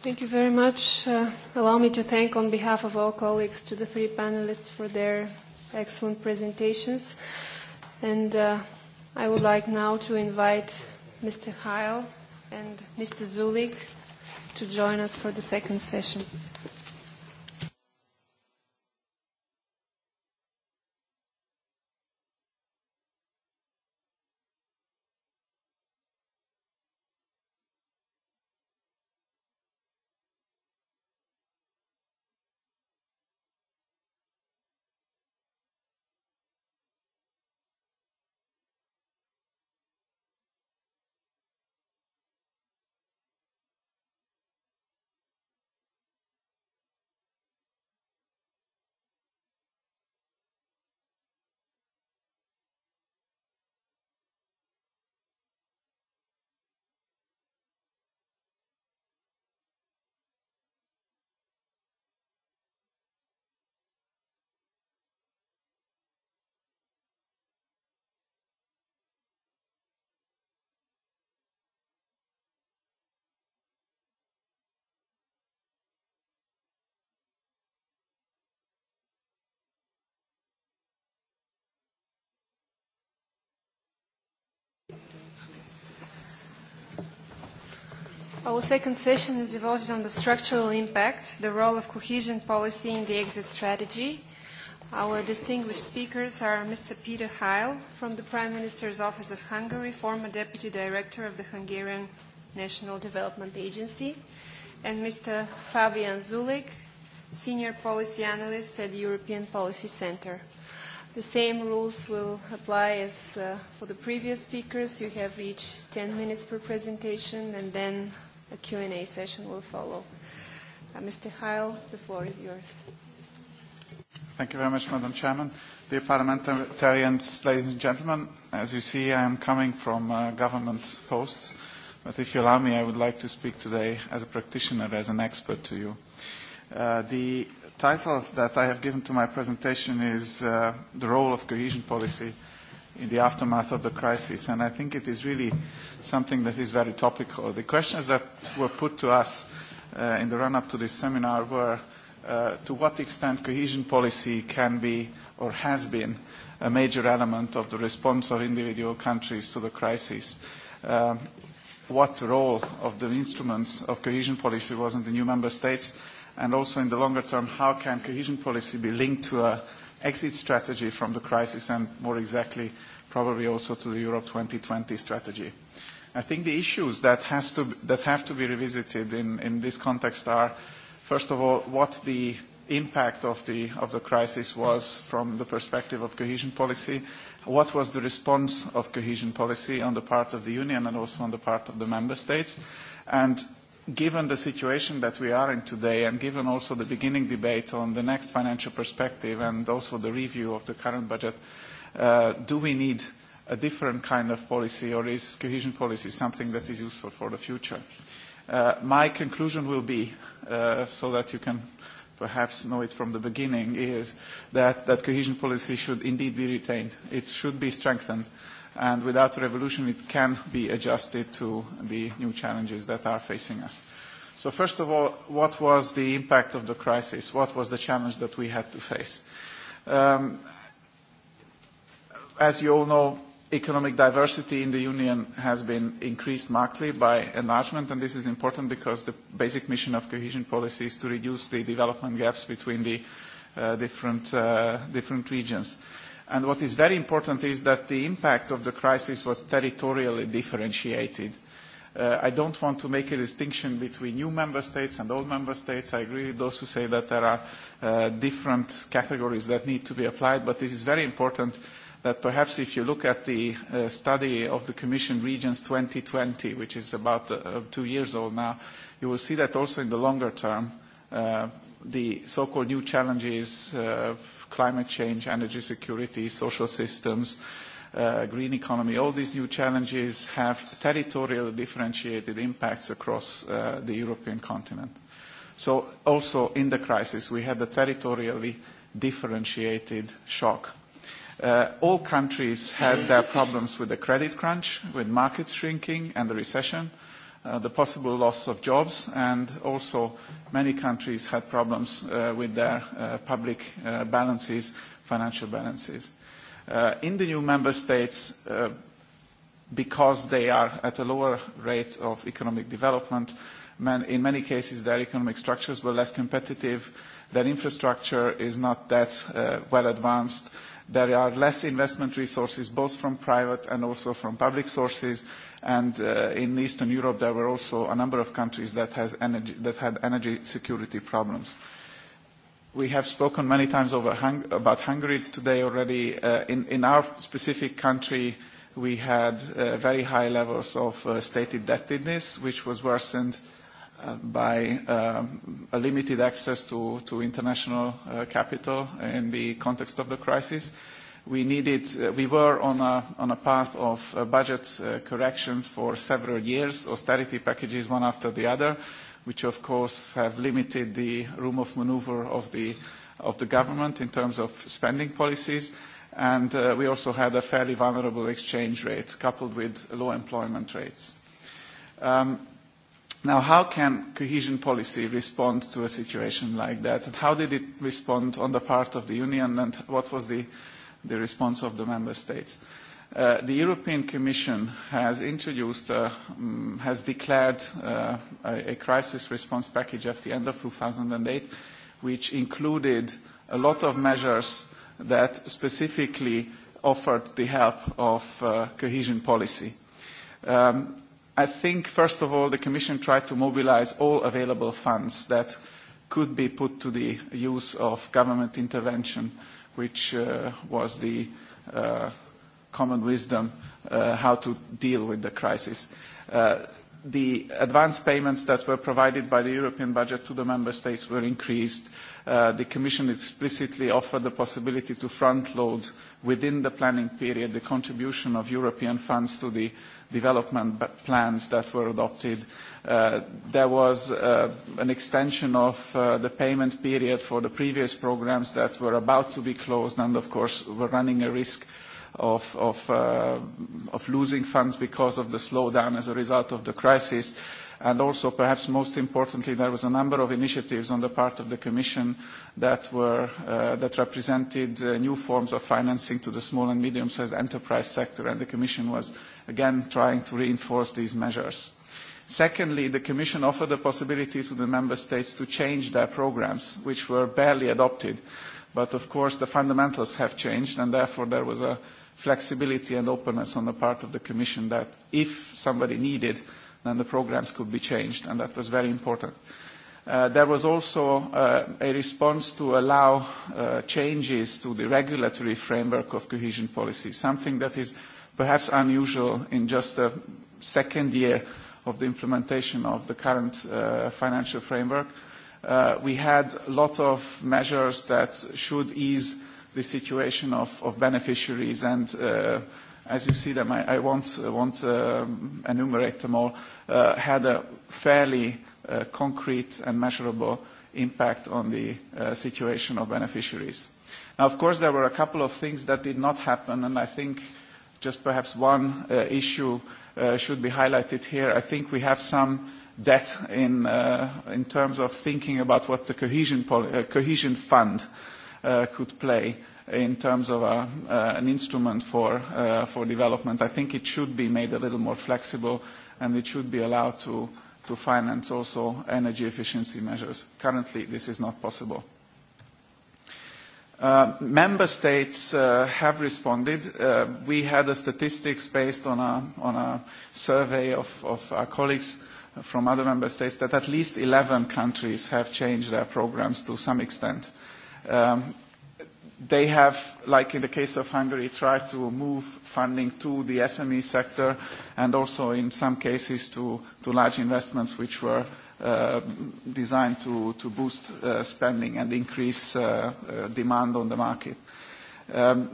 Thank you very much. Uh, allow me to thank on behalf of all colleagues to the three panelists for their excellent presentations. And uh, I would like now to invite Mr. Heil and Mr. Zulik to join us for the second session. Our second session is devoted on the structural impact, the role of cohesion policy in the exit strategy. Our distinguished speakers are Mr. Peter Heil from the Prime Minister's Office of Hungary, former Deputy Director of the Hungarian National Development Agency, and Mr. Fabian Zulik, Senior Policy Analyst at the European Policy Center. The same rules will apply as uh, for the previous speakers. You have each 10 minutes per presentation, and then a Q&A session will follow. Uh, Mr. Heil, the floor is yours. Thank you very much, Madam Chairman. Dear parliamentarians, ladies and gentlemen, as you see, I am coming from uh, government posts, but if you allow me, I would like to speak today as a practitioner, as an expert to you. Uh, the title that I have given to my presentation is uh, The Role of Cohesion Policy – in the aftermath of the crisis. And I think it is really something that is very topical. The questions that were put to us uh, in the run-up to this seminar were uh, to what extent cohesion policy can be or has been a major element of the response of individual countries to the crisis. Um, what role of the instruments of cohesion policy was in the new member states, and also in the longer term, how can cohesion policy be linked to a exit strategy from the crisis and more exactly probably also to the Europe 2020 strategy. I think the issues that, has to, that have to be revisited in, in this context are, first of all, what the impact of the, of the crisis was from the perspective of cohesion policy, what was the response of cohesion policy on the part of the Union and also on the part of the Member States, and given the situation that we are in today and given also the beginning debate on the next financial perspective and also the review of the current budget, uh, do we need a different kind of policy or is cohesion policy something that is useful for the future? Uh, my conclusion will be, uh, so that you can perhaps know it from the beginning, is that, that cohesion policy should indeed be retained. It should be strengthened and without a revolution it can be adjusted to the new challenges that are facing us. So first of all, what was the impact of the crisis? What was the challenge that we had to face? Um, as you all know, economic diversity in the Union has been increased markedly by enlargement, and this is important because the basic mission of cohesion policy is to reduce the development gaps between the uh, different, uh, different regions. Uh, And what is very important is that the impact of the crisis was territorially differentiated. Uh, I don't want to make a distinction between new member states and old member states. I agree with those who say that there are uh, different categories that need to be applied, but this is very important that perhaps if you look at the uh, study of the Commission Regions 2020, which is about uh, two years old now, you will see that also in the longer term, uh, the so-called new challenges uh, climate change, energy security, social systems, uh, green economy, all these new challenges have territorially differentiated impacts across uh, the European continent. So also in the crisis, we had a territorially differentiated shock. Uh, all countries had their problems with the credit crunch, with markets shrinking and the recession. Uh, Uh, the possible loss of jobs, and also many countries had problems uh, with their uh, public uh, balances, financial balances. Uh, in the new member states, uh, because they are at a lower rate of economic development, man, in many cases their economic structures were less competitive, their infrastructure is not that uh, well advanced, uh, There are less investment resources, both from private and also from public sources. And uh, in Eastern Europe, there were also a number of countries that, has energy, that had energy security problems. We have spoken many times over hung about Hungary today already. Uh, in, in our specific country, we had uh, very high levels of uh, state indebtedness, which was worsened uh, by uh a limited access to, to international uh, capital in the context of the crisis. We needed, uh, we were on a, on a path of uh, budget uh, corrections for several years, austerity packages one after the other, which of course have limited the room of maneuver of the, of the government in terms of spending policies. And uh, we also had a fairly vulnerable exchange rate coupled with low employment rates. Um, Now, how can cohesion policy respond to a situation like that? And how did it respond on the part of the Union, and what was the, the response of the member states? Uh, the European Commission has introduced, uh, um, has declared uh, a, a crisis response package at the end of 2008, which included a lot of measures that specifically offered the help of uh, cohesion policy. Um, i think, first of all, the Commission tried to mobilize all available funds that could be put to the use of government intervention, which uh, was the uh, common wisdom uh, how to deal with the crisis. Uh, the advance payments that were provided by the European budget to the member states were increased. Uh, Uh, the Commission explicitly offered the possibility to front-load within the planning period the contribution of European funds to the development plans that were adopted. Uh, there was uh, an extension of uh, the payment period for the previous programs that were about to be closed and, of course, were running a risk of, of, uh, of losing funds because of the slowdown as a result of the crisis. And also, perhaps most importantly, there was a number of initiatives on the part of the Commission that, were, uh, that represented uh, new forms of financing to the small and medium-sized enterprise sector, and the Commission was, again, trying to reinforce these measures. Secondly, the Commission offered the possibility to the Member States to change their programs, which were barely adopted. But of course, the fundamentals have changed, and therefore there was a flexibility and openness on the part of the Commission that if somebody needed then the programs could be changed, and that was very important. Uh, there was also uh, a response to allow uh, changes to the regulatory framework of cohesion policy, something that is perhaps unusual in just the second year of the implementation of the current uh, financial framework. Uh, we had a lot of measures that should ease the situation of, of beneficiaries and uh, as you see them, I, I won't, uh, won't um, enumerate them all, uh, had a fairly uh, concrete and measurable impact on the uh, situation of beneficiaries. Now, of course, there were a couple of things that did not happen, and I think just perhaps one uh, issue uh, should be highlighted here. I think we have some debt in, uh, in terms of thinking about what the cohesion, uh, cohesion fund uh, could play in terms of a, uh, an instrument for, uh, for development. I think it should be made a little more flexible and it should be allowed to, to finance also energy efficiency measures. Currently, this is not possible. Uh, member states uh, have responded. Uh, we had a statistics based on a, on a survey of, of our colleagues from other member states that at least 11 countries have changed their programs to some extent. Um, they have, like in the case of Hungary, tried to move funding to the SME sector and also in some cases to, to large investments which were uh, designed to, to boost uh, spending and increase uh, uh, demand on the market. Um,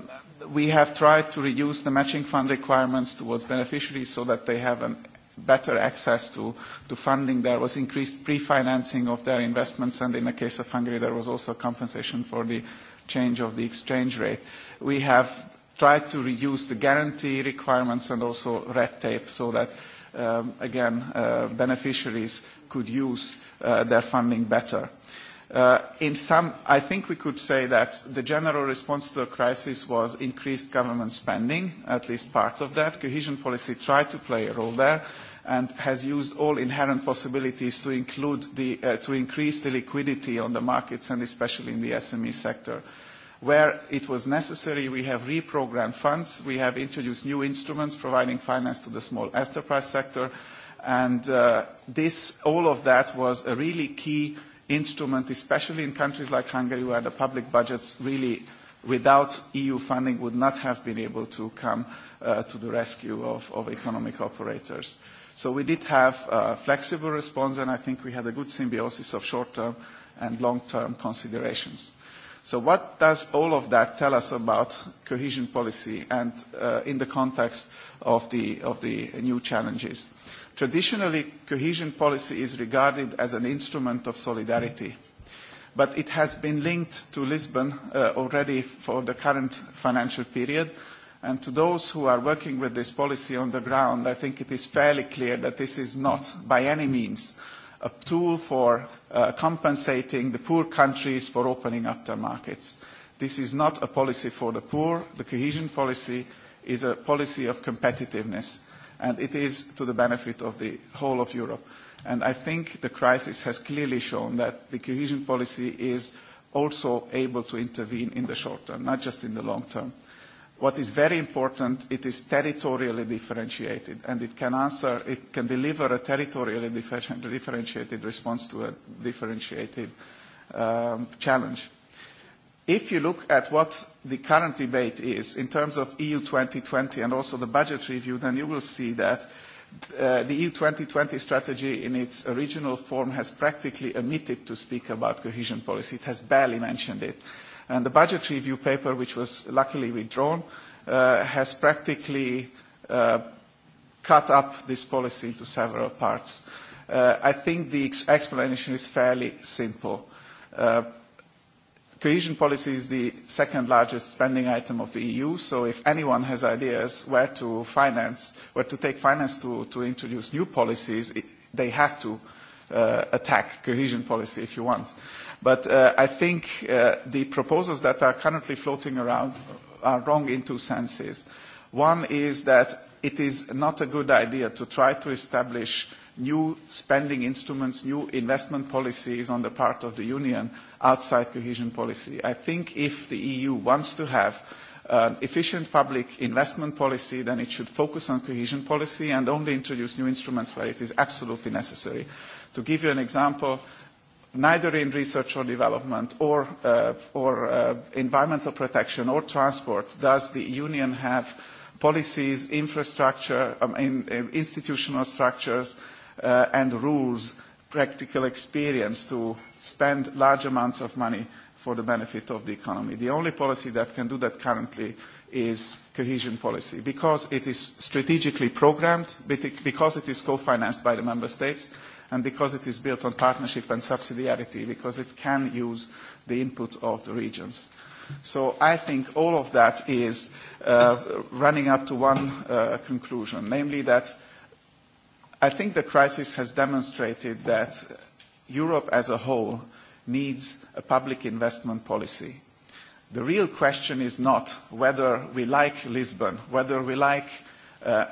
we have tried to reduce the matching fund requirements towards beneficiaries so that they have an better access to, to funding. There was increased pre-financing of their investments, and in the case of Hungary, there was also compensation for the change of the exchange rate. We have tried to reduce the guarantee requirements and also red tape so that, um, again, uh, beneficiaries could use uh, their funding better. Uh, in some, I think we could say that the general response to the crisis was increased government spending, at least part of that. Cohesion policy tried to play a role there and has used all inherent possibilities to, include the, uh, to increase the liquidity on the markets and especially in the SME sector. Where it was necessary, we have reprogrammed funds. We have introduced new instruments providing finance to the small enterprise sector. And uh, this, all of that was a really key instrument, especially in countries like Hungary, where the public budgets really, without EU funding, would not have been able to come uh, to the rescue of, of economic operators. Uh, so we did have a flexible response, and I think we had a good symbiosis of short-term and long-term considerations. So what does all of that tell us about cohesion policy and uh, in the context of the, new challenges? Traditionally, cohesion policy is regarded as an instrument of solidarity, but it has been linked to Lisbon uh, already for the current financial period, And to those who are working with this policy on the ground, I think it is fairly clear that this is not by any means a tool for uh, compensating the poor countries for opening up their markets. This is not a policy for the poor. The cohesion policy is a policy of competitiveness, and it is to the benefit of the whole of Europe. And I think the crisis has clearly shown that the cohesion policy is also able to intervene in the short term, not just in the long term. What is very important, it is territorially differentiated, and it can answer, it can deliver a territorially differentiated response to a differentiated um, challenge. If you look at what the current debate is in terms of EU 2020 and also the budget review, then you will see that uh, the EU 2020 strategy in its original form has practically omitted to speak about cohesion policy. It has barely mentioned it. And the budget review paper, which was luckily withdrawn, uh, has practically uh, cut up this policy into several parts. Uh, I think the ex explanation is fairly simple. Uh, cohesion policy is the second largest spending item of the EU, so if anyone has ideas where to finance, where to take finance to, to introduce new policies, it, they have to uh, attack cohesion policy if you want. Uh, But uh, I think uh, the proposals that are currently floating around are wrong in two senses. One is that it is not a good idea to try to establish new spending instruments, new investment policies on the part of the Union outside cohesion policy. I think if the EU wants to have an uh, efficient public investment policy, then it should focus on cohesion policy and only introduce new instruments where it is absolutely necessary. To give you an example, neither in research or development or, uh, or uh, environmental protection or transport does the union have policies, infrastructure, um, in, in institutional structures uh, and rules, practical experience to spend large amounts of money for the benefit of the economy. The only policy that can do that currently is cohesion policy because it is strategically programmed, because it is co-financed by the member states, and because it is built on partnership and subsidiarity, because it can use the input of the regions. So I think all of that is uh, running up to one uh, conclusion, namely that I think the crisis has demonstrated that Europe as a whole needs a public investment policy. The real question is not whether we like Lisbon, whether we like uh,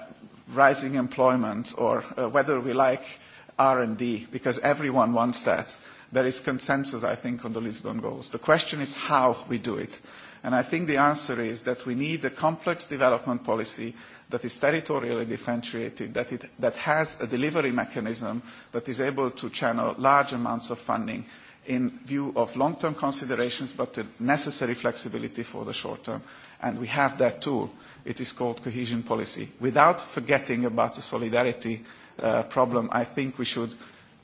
rising employment, or uh, whether we like R&D, because everyone wants that. There is consensus, I think, on the Lisbon goals. The question is how we do it. And I think the answer is that we need a complex development policy that is territorially differentiated, that, it, that has a delivery mechanism that is able to channel large amounts of funding in view of long-term considerations, but the necessary flexibility for the short term. And we have that tool. It is called cohesion policy, without forgetting about the solidarity Uh, problem, I think we should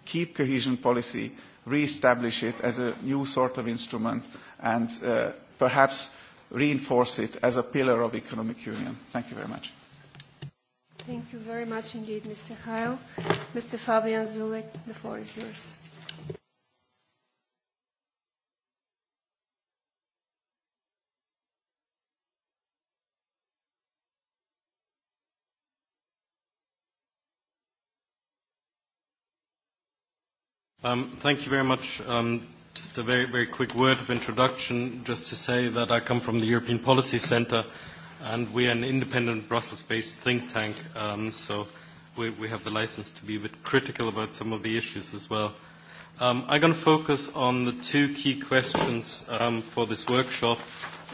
keep cohesion policy, re-establish it as a new sort of instrument, and uh, perhaps reinforce it as a pillar of economic union. Thank you very much. Thank you very much indeed, Mr. Heil. Mr. Fabian Zulek, the floor is yours. Um, thank you very much. Um, just a very, very quick word of introduction, just to say that I come from the European Policy Centre and we are an independent Brussels-based think tank, um, so we, we have the license to be a bit critical about some of the issues as well. Um, I'm going to focus on the two key questions um, for this workshop.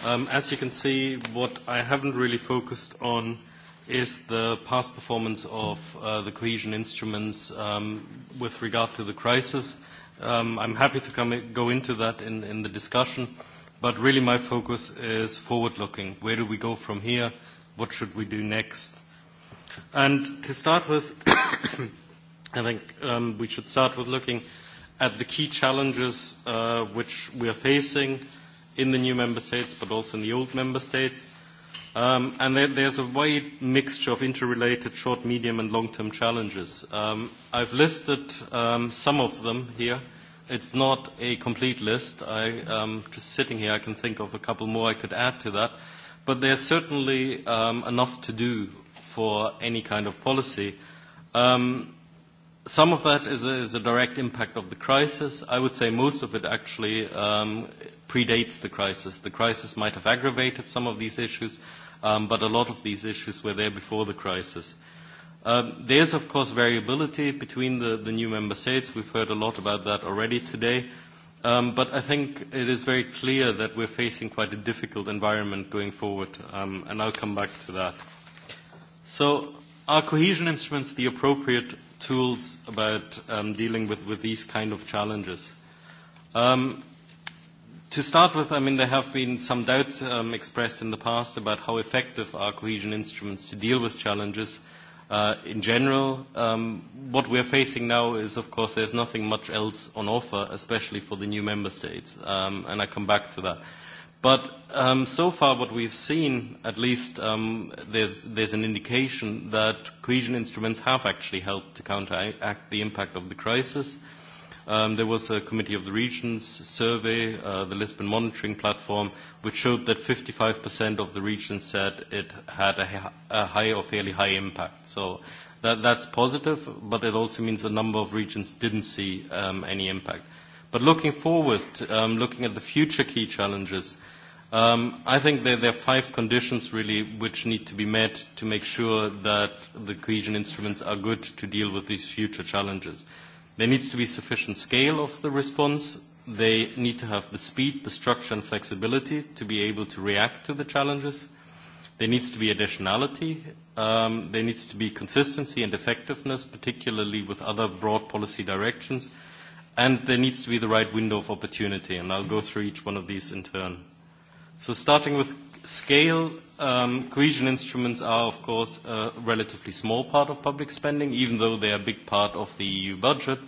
Um, as you can see, what I haven't really focused on is the past performance of uh, the cohesion instruments um, with regard to the crisis. Um, I'm happy to come go into that in, in the discussion, but really my focus is forward-looking. Where do we go from here? What should we do next? And to start with, (coughs) I think um, we should start with looking at the key challenges uh, which we are facing in the new member states, but also in the old member states Um, and there, there's a wide mixture of interrelated short, medium, and long-term challenges. Um, I've listed um, some of them here. It's not a complete list. I, um, just sitting here, I can think of a couple more I could add to that. But there's certainly um, enough to do for any kind of policy. Um, some of that is a, is a direct impact of the crisis. I would say most of it actually um, predates the crisis. The crisis might have aggravated some of these issues, um, but a lot of these issues were there before the crisis. Um, there's, of course, variability between the, the new member states. We've heard a lot about that already today. Um, but I think it is very clear that we're facing quite a difficult environment going forward, um, and I'll come back to that. So are cohesion instruments the appropriate tools about um, dealing with, with these kind of challenges? Um, to start with, I mean, there have been some doubts um, expressed in the past about how effective are cohesion instruments to deal with challenges. Uh, in general, um, what we're facing now is, of course, there's nothing much else on offer, especially for the new member states, um, and I come back to that. But um, so far, what we've seen, at least um, there's, there's an indication that cohesion instruments have actually helped to counteract the impact of the crisis. Um, there was a Committee of the Regions survey, uh, the Lisbon Monitoring Platform, which showed that 55% of the regions said it had a, a high or fairly high impact. So that, that's positive, but it also means a number of regions didn't see um, any impact. But looking forward, um, looking at the future key challenges, um, I think there, there are five conditions really which need to be met to make sure that the cohesion instruments are good to deal with these future challenges. There needs to be sufficient scale of the response. They need to have the speed, the structure, and flexibility to be able to react to the challenges. There needs to be additionality. Um, there needs to be consistency and effectiveness, particularly with other broad policy directions. And there needs to be the right window of opportunity. And I'll go through each one of these in turn. So starting with scale, um, cohesion instruments are, of course, a relatively small part of public spending, even though they are a big part of the EU budget.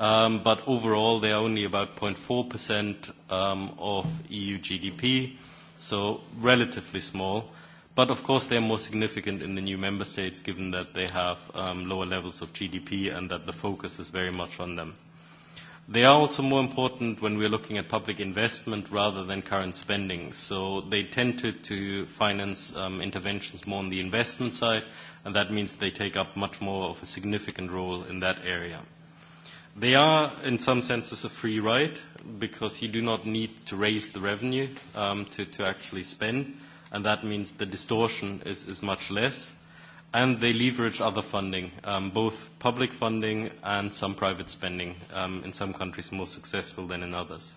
Um, but overall, they are only about 0.4% um, of EU GDP, so relatively small. But of course, they are more significant in the new member states, given that they have um, lower levels of GDP and that the focus is very much on them. They are also more important when we are looking at public investment rather than current spending. So they tend to, to finance um, interventions more on the investment side, and that means they take up much more of a significant role in that area. They are, in some senses, a free ride because you do not need to raise the revenue um, to, to actually spend, and that means the distortion is, is much less and they leverage other funding, um, both public funding and some private spending, um, in some countries more successful than in others.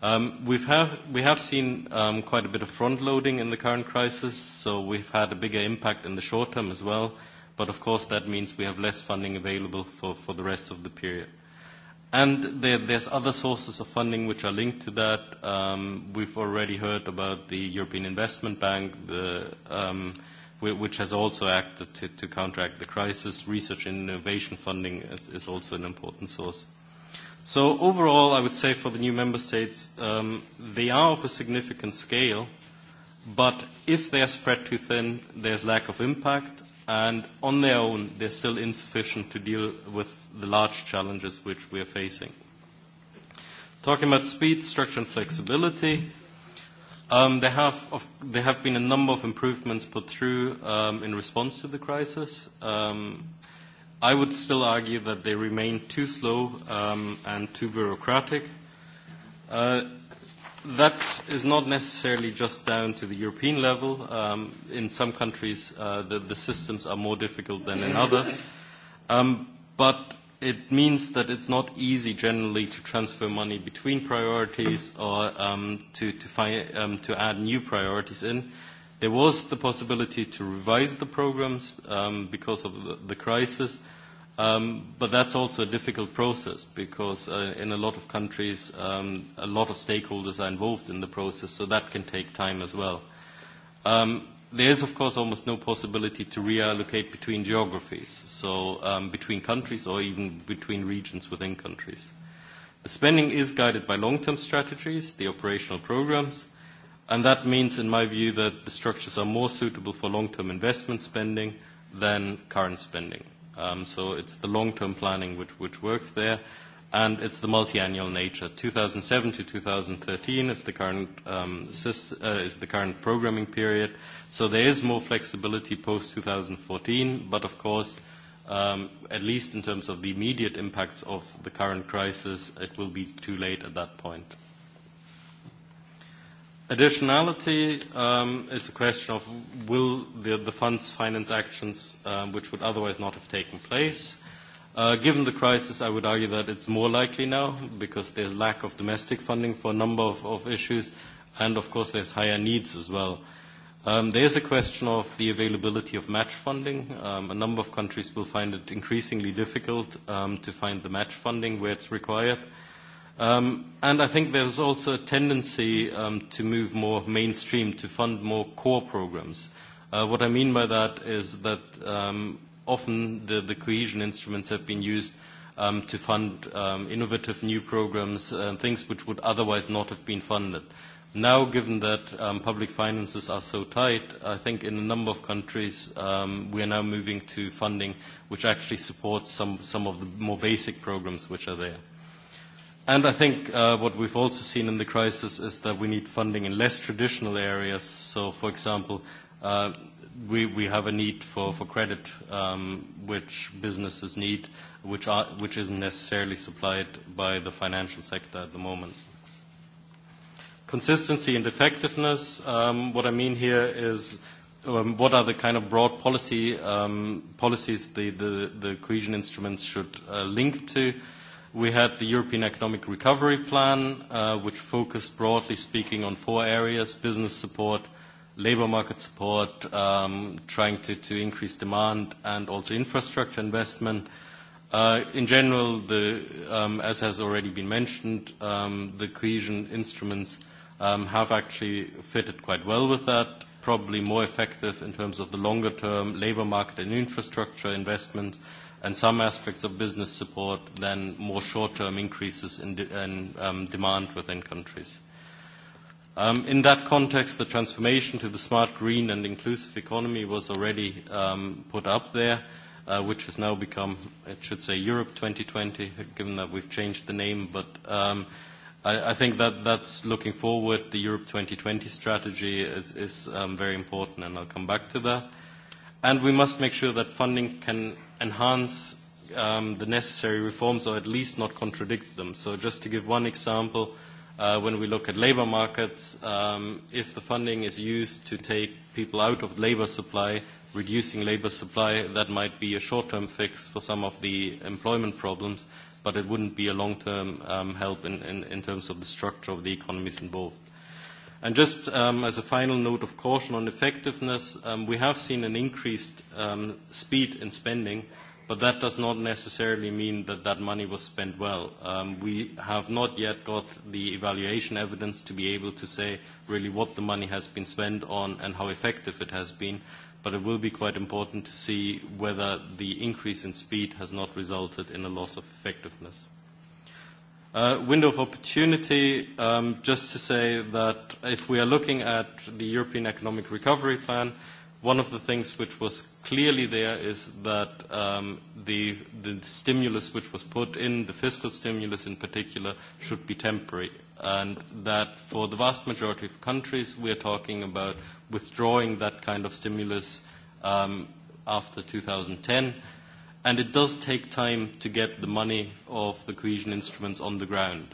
Um, we've have, we have seen um, quite a bit of front loading in the current crisis, so we've had a bigger impact in the short term as well, but of course that means we have less funding available for, for the rest of the period. And there, there's other sources of funding which are linked to that. Um, we've already heard about the European Investment Bank, the um, – which has also acted to, to counteract the crisis. Research and innovation funding is, is also an important source. So overall, I would say for the new member states, um, they are of a significant scale, but if they are spread too thin, there's lack of impact, and on their own, they're still insufficient to deal with the large challenges which we are facing. Talking about speed, structure, and flexibility, Um, there, have, of, there have been a number of improvements put through um, in response to the crisis. Um, I would still argue that they remain too slow um, and too bureaucratic. Uh, that is not necessarily just down to the European level. Um, in some countries, uh, the, the systems are more difficult than in others. Um, but it means that it's not easy generally to transfer money between priorities or um, to, to, find, um, to add new priorities in. There was the possibility to revise the programs um, because of the, the crisis, um, but that's also a difficult process because uh, in a lot of countries, um, a lot of stakeholders are involved in the process, so that can take time as well. Um, there is, of course, almost no possibility to reallocate between geographies, so um, between countries or even between regions within countries. The spending is guided by long-term strategies, the operational programs, and that means, in my view, that the structures are more suitable for long-term investment spending than current spending. Um, so it's the long-term planning which, which works there and it's the multi-annual nature. 2007 to 2013 is the current um, system, uh, is the current programming period. So there is more flexibility post 2014, but of course, um, at least in terms of the immediate impacts of the current crisis, it will be too late at that point. Additionality um, is a question of will the, the funds finance actions um, which would otherwise not have taken place. Uh, given the crisis, I would argue that it's more likely now because there's lack of domestic funding for a number of, of issues, and of course there's higher needs as well. Um, there is a question of the availability of match funding. Um, a number of countries will find it increasingly difficult um, to find the match funding where it's required. Um, and I think there's also a tendency um, to move more mainstream, to fund more core programs. Uh, what I mean by that is that um, often the, the cohesion instruments have been used um, to fund um, innovative new programs and things which would otherwise not have been funded. Now, given that um, public finances are so tight, I think in a number of countries um, we are now moving to funding which actually supports some, some of the more basic programs which are there. And I think uh, what we've also seen in the crisis is that we need funding in less traditional areas. So, for example, uh, we, we have a need for, for credit um, which businesses need, which, are, which isn't necessarily supplied by the financial sector at the moment. Consistency and effectiveness, um, what I mean here is um, what are the kind of broad policy um, policies the, the, the cohesion instruments should uh, link to. We had the European Economic Recovery Plan, uh, which focused, broadly speaking, on four areas, business support, labor market support, um, trying to, to increase demand, and also infrastructure investment. Uh, in general, the, um, as has already been mentioned, um, the cohesion instruments um, have actually fitted quite well with that, probably more effective in terms of the longer-term labor market and infrastructure investments and some aspects of business support than more short-term increases in, de in um, demand within countries. Um, in that context, the transformation to the smart, green, and inclusive economy was already um, put up there, uh, which has now become, it should say, Europe 2020, given that we've changed the name. But um, I, I think that that's looking forward. The Europe 2020 strategy is, is um, very important, and I'll come back to that. And we must make sure that funding can enhance um, the necessary reforms or at least not contradict them. So just to give one example, uh, when we look at labor markets, um, if the funding is used to take people out of labor supply, reducing labor supply, that might be a short-term fix for some of the employment problems, but it wouldn't be a long-term um, help in, in, in terms of the structure of the economies involved. And just um, as a final note of caution on effectiveness, um, we have seen an increased um, speed in spending, but that does not necessarily mean that that money was spent well. Um, we have not yet got the evaluation evidence to be able to say really what the money has been spent on and how effective it has been, but it will be quite important to see whether the increase in speed has not resulted in a loss of effectiveness. Uh, window of opportunity, um, just to say that if we are looking at the European Economic Recovery Plan, One of the things which was clearly there is that um, the, the stimulus which was put in, the fiscal stimulus in particular, should be temporary. And that for the vast majority of countries, we are talking about withdrawing that kind of stimulus um, after 2010 and it does take time to get the money of the cohesion instruments on the ground.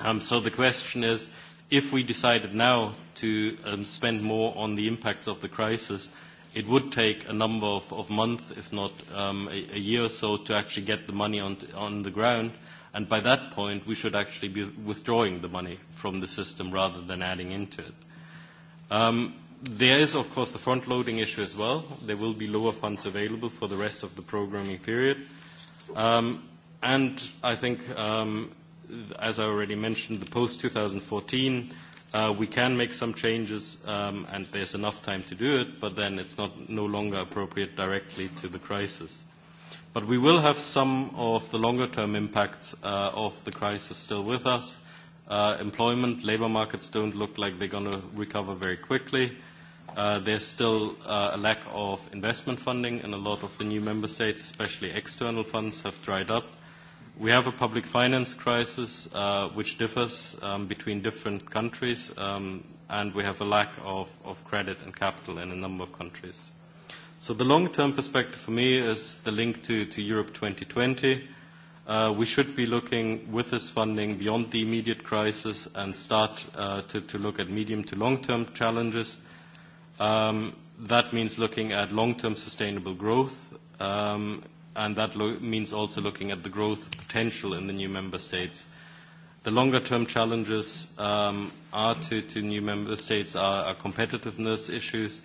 Um, so the question is, if we decided now to um, spend more on the impacts of the crisis, it would take a number of, of months, if not um, a, a year or so, to actually get the money on, on the ground. And by that point, we should actually be withdrawing the money from the system rather than adding into it. Um, there is, of course, the front-loading issue as well. There will be lower funds available for the rest of the programming period. Um, and I think um, as I already mentioned, the post-2014, uh, we can make some changes, um, and there's enough time to do it, but then it's not no longer appropriate directly to the crisis. But we will have some of the longer-term impacts uh, of the crisis still with us. Uh, employment, labor markets don't look like they're going to recover very quickly. there's still a lack of investment funding in a lot of the new member states, especially external funds have dried up. We have a public finance crisis uh, which differs um, between different countries, um, and we have a lack of, of credit and capital in a number of countries. So the long-term perspective for me is the link to, to Europe 2020. Uh, we should be looking with this funding beyond the immediate crisis and start uh, to, to look at medium to long-term challenges. Um, that means looking at long-term sustainable growth, um, and that lo means also looking at the growth potential in the new member states. The longer-term challenges um, are to, new member states are, competitiveness issues,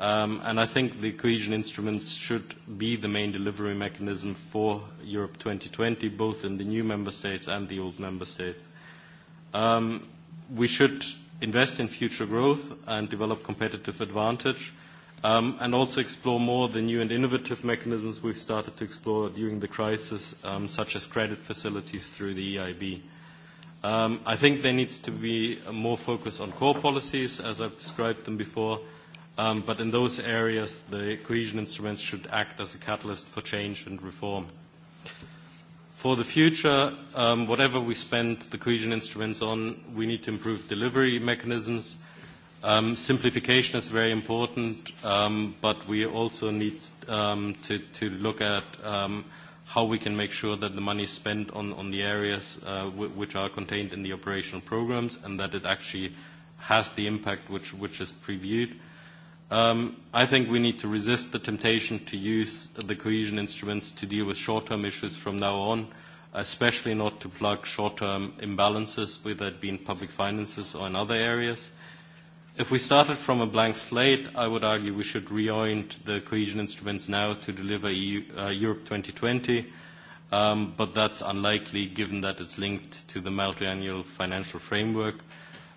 um, and I think the cohesion instruments should be the main delivery mechanism for Europe 2020, both in the new member states and the old member states. Um, we should invest in future growth and develop competitive advantage – um, and also explore more the new and innovative mechanisms we've started to explore during the crisis, um, such as credit facilities through the EIB. Um, I think there needs to be more focus on core policies, as I've described them before, um, but in those areas, the cohesion instruments should act as a catalyst for change and reform. For the future, um, whatever we spend the cohesion instruments on, we need to improve delivery mechanisms – Um, simplification is very important, um, but we also need um, to, to look at um, how we can make sure that the money is spent on, on the areas uh, w which are contained in the operational programs and that it actually has the impact which, which is previewed. Um, I think we need to resist the temptation to use the cohesion instruments to deal with short-term issues from now on, especially not to plug short-term imbalances, whether it be in public finances or in other areas. If we started from a blank slate, I would argue we should reorient the cohesion instruments now to deliver EU, uh, Europe 2020, um, but that's unlikely given that it's linked to the multiannual financial framework.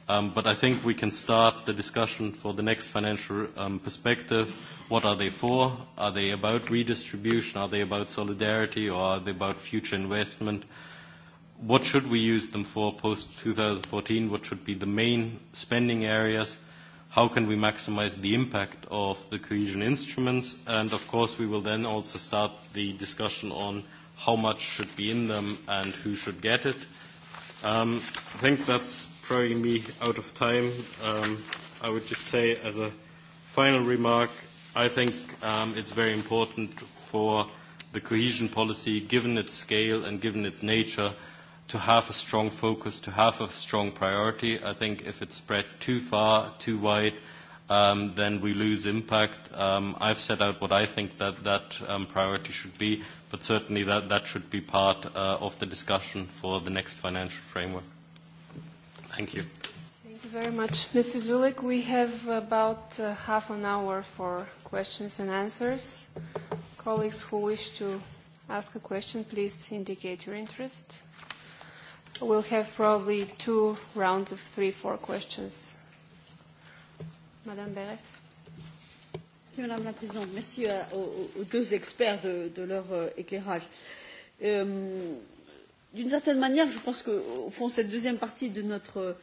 Um, but I think we can start the discussion for the next financial um, perspective. What are they for? Are they about redistribution? Are they about solidarity? Or are they about future investment? What should we use them for post-2014? What should be the main spending areas? how can we maximize the impact of the cohesion instruments? And of course, we will then also start the discussion on how much should be in them and who should get it. Um, I think that's probably me out of time. Um, I would just say as a final remark, I think um, it's very important for the cohesion policy, given its scale and given its nature, to have a strong focus, to have a strong priority. I think if it's spread too far, too wide, um, then we lose impact. Um, I've set out what I think that that um, priority should be, but certainly that, that should be part uh, of the discussion for the next financial framework. Thank you. Thank you very much. Mrs. Zulik, we have about uh, half an hour for questions and answers. Colleagues who wish to ask a question, please indicate your interest. We'll have probably two rounds of three, four questions. Madame Beres. Merci Madame la Présidente. Merci à, euh, aux, aux deux experts de, de leur euh, éclairage. Euh, D'une certaine manière, je pense qu'au fond, cette deuxième partie de notre euh,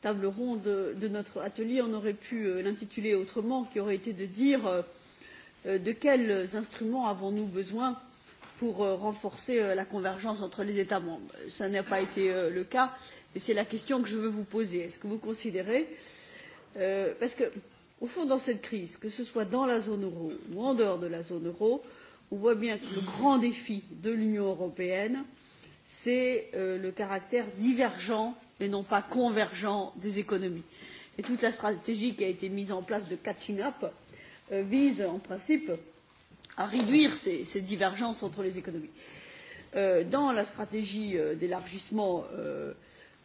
table ronde, de notre atelier, on aurait pu euh, l'intituler autrement, qui aurait été de dire euh, de quels instruments avons-nous besoin pour euh, renforcer euh, la convergence entre les états membres. cela n'a pas été euh, le cas et c'est la question que je veux vous poser est ce que vous considérez euh, parce que au fond dans cette crise que ce soit dans la zone euro ou en dehors de la zone euro on voit bien que le grand défi de l'union européenne c'est euh, le caractère divergent mais non pas convergent des économies et toute la stratégie qui a été mise en place de catching up euh, vise en principe à réduire ces, ces divergences entre les économies. Euh, dans la stratégie euh, d'élargissement euh,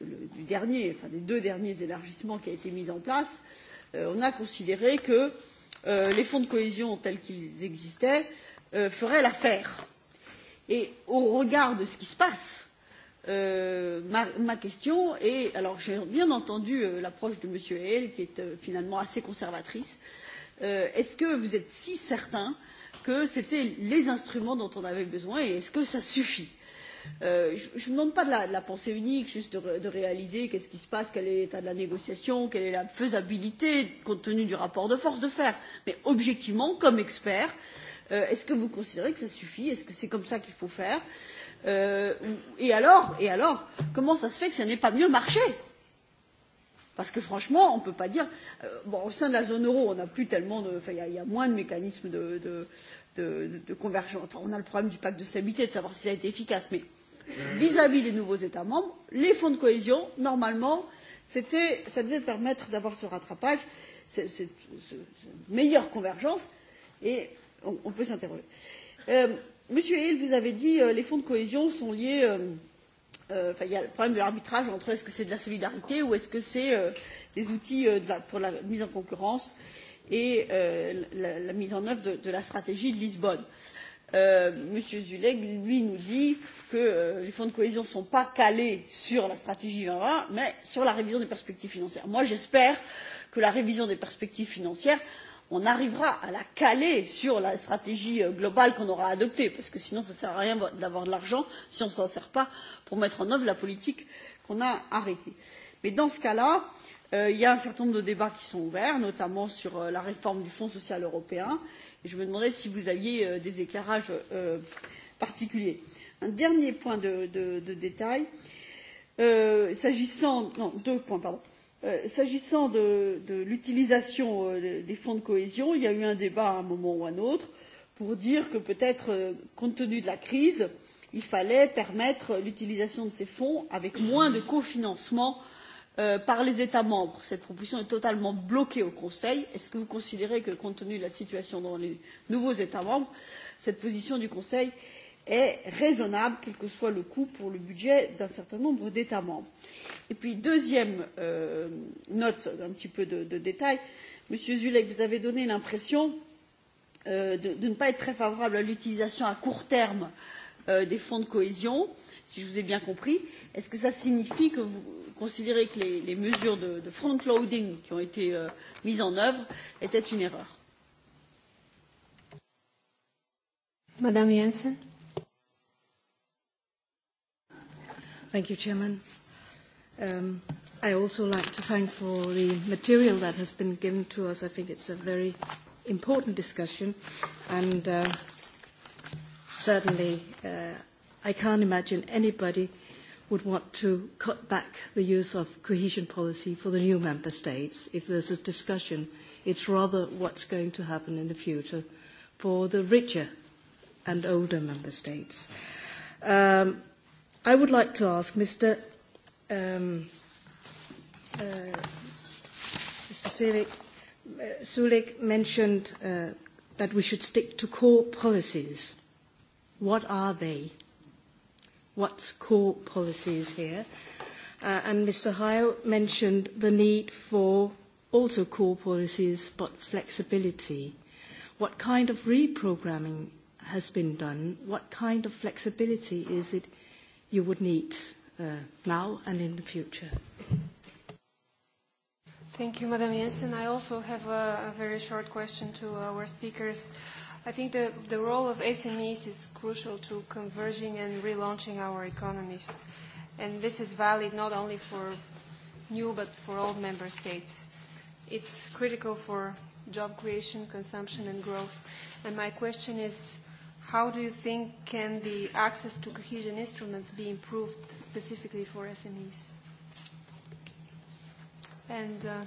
du dernier, enfin des deux derniers élargissements qui a été mis en place, euh, on a considéré que euh, les fonds de cohésion tels qu'ils existaient euh, feraient l'affaire. Et au regard de ce qui se passe, Euh, ma, ma question est alors j'ai bien entendu euh, l'approche de m. Hale, qui est euh, finalement assez conservatrice est ce que vous êtes si certain que c'étaient les instruments dont on avait besoin et est ce que ça suffit? Euh, je ne demande pas de la, de la pensée unique, juste de, de réaliser qu'est-ce qui se passe, quel est l'état de la négociation, quelle est la faisabilité compte tenu du rapport de force de faire. Mais objectivement, comme expert, euh, est-ce que vous considérez que ça suffit Est-ce que c'est comme ça qu'il faut faire euh, et, alors, et alors, comment ça se fait que ça n'ait pas mieux marché Parce que franchement, on ne peut pas dire. Euh, bon, au sein de la zone euro, on n'a plus tellement de. Enfin, il y, y, a moins de mécanismes de, de, de, de convergence. Enfin, on a le problème du pacte de stabilité, de savoir si ça a été efficace. Mais vis à vis des nouveaux États membres, les fonds de cohésion, normalement, ça devait permettre d'avoir ce rattrapage, cette meilleure convergence, et on, on peut s'interroger. Euh, monsieur Hill, vous avez dit que euh, les fonds de cohésion sont liés. Euh, Euh, enfin, il y a le problème de l'arbitrage entre est-ce que c'est de la solidarité ou est-ce que c'est euh, des outils euh, de la, pour la mise en concurrence et euh, la, la mise en œuvre de, de la stratégie de Lisbonne. Euh, Monsieur Zuleg, lui, nous dit que euh, les fonds de cohésion ne sont pas calés sur la stratégie 2020, mais sur la révision des perspectives financières. Moi, j'espère que la révision des perspectives financières on arrivera à la caler sur la stratégie euh, globale qu'on aura adoptée parce que sinon ça ne sert à rien d'avoir de l'argent si on ne s'en sert pas pour mettre en œuvre la politique qu'on a arrêtée. mais dans ce cas là euh, il y a un certain nombre de débats qui sont ouverts notamment sur euh, la réforme du fonds social européen et je me demandais si vous aviez des éclairages particuliers. un dernier point de, de, de détail s'agissant non deux points pardon Euh, s'agissant de, de l'utilisation euh, des fonds de cohésion il y a eu un débat à un moment ou à un autre pour dire que peut être euh, compte tenu de la crise il fallait permettre l'utilisation de ces fonds avec moins de cofinancement euh, par les états membres. cette proposition est totalement bloquée au conseil. est ce que vous considérez que compte tenu de la situation dans les nouveaux états membres cette position du conseil est est raisonnable quel que soit le coût pour le budget d'un certain nombre d'états membres. et puis deuxième euh, note un petit peu de, de détail monsieur zulek vous avez donné l'impression euh, de, de ne pas être très favorable à l'utilisation à court terme euh, des fonds de cohésion si je vous ai bien compris. est ce que cela signifie que vous considérez que les, les mesures de, de front loading qui ont été euh, mises en œuvre étaient une erreur? madame jensen Thank you, Chairman. Um, I also like to thank for the material that has been given to us. I think it's a very important discussion, and uh, certainly uh, I can't imagine anybody would want to cut back the use of cohesion policy for the new member states. If there's a discussion, it's rather what's going to happen in the future for the richer and older member states. Um, i would like to ask Mr. Um, uh, Mr. Selig, uh, Sulik mentioned uh, that we should stick to core policies. What are they? What's core policies here? Uh, and Mr. Heil mentioned the need for also core policies but flexibility. What kind of reprogramming has been done? What kind of flexibility is it? you would need uh, now and in the future. Thank you, Madam Jensen. I also have a, a very short question to our speakers. I think the, the role of SMEs is crucial to converging and relaunching our economies. And this is valid not only for new but for all member states. It's critical for job creation, consumption and growth. And my question is, How do you think can the access to cohesion instruments be improved specifically for SMEs? And uh,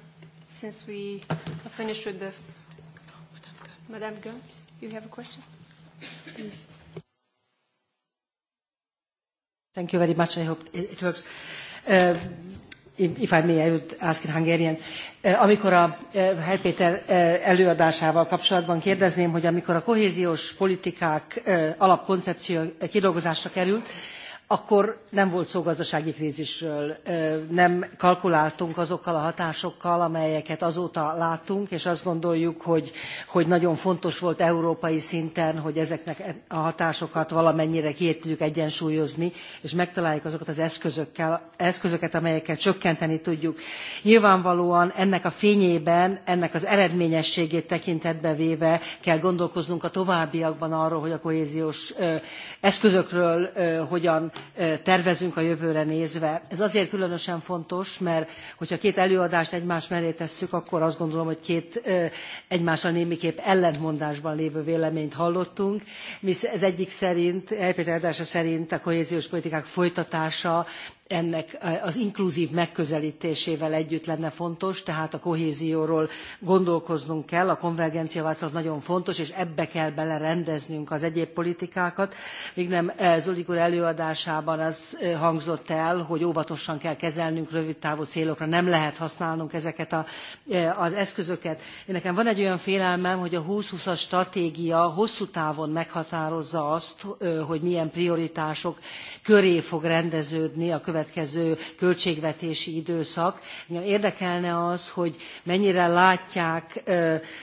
since we are finished with the... Madame Gomes, you have a question? Please. Thank you very much. I hope it, it works. Uh, if I may, I would ask in Hungarian. Amikor a Herr Péter előadásával kapcsolatban kérdezném, hogy amikor a kohéziós politikák alapkoncepció kidolgozásra került, akkor nem volt szó gazdasági krízisről, nem kalkuláltunk azokkal a hatásokkal, amelyeket azóta látunk, és azt gondoljuk, hogy, hogy nagyon fontos volt európai szinten, hogy ezeknek a hatásokat valamennyire ki tudjuk egyensúlyozni, és megtaláljuk azokat az eszközökkel, eszközöket, amelyekkel csökkenteni tudjuk. Nyilvánvalóan ennek a fényében, ennek az eredményességét tekintetbe véve kell gondolkoznunk a továbbiakban arról, hogy a kohéziós eszközökről hogyan tervezünk a jövőre nézve. Ez azért különösen fontos, mert hogyha két előadást egymás mellé tesszük, akkor azt gondolom, hogy két egymással némiképp ellentmondásban lévő véleményt hallottunk. Mi ez egyik szerint, Elpéter szerint a kohéziós politikák folytatása ennek eh, az inkluzív megközelítésével együtt lenne fontos, tehát a kohézióról gondolkoznunk kell, a konvergenciavászlat nagyon fontos, és ebbe kell belerendeznünk az egyéb politikákat. Még nem eh, Zolik úr előadásában az eh, hangzott el, hogy óvatosan kell kezelnünk rövid távú célokra, nem lehet használnunk ezeket a, az eszközöket. Én nekem van egy olyan félelmem, hogy a 2020-as stratégia hosszú távon meghatározza azt, hogy milyen prioritások köré fog rendeződni a következő költségvetési időszak. Engem érdekelne az, hogy mennyire látják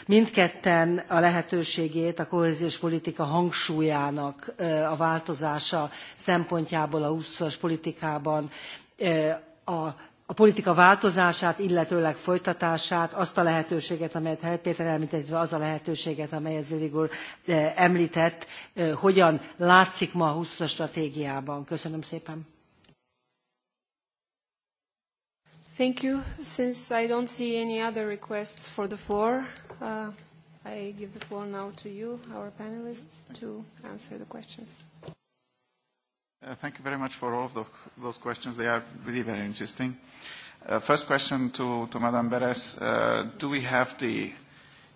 mindketten a lehetőségét a kohéziós politika hangsúlyának a változása szempontjából a 20-as politikában a a politika változását, illetőleg folytatását, azt a lehetőséget, amelyet Herr Péter említett, az a lehetőséget, amelyet Zilig említett, hogyan látszik ma a 20 stratégiában. Köszönöm szépen. Thank you. Since I don't see any other requests for the floor, uh, I give the floor now to you, our panelists, to answer the questions. Uh, thank you very much for all of the, those questions. They are really very interesting. Uh, first question to, to Madame Beres. Uh, do we have the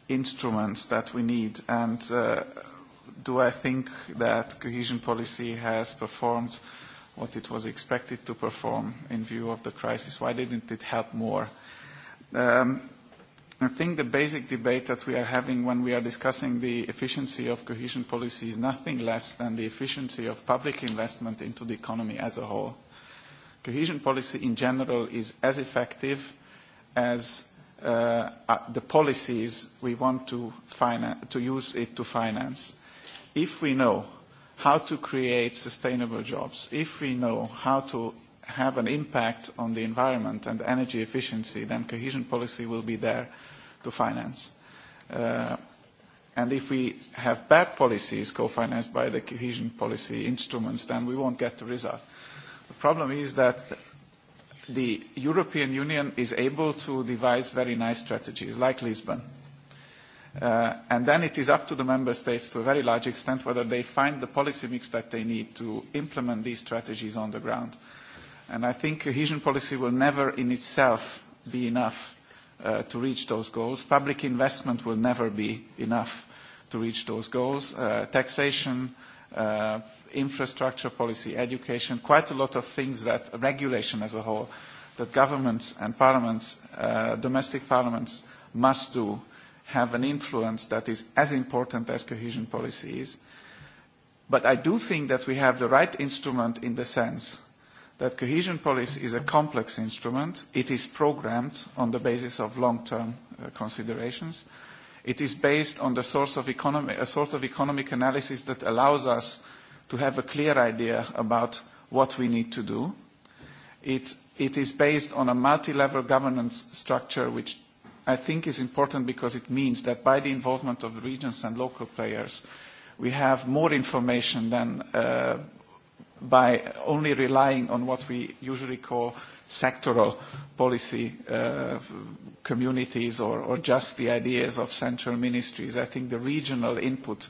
instruments that we need? And uh, do I think that cohesion policy has performed uh, what it was expected to perform in view of the crisis? Why didn't it help more? Um, I think the basic debate that we are having when we are discussing the efficiency of cohesion policy is nothing less than the efficiency of public investment into the economy as a whole. Cohesion policy in general is as effective as uh, uh the policies we want to, to use it to finance. If we know how to create sustainable jobs, if we know how to have an impact on the environment and energy efficiency, then cohesion policy will be there to finance. Uh, and if we have bad policies co-financed by the cohesion policy instruments, then we won't get the result. The problem is that the European Union is able to devise very nice strategies, like Lisbon. Uh, and then it is up to the member states to a very large extent whether they find the policy mix that they need to implement these strategies on the ground. And I think cohesion policy will never in itself be enough uh, to reach those goals. Public investment will never be enough to reach those goals. Uh, taxation, uh, infrastructure policy, education, quite a lot of things that regulation as a whole, that governments and parliaments, uh, domestic parliaments must do uh, have an influence that is as important as cohesion policy is. But I do think that we have the right instrument in the sense that cohesion policy is a complex instrument. It is programmed on the basis of long-term uh, considerations. It is based on the source of economy a sort of economic analysis that allows us to have a clear idea about what we need to do. It, it is based on a multi-level governance structure which i think is important because it means that by the involvement of regions and local players, we have more information than uh, by only relying on what we usually call sectoral policy uh, communities or, or just the ideas of central ministries. I think the regional input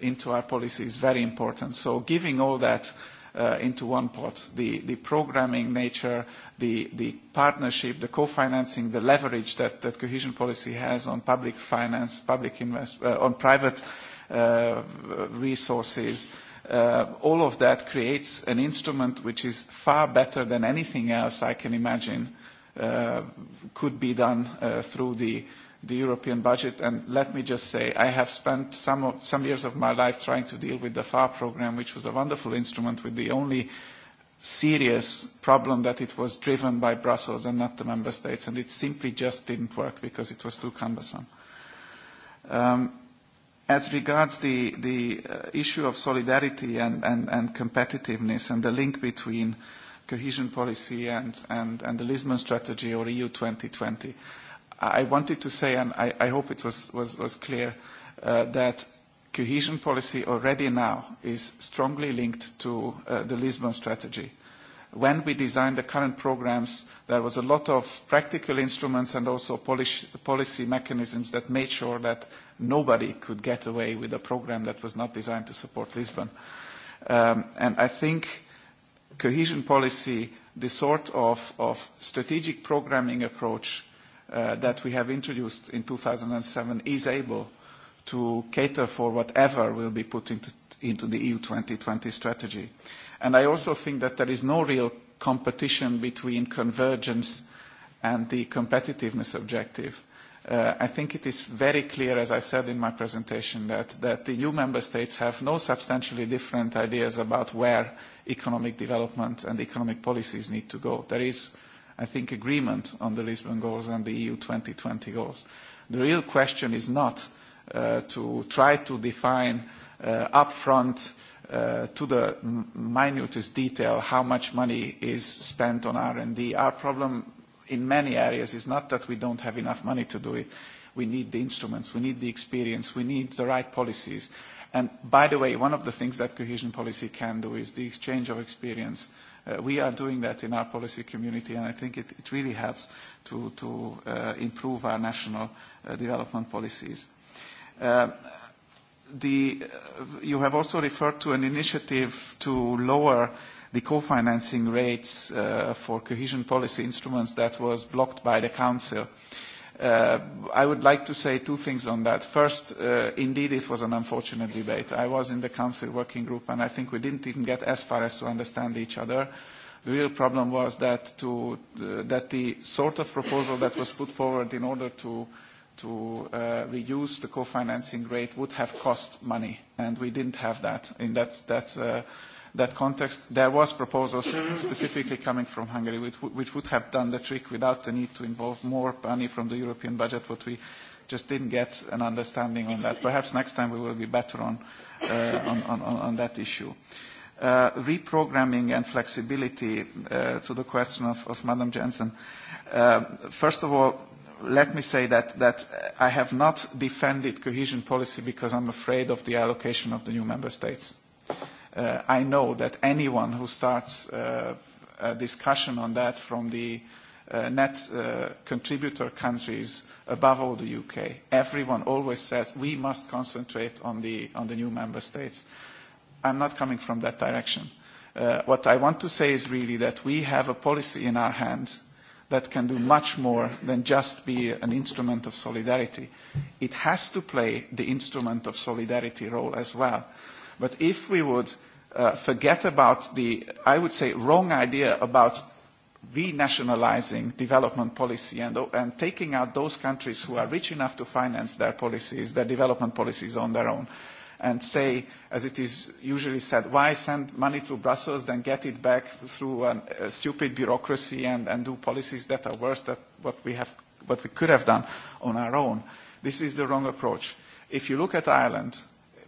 into our policy is very important. So giving all that uh, into one pot. The, the programming nature, the, the partnership, the co-financing, the leverage that, that cohesion policy has on public finance, public invest, uh, on private uh, resources, uh, all of that creates an instrument which is far better than anything else I can imagine uh, could be done uh, through the uh, the European budget. And let me just say, I have spent some, of, some years of my life trying to deal with the FAR program, which was a wonderful instrument with the only serious problem that it was driven by Brussels and not the member states. And it simply just didn't work because it was too cumbersome. Um, as regards the, the uh, issue of solidarity and, and, and competitiveness and the link between cohesion policy and, and, and the Lisbon strategy or EU 2020, i wanted to say, and I, I hope it was, was, was clear, uh, that cohesion policy already now is strongly linked to uh, the Lisbon strategy. When we designed the current programs, there was a lot of practical instruments and also polish, policy mechanisms that made sure that nobody could get away with a program that was not designed to support Lisbon. Um, and I think cohesion policy, the sort of, of strategic programming approach Uh, that we have introduced in 2007 is able to cater for whatever will be put into, into the EU 2020 strategy. And I also think that there is no real competition between convergence and the competitiveness objective. Uh, I think it is very clear, as I said in my presentation, that, that the EU member states have no substantially different ideas about where economic development and economic policies need to go. There is i think, agreement on the Lisbon goals and the EU 2020 goals. The real question is not uh, to try to define uh, upfront uh, to the minutest detail how much money is spent on R&D. Our problem in many areas is not that we don't have enough money to do it. We need the instruments, we need the experience, we need the right policies. And by the way, one of the things that cohesion policy can do is the exchange of experience uh, Uh, we are doing that in our policy community, and I think it, it really helps to, to uh, improve our national uh, development policies. Uh, the, uh, you have also referred to an initiative to lower the co-financing rates uh, for cohesion policy instruments that was blocked by the Council. Uh, Uh, I would like to say two things on that. First, uh, indeed, it was an unfortunate debate. I was in the council working group, and I think we didn't even get as far as to understand each other. The real problem was that, to, uh, that the sort of proposal that was put forward in order to, to uh, reduce the co-financing rate would have cost money, and we didn't have that. In that, that uh, that context, there was proposals specifically coming from Hungary, which, which would have done the trick without the need to involve more money from the European budget, but we just didn't get an understanding on that. Perhaps next time we will be better on, uh, on, on, on that issue. Uh, reprogramming and flexibility uh, to the question of, of Madam Jensen. Uh, first of all, let me say that, that I have not defended cohesion policy because I'm afraid of the allocation of the new member states uh, I know that anyone who starts uh, a discussion on that from the uh, net uh, contributor countries, above all the UK, everyone always says we must concentrate on the, on the new member states. I'm not coming from that direction. Uh, what I want to say is really that we have a policy in our hands that can do much more than just be an instrument of solidarity. It has to play the instrument of solidarity role as well. But if we would uh, forget about the, I would say, wrong idea about renationalizing development policy and, and taking out those countries who are rich enough to finance their policies, their development policies on their own, and say, as it is usually said, why send money to Brussels, then get it back through an, a stupid bureaucracy and, and do policies that are worse than what we, have, what we could have done on our own. This is the wrong approach. If you look at Ireland,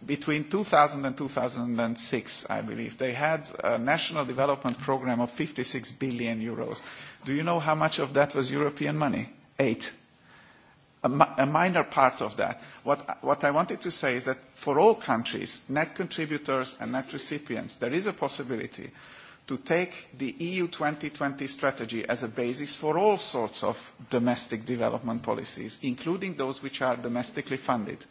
between 2000 and 2006, I believe, they had a national development program of 56 billion euros. Do you know how much of that was European money? Eight. A, mi a minor part of that. What, what I wanted to say is that for all countries, net contributors and net recipients, there is a possibility to take the EU 2020 strategy as a basis for all sorts of domestic development policies, including those which are domestically funded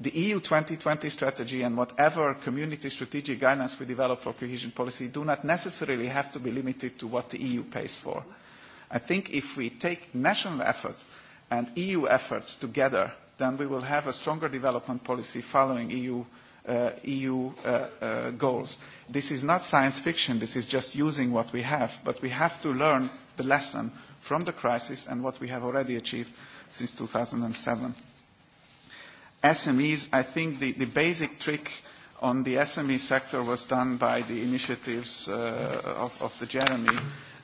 the EU 2020 strategy and whatever community strategic guidance we develop for cohesion policy do not necessarily have to be limited to what the EU pays for. I think if we take national effort and EU efforts together, then we will have a stronger development policy following EU, uh, EU uh, uh, goals. This is not science fiction. This is just using what we have. But we have to learn the lesson from the crisis and what we have already achieved since 2007. SMEs, I think the, the basic trick on the SME sector was done by the initiatives uh, of, of the Jeremy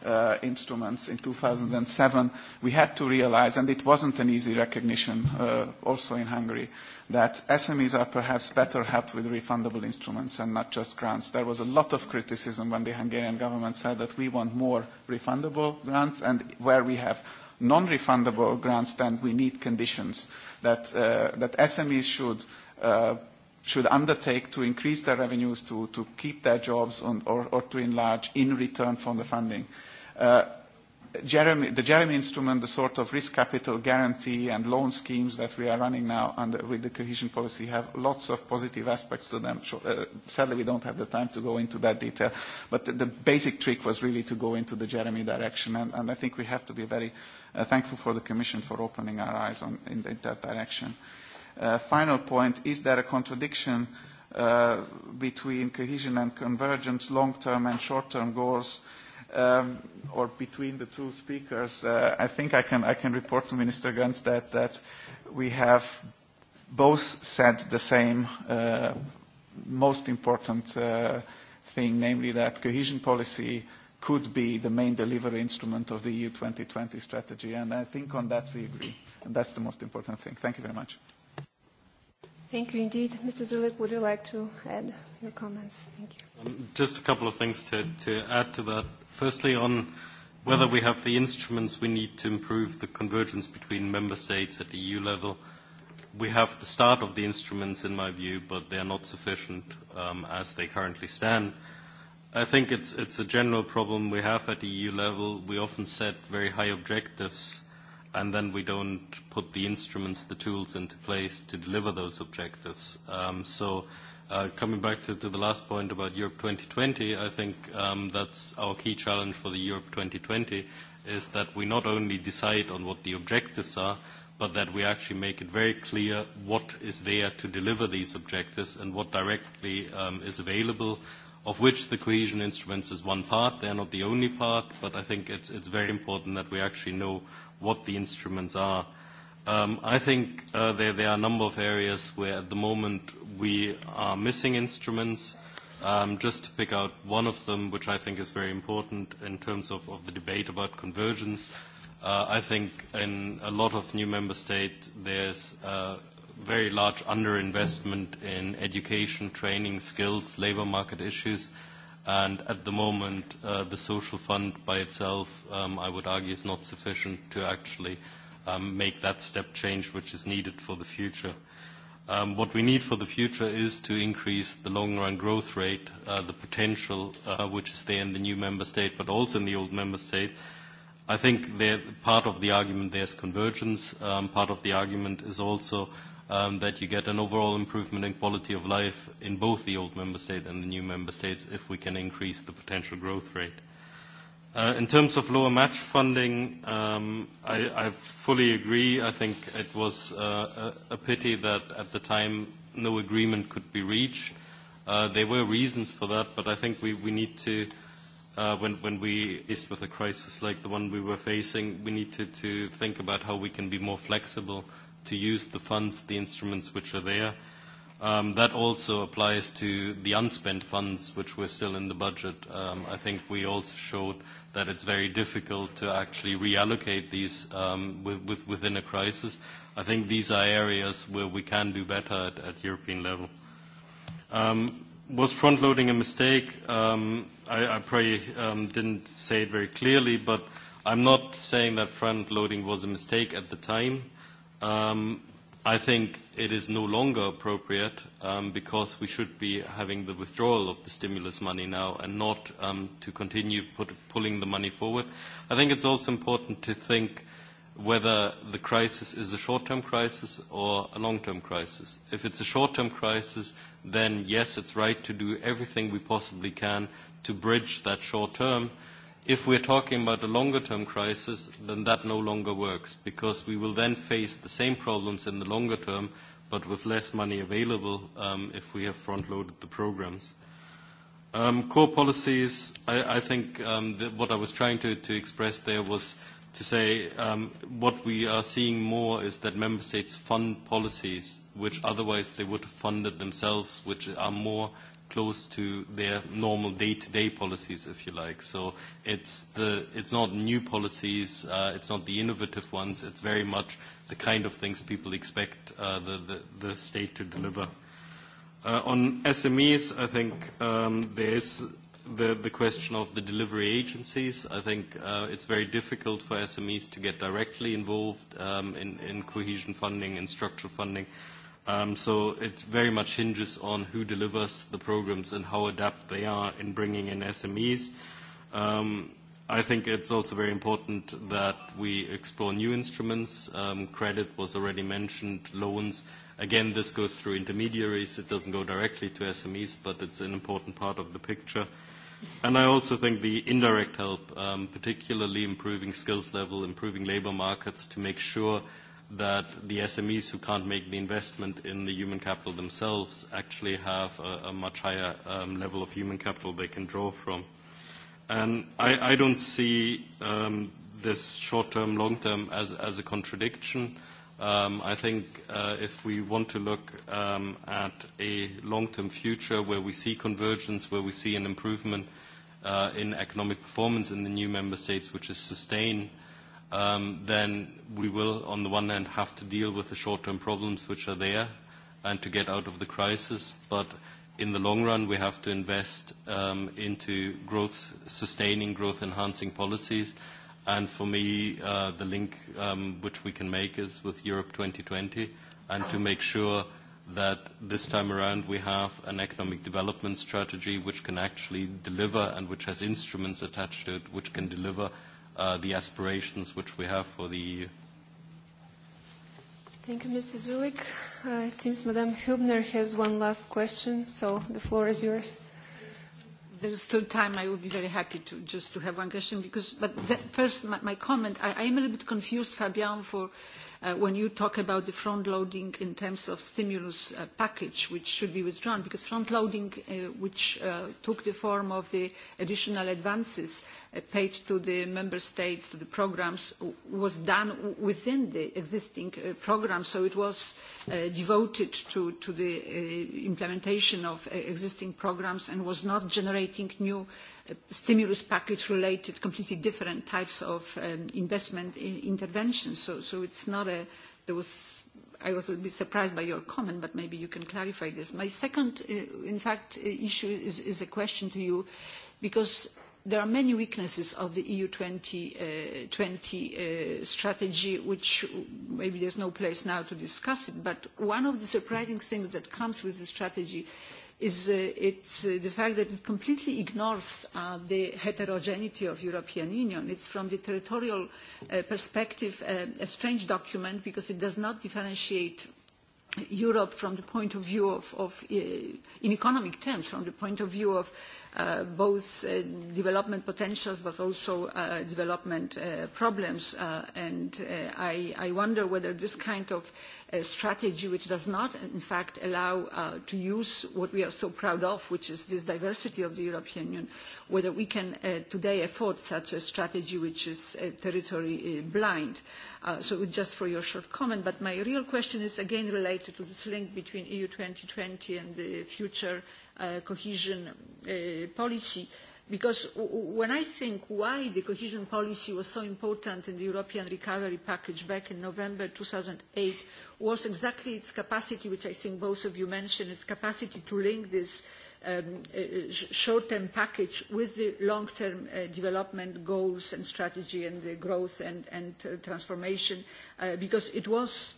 uh, instruments in 2007. We had to realize, and it wasn't an easy recognition uh, also in Hungary, that SMEs are perhaps better helped with refundable instruments and not just grants. There was a lot of criticism when the Hungarian government said that we want more refundable grants, and where we have non-refundable grants, then we need conditions that, uh, that SMEs should, uh, should undertake to increase their revenues, to, to keep their jobs on, or, or to enlarge in return for the funding. Uh, Jeremy, the Jeremy instrument, the sort of risk capital guarantee and loan schemes that we are running now under, with the cohesion policy have lots of positive aspects to them. Uh, sadly, we don't have the time to go into that detail, but the, the basic trick was really to go into the Jeremy direction, and, and I think we have to be very uh, thankful for the Commission for opening our eyes on, in, in that direction. Uh, final point, is there a contradiction uh, between cohesion and convergence, long-term and short-term goals? Uh, um, or between the two speakers, uh, I think I can, I can report to Minister Gantz that, that we have both said the same uh, most important uh, thing, namely that cohesion policy could be the main delivery instrument of the EU 2020 strategy. And I think on that we agree. And that's the most important thing. Thank you very much. Thank you indeed. Mr. Zulik, would you like to add your comments? Thank you. Um, just a couple of things to, to add to that. Firstly, on whether we have the instruments we need to improve the convergence between member states at EU level. We have the start of the instruments, in my view, but they are not sufficient um, as they currently stand. I think it's, it's a general problem we have at EU level. We often set very high objectives, and then we don't put the instruments, the tools into place to deliver those objectives. Um, so Uh, coming back to, the last point about Europe 2020, I think um, that's our key challenge for the Europe 2020 is that we not only decide on what the objectives are, but that we actually make it very clear what is there to deliver these objectives and what directly um, is available, of which the cohesion instruments is one part. They're not the only part, but I think it's very important that we actually know what the instruments are Um, I think uh, there, there are a number of areas where at the moment we are missing instruments. Um, just to pick out one of them, which I think is very important in terms of, of the debate about convergence, uh, I think in a lot of new member states there's a very large underinvestment in education, training, skills, labor market issues. And at the moment, uh, the social fund by itself, um, I would argue, is not sufficient to actually uh, um, make that step change which is needed for the future. Um, what we need for the future is to increase the long-run growth rate, uh, the potential uh, which is there in the new member state, but also in the old member state. I think there, part of the argument there is convergence. Um, part of the argument is also um, that you get an overall improvement in quality of life in both the old member state and the new member states if we can increase the potential growth rate. Uh, in terms of lower match funding, um, I, I fully agree. I think it was uh, a, a pity that at the time no agreement could be reached. Uh, there were reasons for that, but I think we, we need to, uh, when, when we faced with a crisis like the one we were facing, we need to, to think about how we can be more flexible to use the funds, the instruments which are there. Um, that also applies to the unspent funds, which were still in the budget. Um, I think we also showed that it's very difficult to actually reallocate these um, with, with, within a crisis. I think these are areas where we can do better at, at European level. Um, was front-loading a mistake? Um, I, I probably um, didn't say it very clearly, but I'm not saying that front-loading was a mistake at the time. Um, i think it is no longer appropriate um, because we should be having the withdrawal of the stimulus money now and not um, to continue put, pulling the money forward. I think it's also important to think whether the crisis is a short-term crisis or a long-term crisis. If it's a short-term crisis, then yes, it's right to do everything we possibly can to bridge that short-term if we're talking about a longer-term crisis, then that no longer works because we will then face the same problems in the longer term but with less money available um, if we have front-loaded the programs. Um, core policies, I, I think um, what I was trying to, to express there was to say um, what we are seeing more is that member states fund policies which otherwise they would have funded themselves, which are more close to their normal day-to-day -day policies, if you like. So it's, the, it's not new policies, uh, it's not the innovative ones, it's very much the kind of things people expect uh, the, the, the state to deliver. Uh, on SMEs, I think um, there is the, the question of the delivery agencies. I think uh, it's very difficult for SMEs to get directly involved um, in, in cohesion funding and structural funding. Um, so it very much hinges on who delivers the programs and how adept they are in bringing in SMEs. Um, I think it's also very important that we explore new instruments. Um, credit was already mentioned, loans. Again, this goes through intermediaries. It doesn't go directly to SMEs, but it's an important part of the picture. And I also think the indirect help, um, particularly improving skills level, improving labor markets to make sure – that the SMEs who can't make the investment in the human capital themselves actually have a, a much higher um, level of human capital they can draw from. And I, I don't see um, this short-term, long-term as, as a contradiction. Um, I think uh, if we want to look um, at a long-term future where we see convergence, where we see an improvement uh, in economic performance in the new member states, which is sustained, uh, um, then we will, on the one hand, have to deal with the short-term problems which are there and to get out of the crisis. But in the long run, we have to invest um, into growth, sustaining growth-enhancing policies. And for me, uh, the link um, which we can make is with Europe 2020 and to make sure that this time around we have an economic development strategy which can actually deliver and which has instruments attached to it which can deliver Uh, the aspirations which we have for the EU. Thank you, Mr. Zulik. Uh, it seems Madame Hubner has one last question, so the floor is yours. There is still time. I would be very happy to just to have one question because, but that first, my, my comment. I, I am a little bit confused, Fabian, for uh, Uh, when you talk about the front loading in terms of stimulus uh, package which should be withdrawn because front loading uh, which uh, took the form of the additional advances uh, paid to the member states to the programs was done within the existing uh, program so it was uh, devoted to, to the uh, implementation of uh, existing programs and was not generating new uh, Uh, stimulus package related completely different types of um, investment interventions. So, so it's not a, there was, I was a bit surprised by your comment, but maybe you can clarify this. My second, uh, in fact, uh, issue is, is a question to you, because there are many weaknesses of the EU 2020 uh, 20, uh, strategy, which maybe there's no place now to discuss it, but one of the surprising things that comes with the strategy is uh, it, uh, the fact that it completely ignores uh, the heterogeneity of European Union. It's from the territorial uh, perspective uh, a strange document because it does not differentiate Europe from the point of view of, of uh, in economic terms from the point of view of uh, both uh, development potentials but also uh, development uh, problems. Uh, and uh, I, I wonder whether this kind of uh, strategy, which does not in fact allow uh, to use what we are so proud of, which is this diversity of the European Union, whether we can uh, today afford such a strategy which is uh, territory uh, blind. Uh, so just for your short comment, but my real question is again related to this link between EU 2020 and the future future uh, cohesion uh, policy. Because when I think why the cohesion policy was so important in the European recovery package back in November two thousand eight was exactly its capacity, which I think both of you mentioned, its capacity to link this um, uh, short-term package with the long-term uh, development goals and strategy and the growth and, and uh, transformation, uh, because it was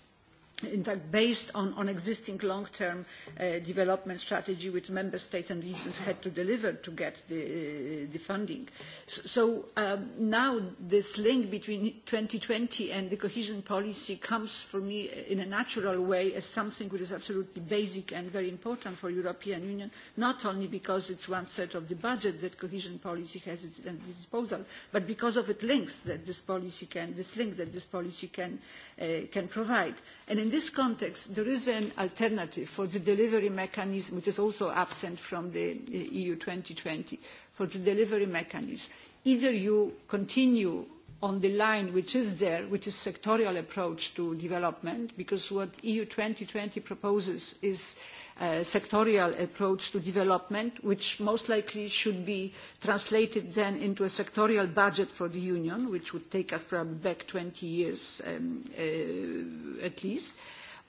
in fact based on, on existing long term uh, development strategy which member states and regions had to deliver to get the, uh, the funding. so um, now this link between twenty and the cohesion policy comes for me in a natural way as something which is absolutely basic and very important for the European Union, not only because it is one third of the budget that cohesion policy has at its disposal, but because of the links that this policy can, this link that this policy can, uh, can provide. And in this context, there is an alternative for the delivery mechanism, which is also absent from the EU e twenty, for the delivery mechanism. Either you continue on the line which is there, which is a sectorial approach to development, because what EU twenty proposes is uh, Uh, sectorial approach to development, which most likely should be translated then into a sectorial budget for the Union, which would take us probably back twenty years um, uh, at least.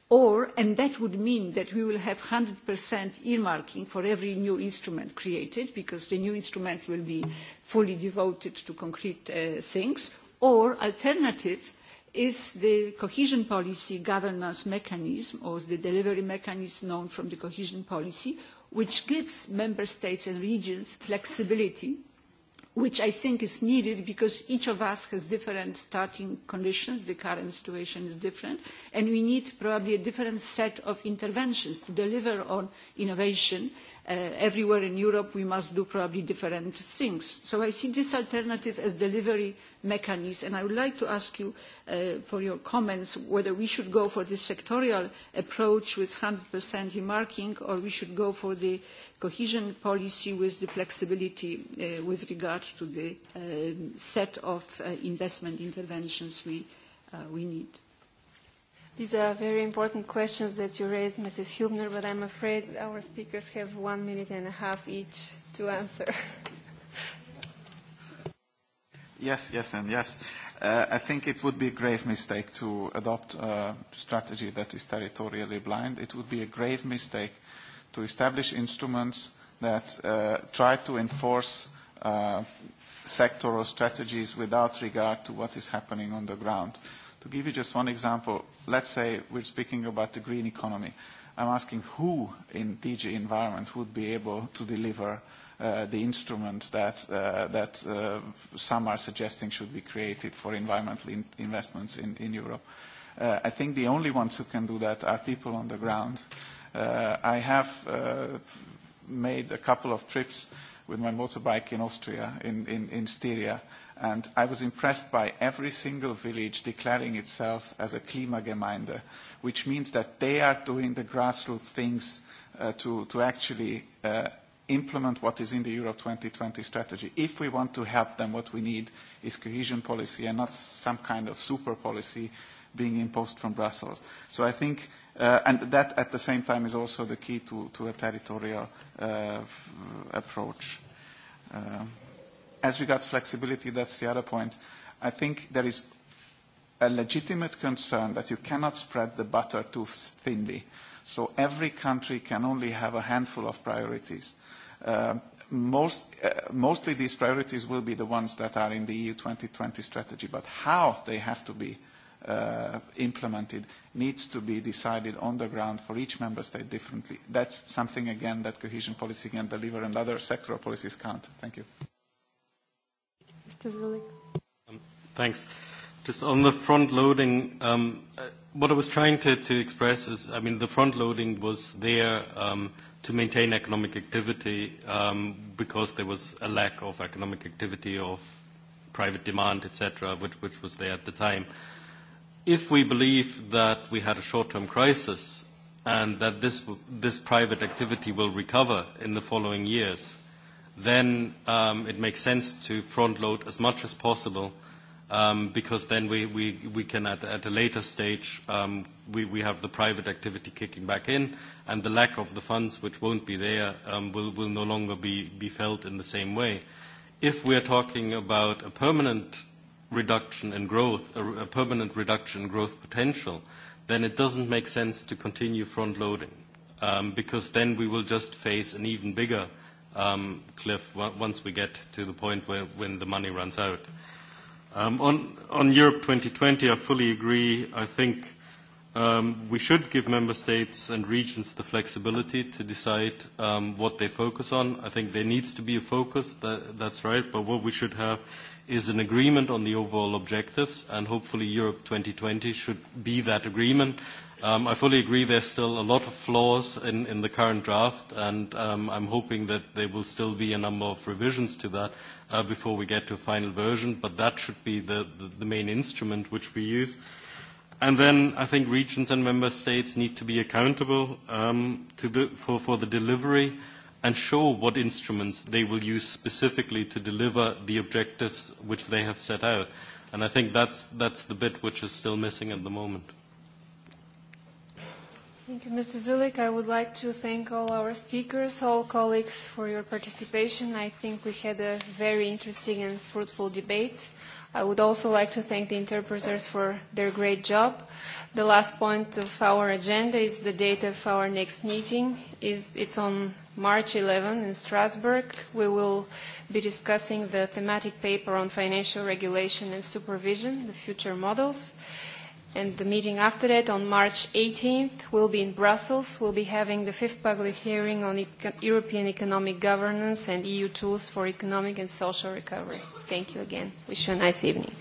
Or, and that would mean that we will have 100% earmarking for every new instrument created, because the new instruments will be fully devoted to concrete uh, things. Or alternative, is the cohesion policy governance mechanism or the delivery mechanism known from the cohesion policy which gives member states and regions flexibility which I think is needed because each of us has different starting conditions. The current situation is different, and we need probably a different set of interventions to deliver on innovation. Uh, everywhere in Europe, we must do probably different things. So I see this alternative as delivery mechanism. And I would like to ask you uh, for your comments whether we should go for the sectorial approach with 100% earmarking or we should go for the cohesion policy with the flexibility uh, with regard to the um, set of uh, investment interventions we, uh, we need. These are very important questions that you raised, Mrs. Hubner, but I'm afraid our speakers have one minute and a half each to answer. (laughs) Yes, yes, and yes. Uh, I think it would be a grave mistake to adopt a strategy that is territorially blind. It would be a grave mistake to establish instruments that uh, try to enforce uh, sectoral strategies without regard to what is happening on the ground. To give you just one example, let's say we're speaking about the green economy. I'm asking who in DG Environment would be able to deliver uh, the instrument that, uh, that uh, some are suggesting should be created for environmental in investments in, in Europe. Uh, I think the only ones who can do that are people on the ground. Uh, I have uh, made a couple of trips with my motorbike in Austria, in, in, in Styria, and I was impressed by every single village declaring itself as a Klimagemeinde, which means that they are doing the grassroots things uh, to, to actually uh, implement what is in the Europe 2020 strategy. If we want to help them, what we need is cohesion policy and not some kind of super policy being imposed from Brussels. So I think, uh, and that at the same time is also the key to, to a territorial uh, approach. Uh, as regards flexibility, that's the other point. I think there is a legitimate concern that you cannot spread the butter too thinly. So every country can only have a handful of priorities. Um, most, uh, mostly these priorities will be the ones that are in the EU 2020 strategy, but how they have to be uh, implemented needs to be decided on the ground for each member state differently. That's something, again, that cohesion policy can deliver and other sectoral policies can't. Thank you. Mr. Zulik. Um, thanks. Just on the front loading, um, uh, what I was trying to, to express is, I mean, the front loading was there um, – to maintain economic activity um, because there was a lack of economic activity of private demand, etc., which, which was there at the time. If we believe that we had a short-term crisis and that this, this private activity will recover in the following years, then um, it makes sense to front-load as much as possible um, because then we, we, we can, at, at a later stage, um, we, we have the private activity kicking back in, and the lack of the funds, which won't be there, um, will, will no longer be, be felt in the same way. If we are talking about a permanent reduction in growth, a, a permanent reduction in growth potential, then it doesn't make sense to continue front-loading, um, because then we will just face an even bigger um, cliff once we get to the point where, when the money runs out. Um, on, on Europe 2020, I fully agree. I think Um, we should give member states and regions the flexibility to decide um, what they focus on. I think there needs to be a focus, that, that's right, but what we should have is an agreement on the overall objectives, and hopefully Europe 2020 should be that agreement. Um, I fully agree there's still a lot of flaws in, in the current draft, and um, I'm hoping that there will still be a number of revisions to that uh, before we get to a final version, but that should be the, the, the main instrument which we use. And then I think regions and member states need to be accountable um, to the, for, for the delivery and show what instruments they will use specifically to deliver the objectives which they have set out. And I think that's, that's the bit which is still missing at the moment. Thank you, Mr. Zulik. I would like to thank all our speakers, all colleagues for your participation. I think we had a very interesting and fruitful debate. I would also like to thank the interpreters for their great job. The last point of our agenda is the date of our next meeting. Is It's on March 11 in Strasbourg. We will be discussing the thematic paper on financial regulation and supervision, the future models. And the meeting after that, on March 18th, will be in Brussels. We'll be having the fifth public hearing on European economic governance and EU tools for economic and social recovery. Thank you again. Wish you a nice evening.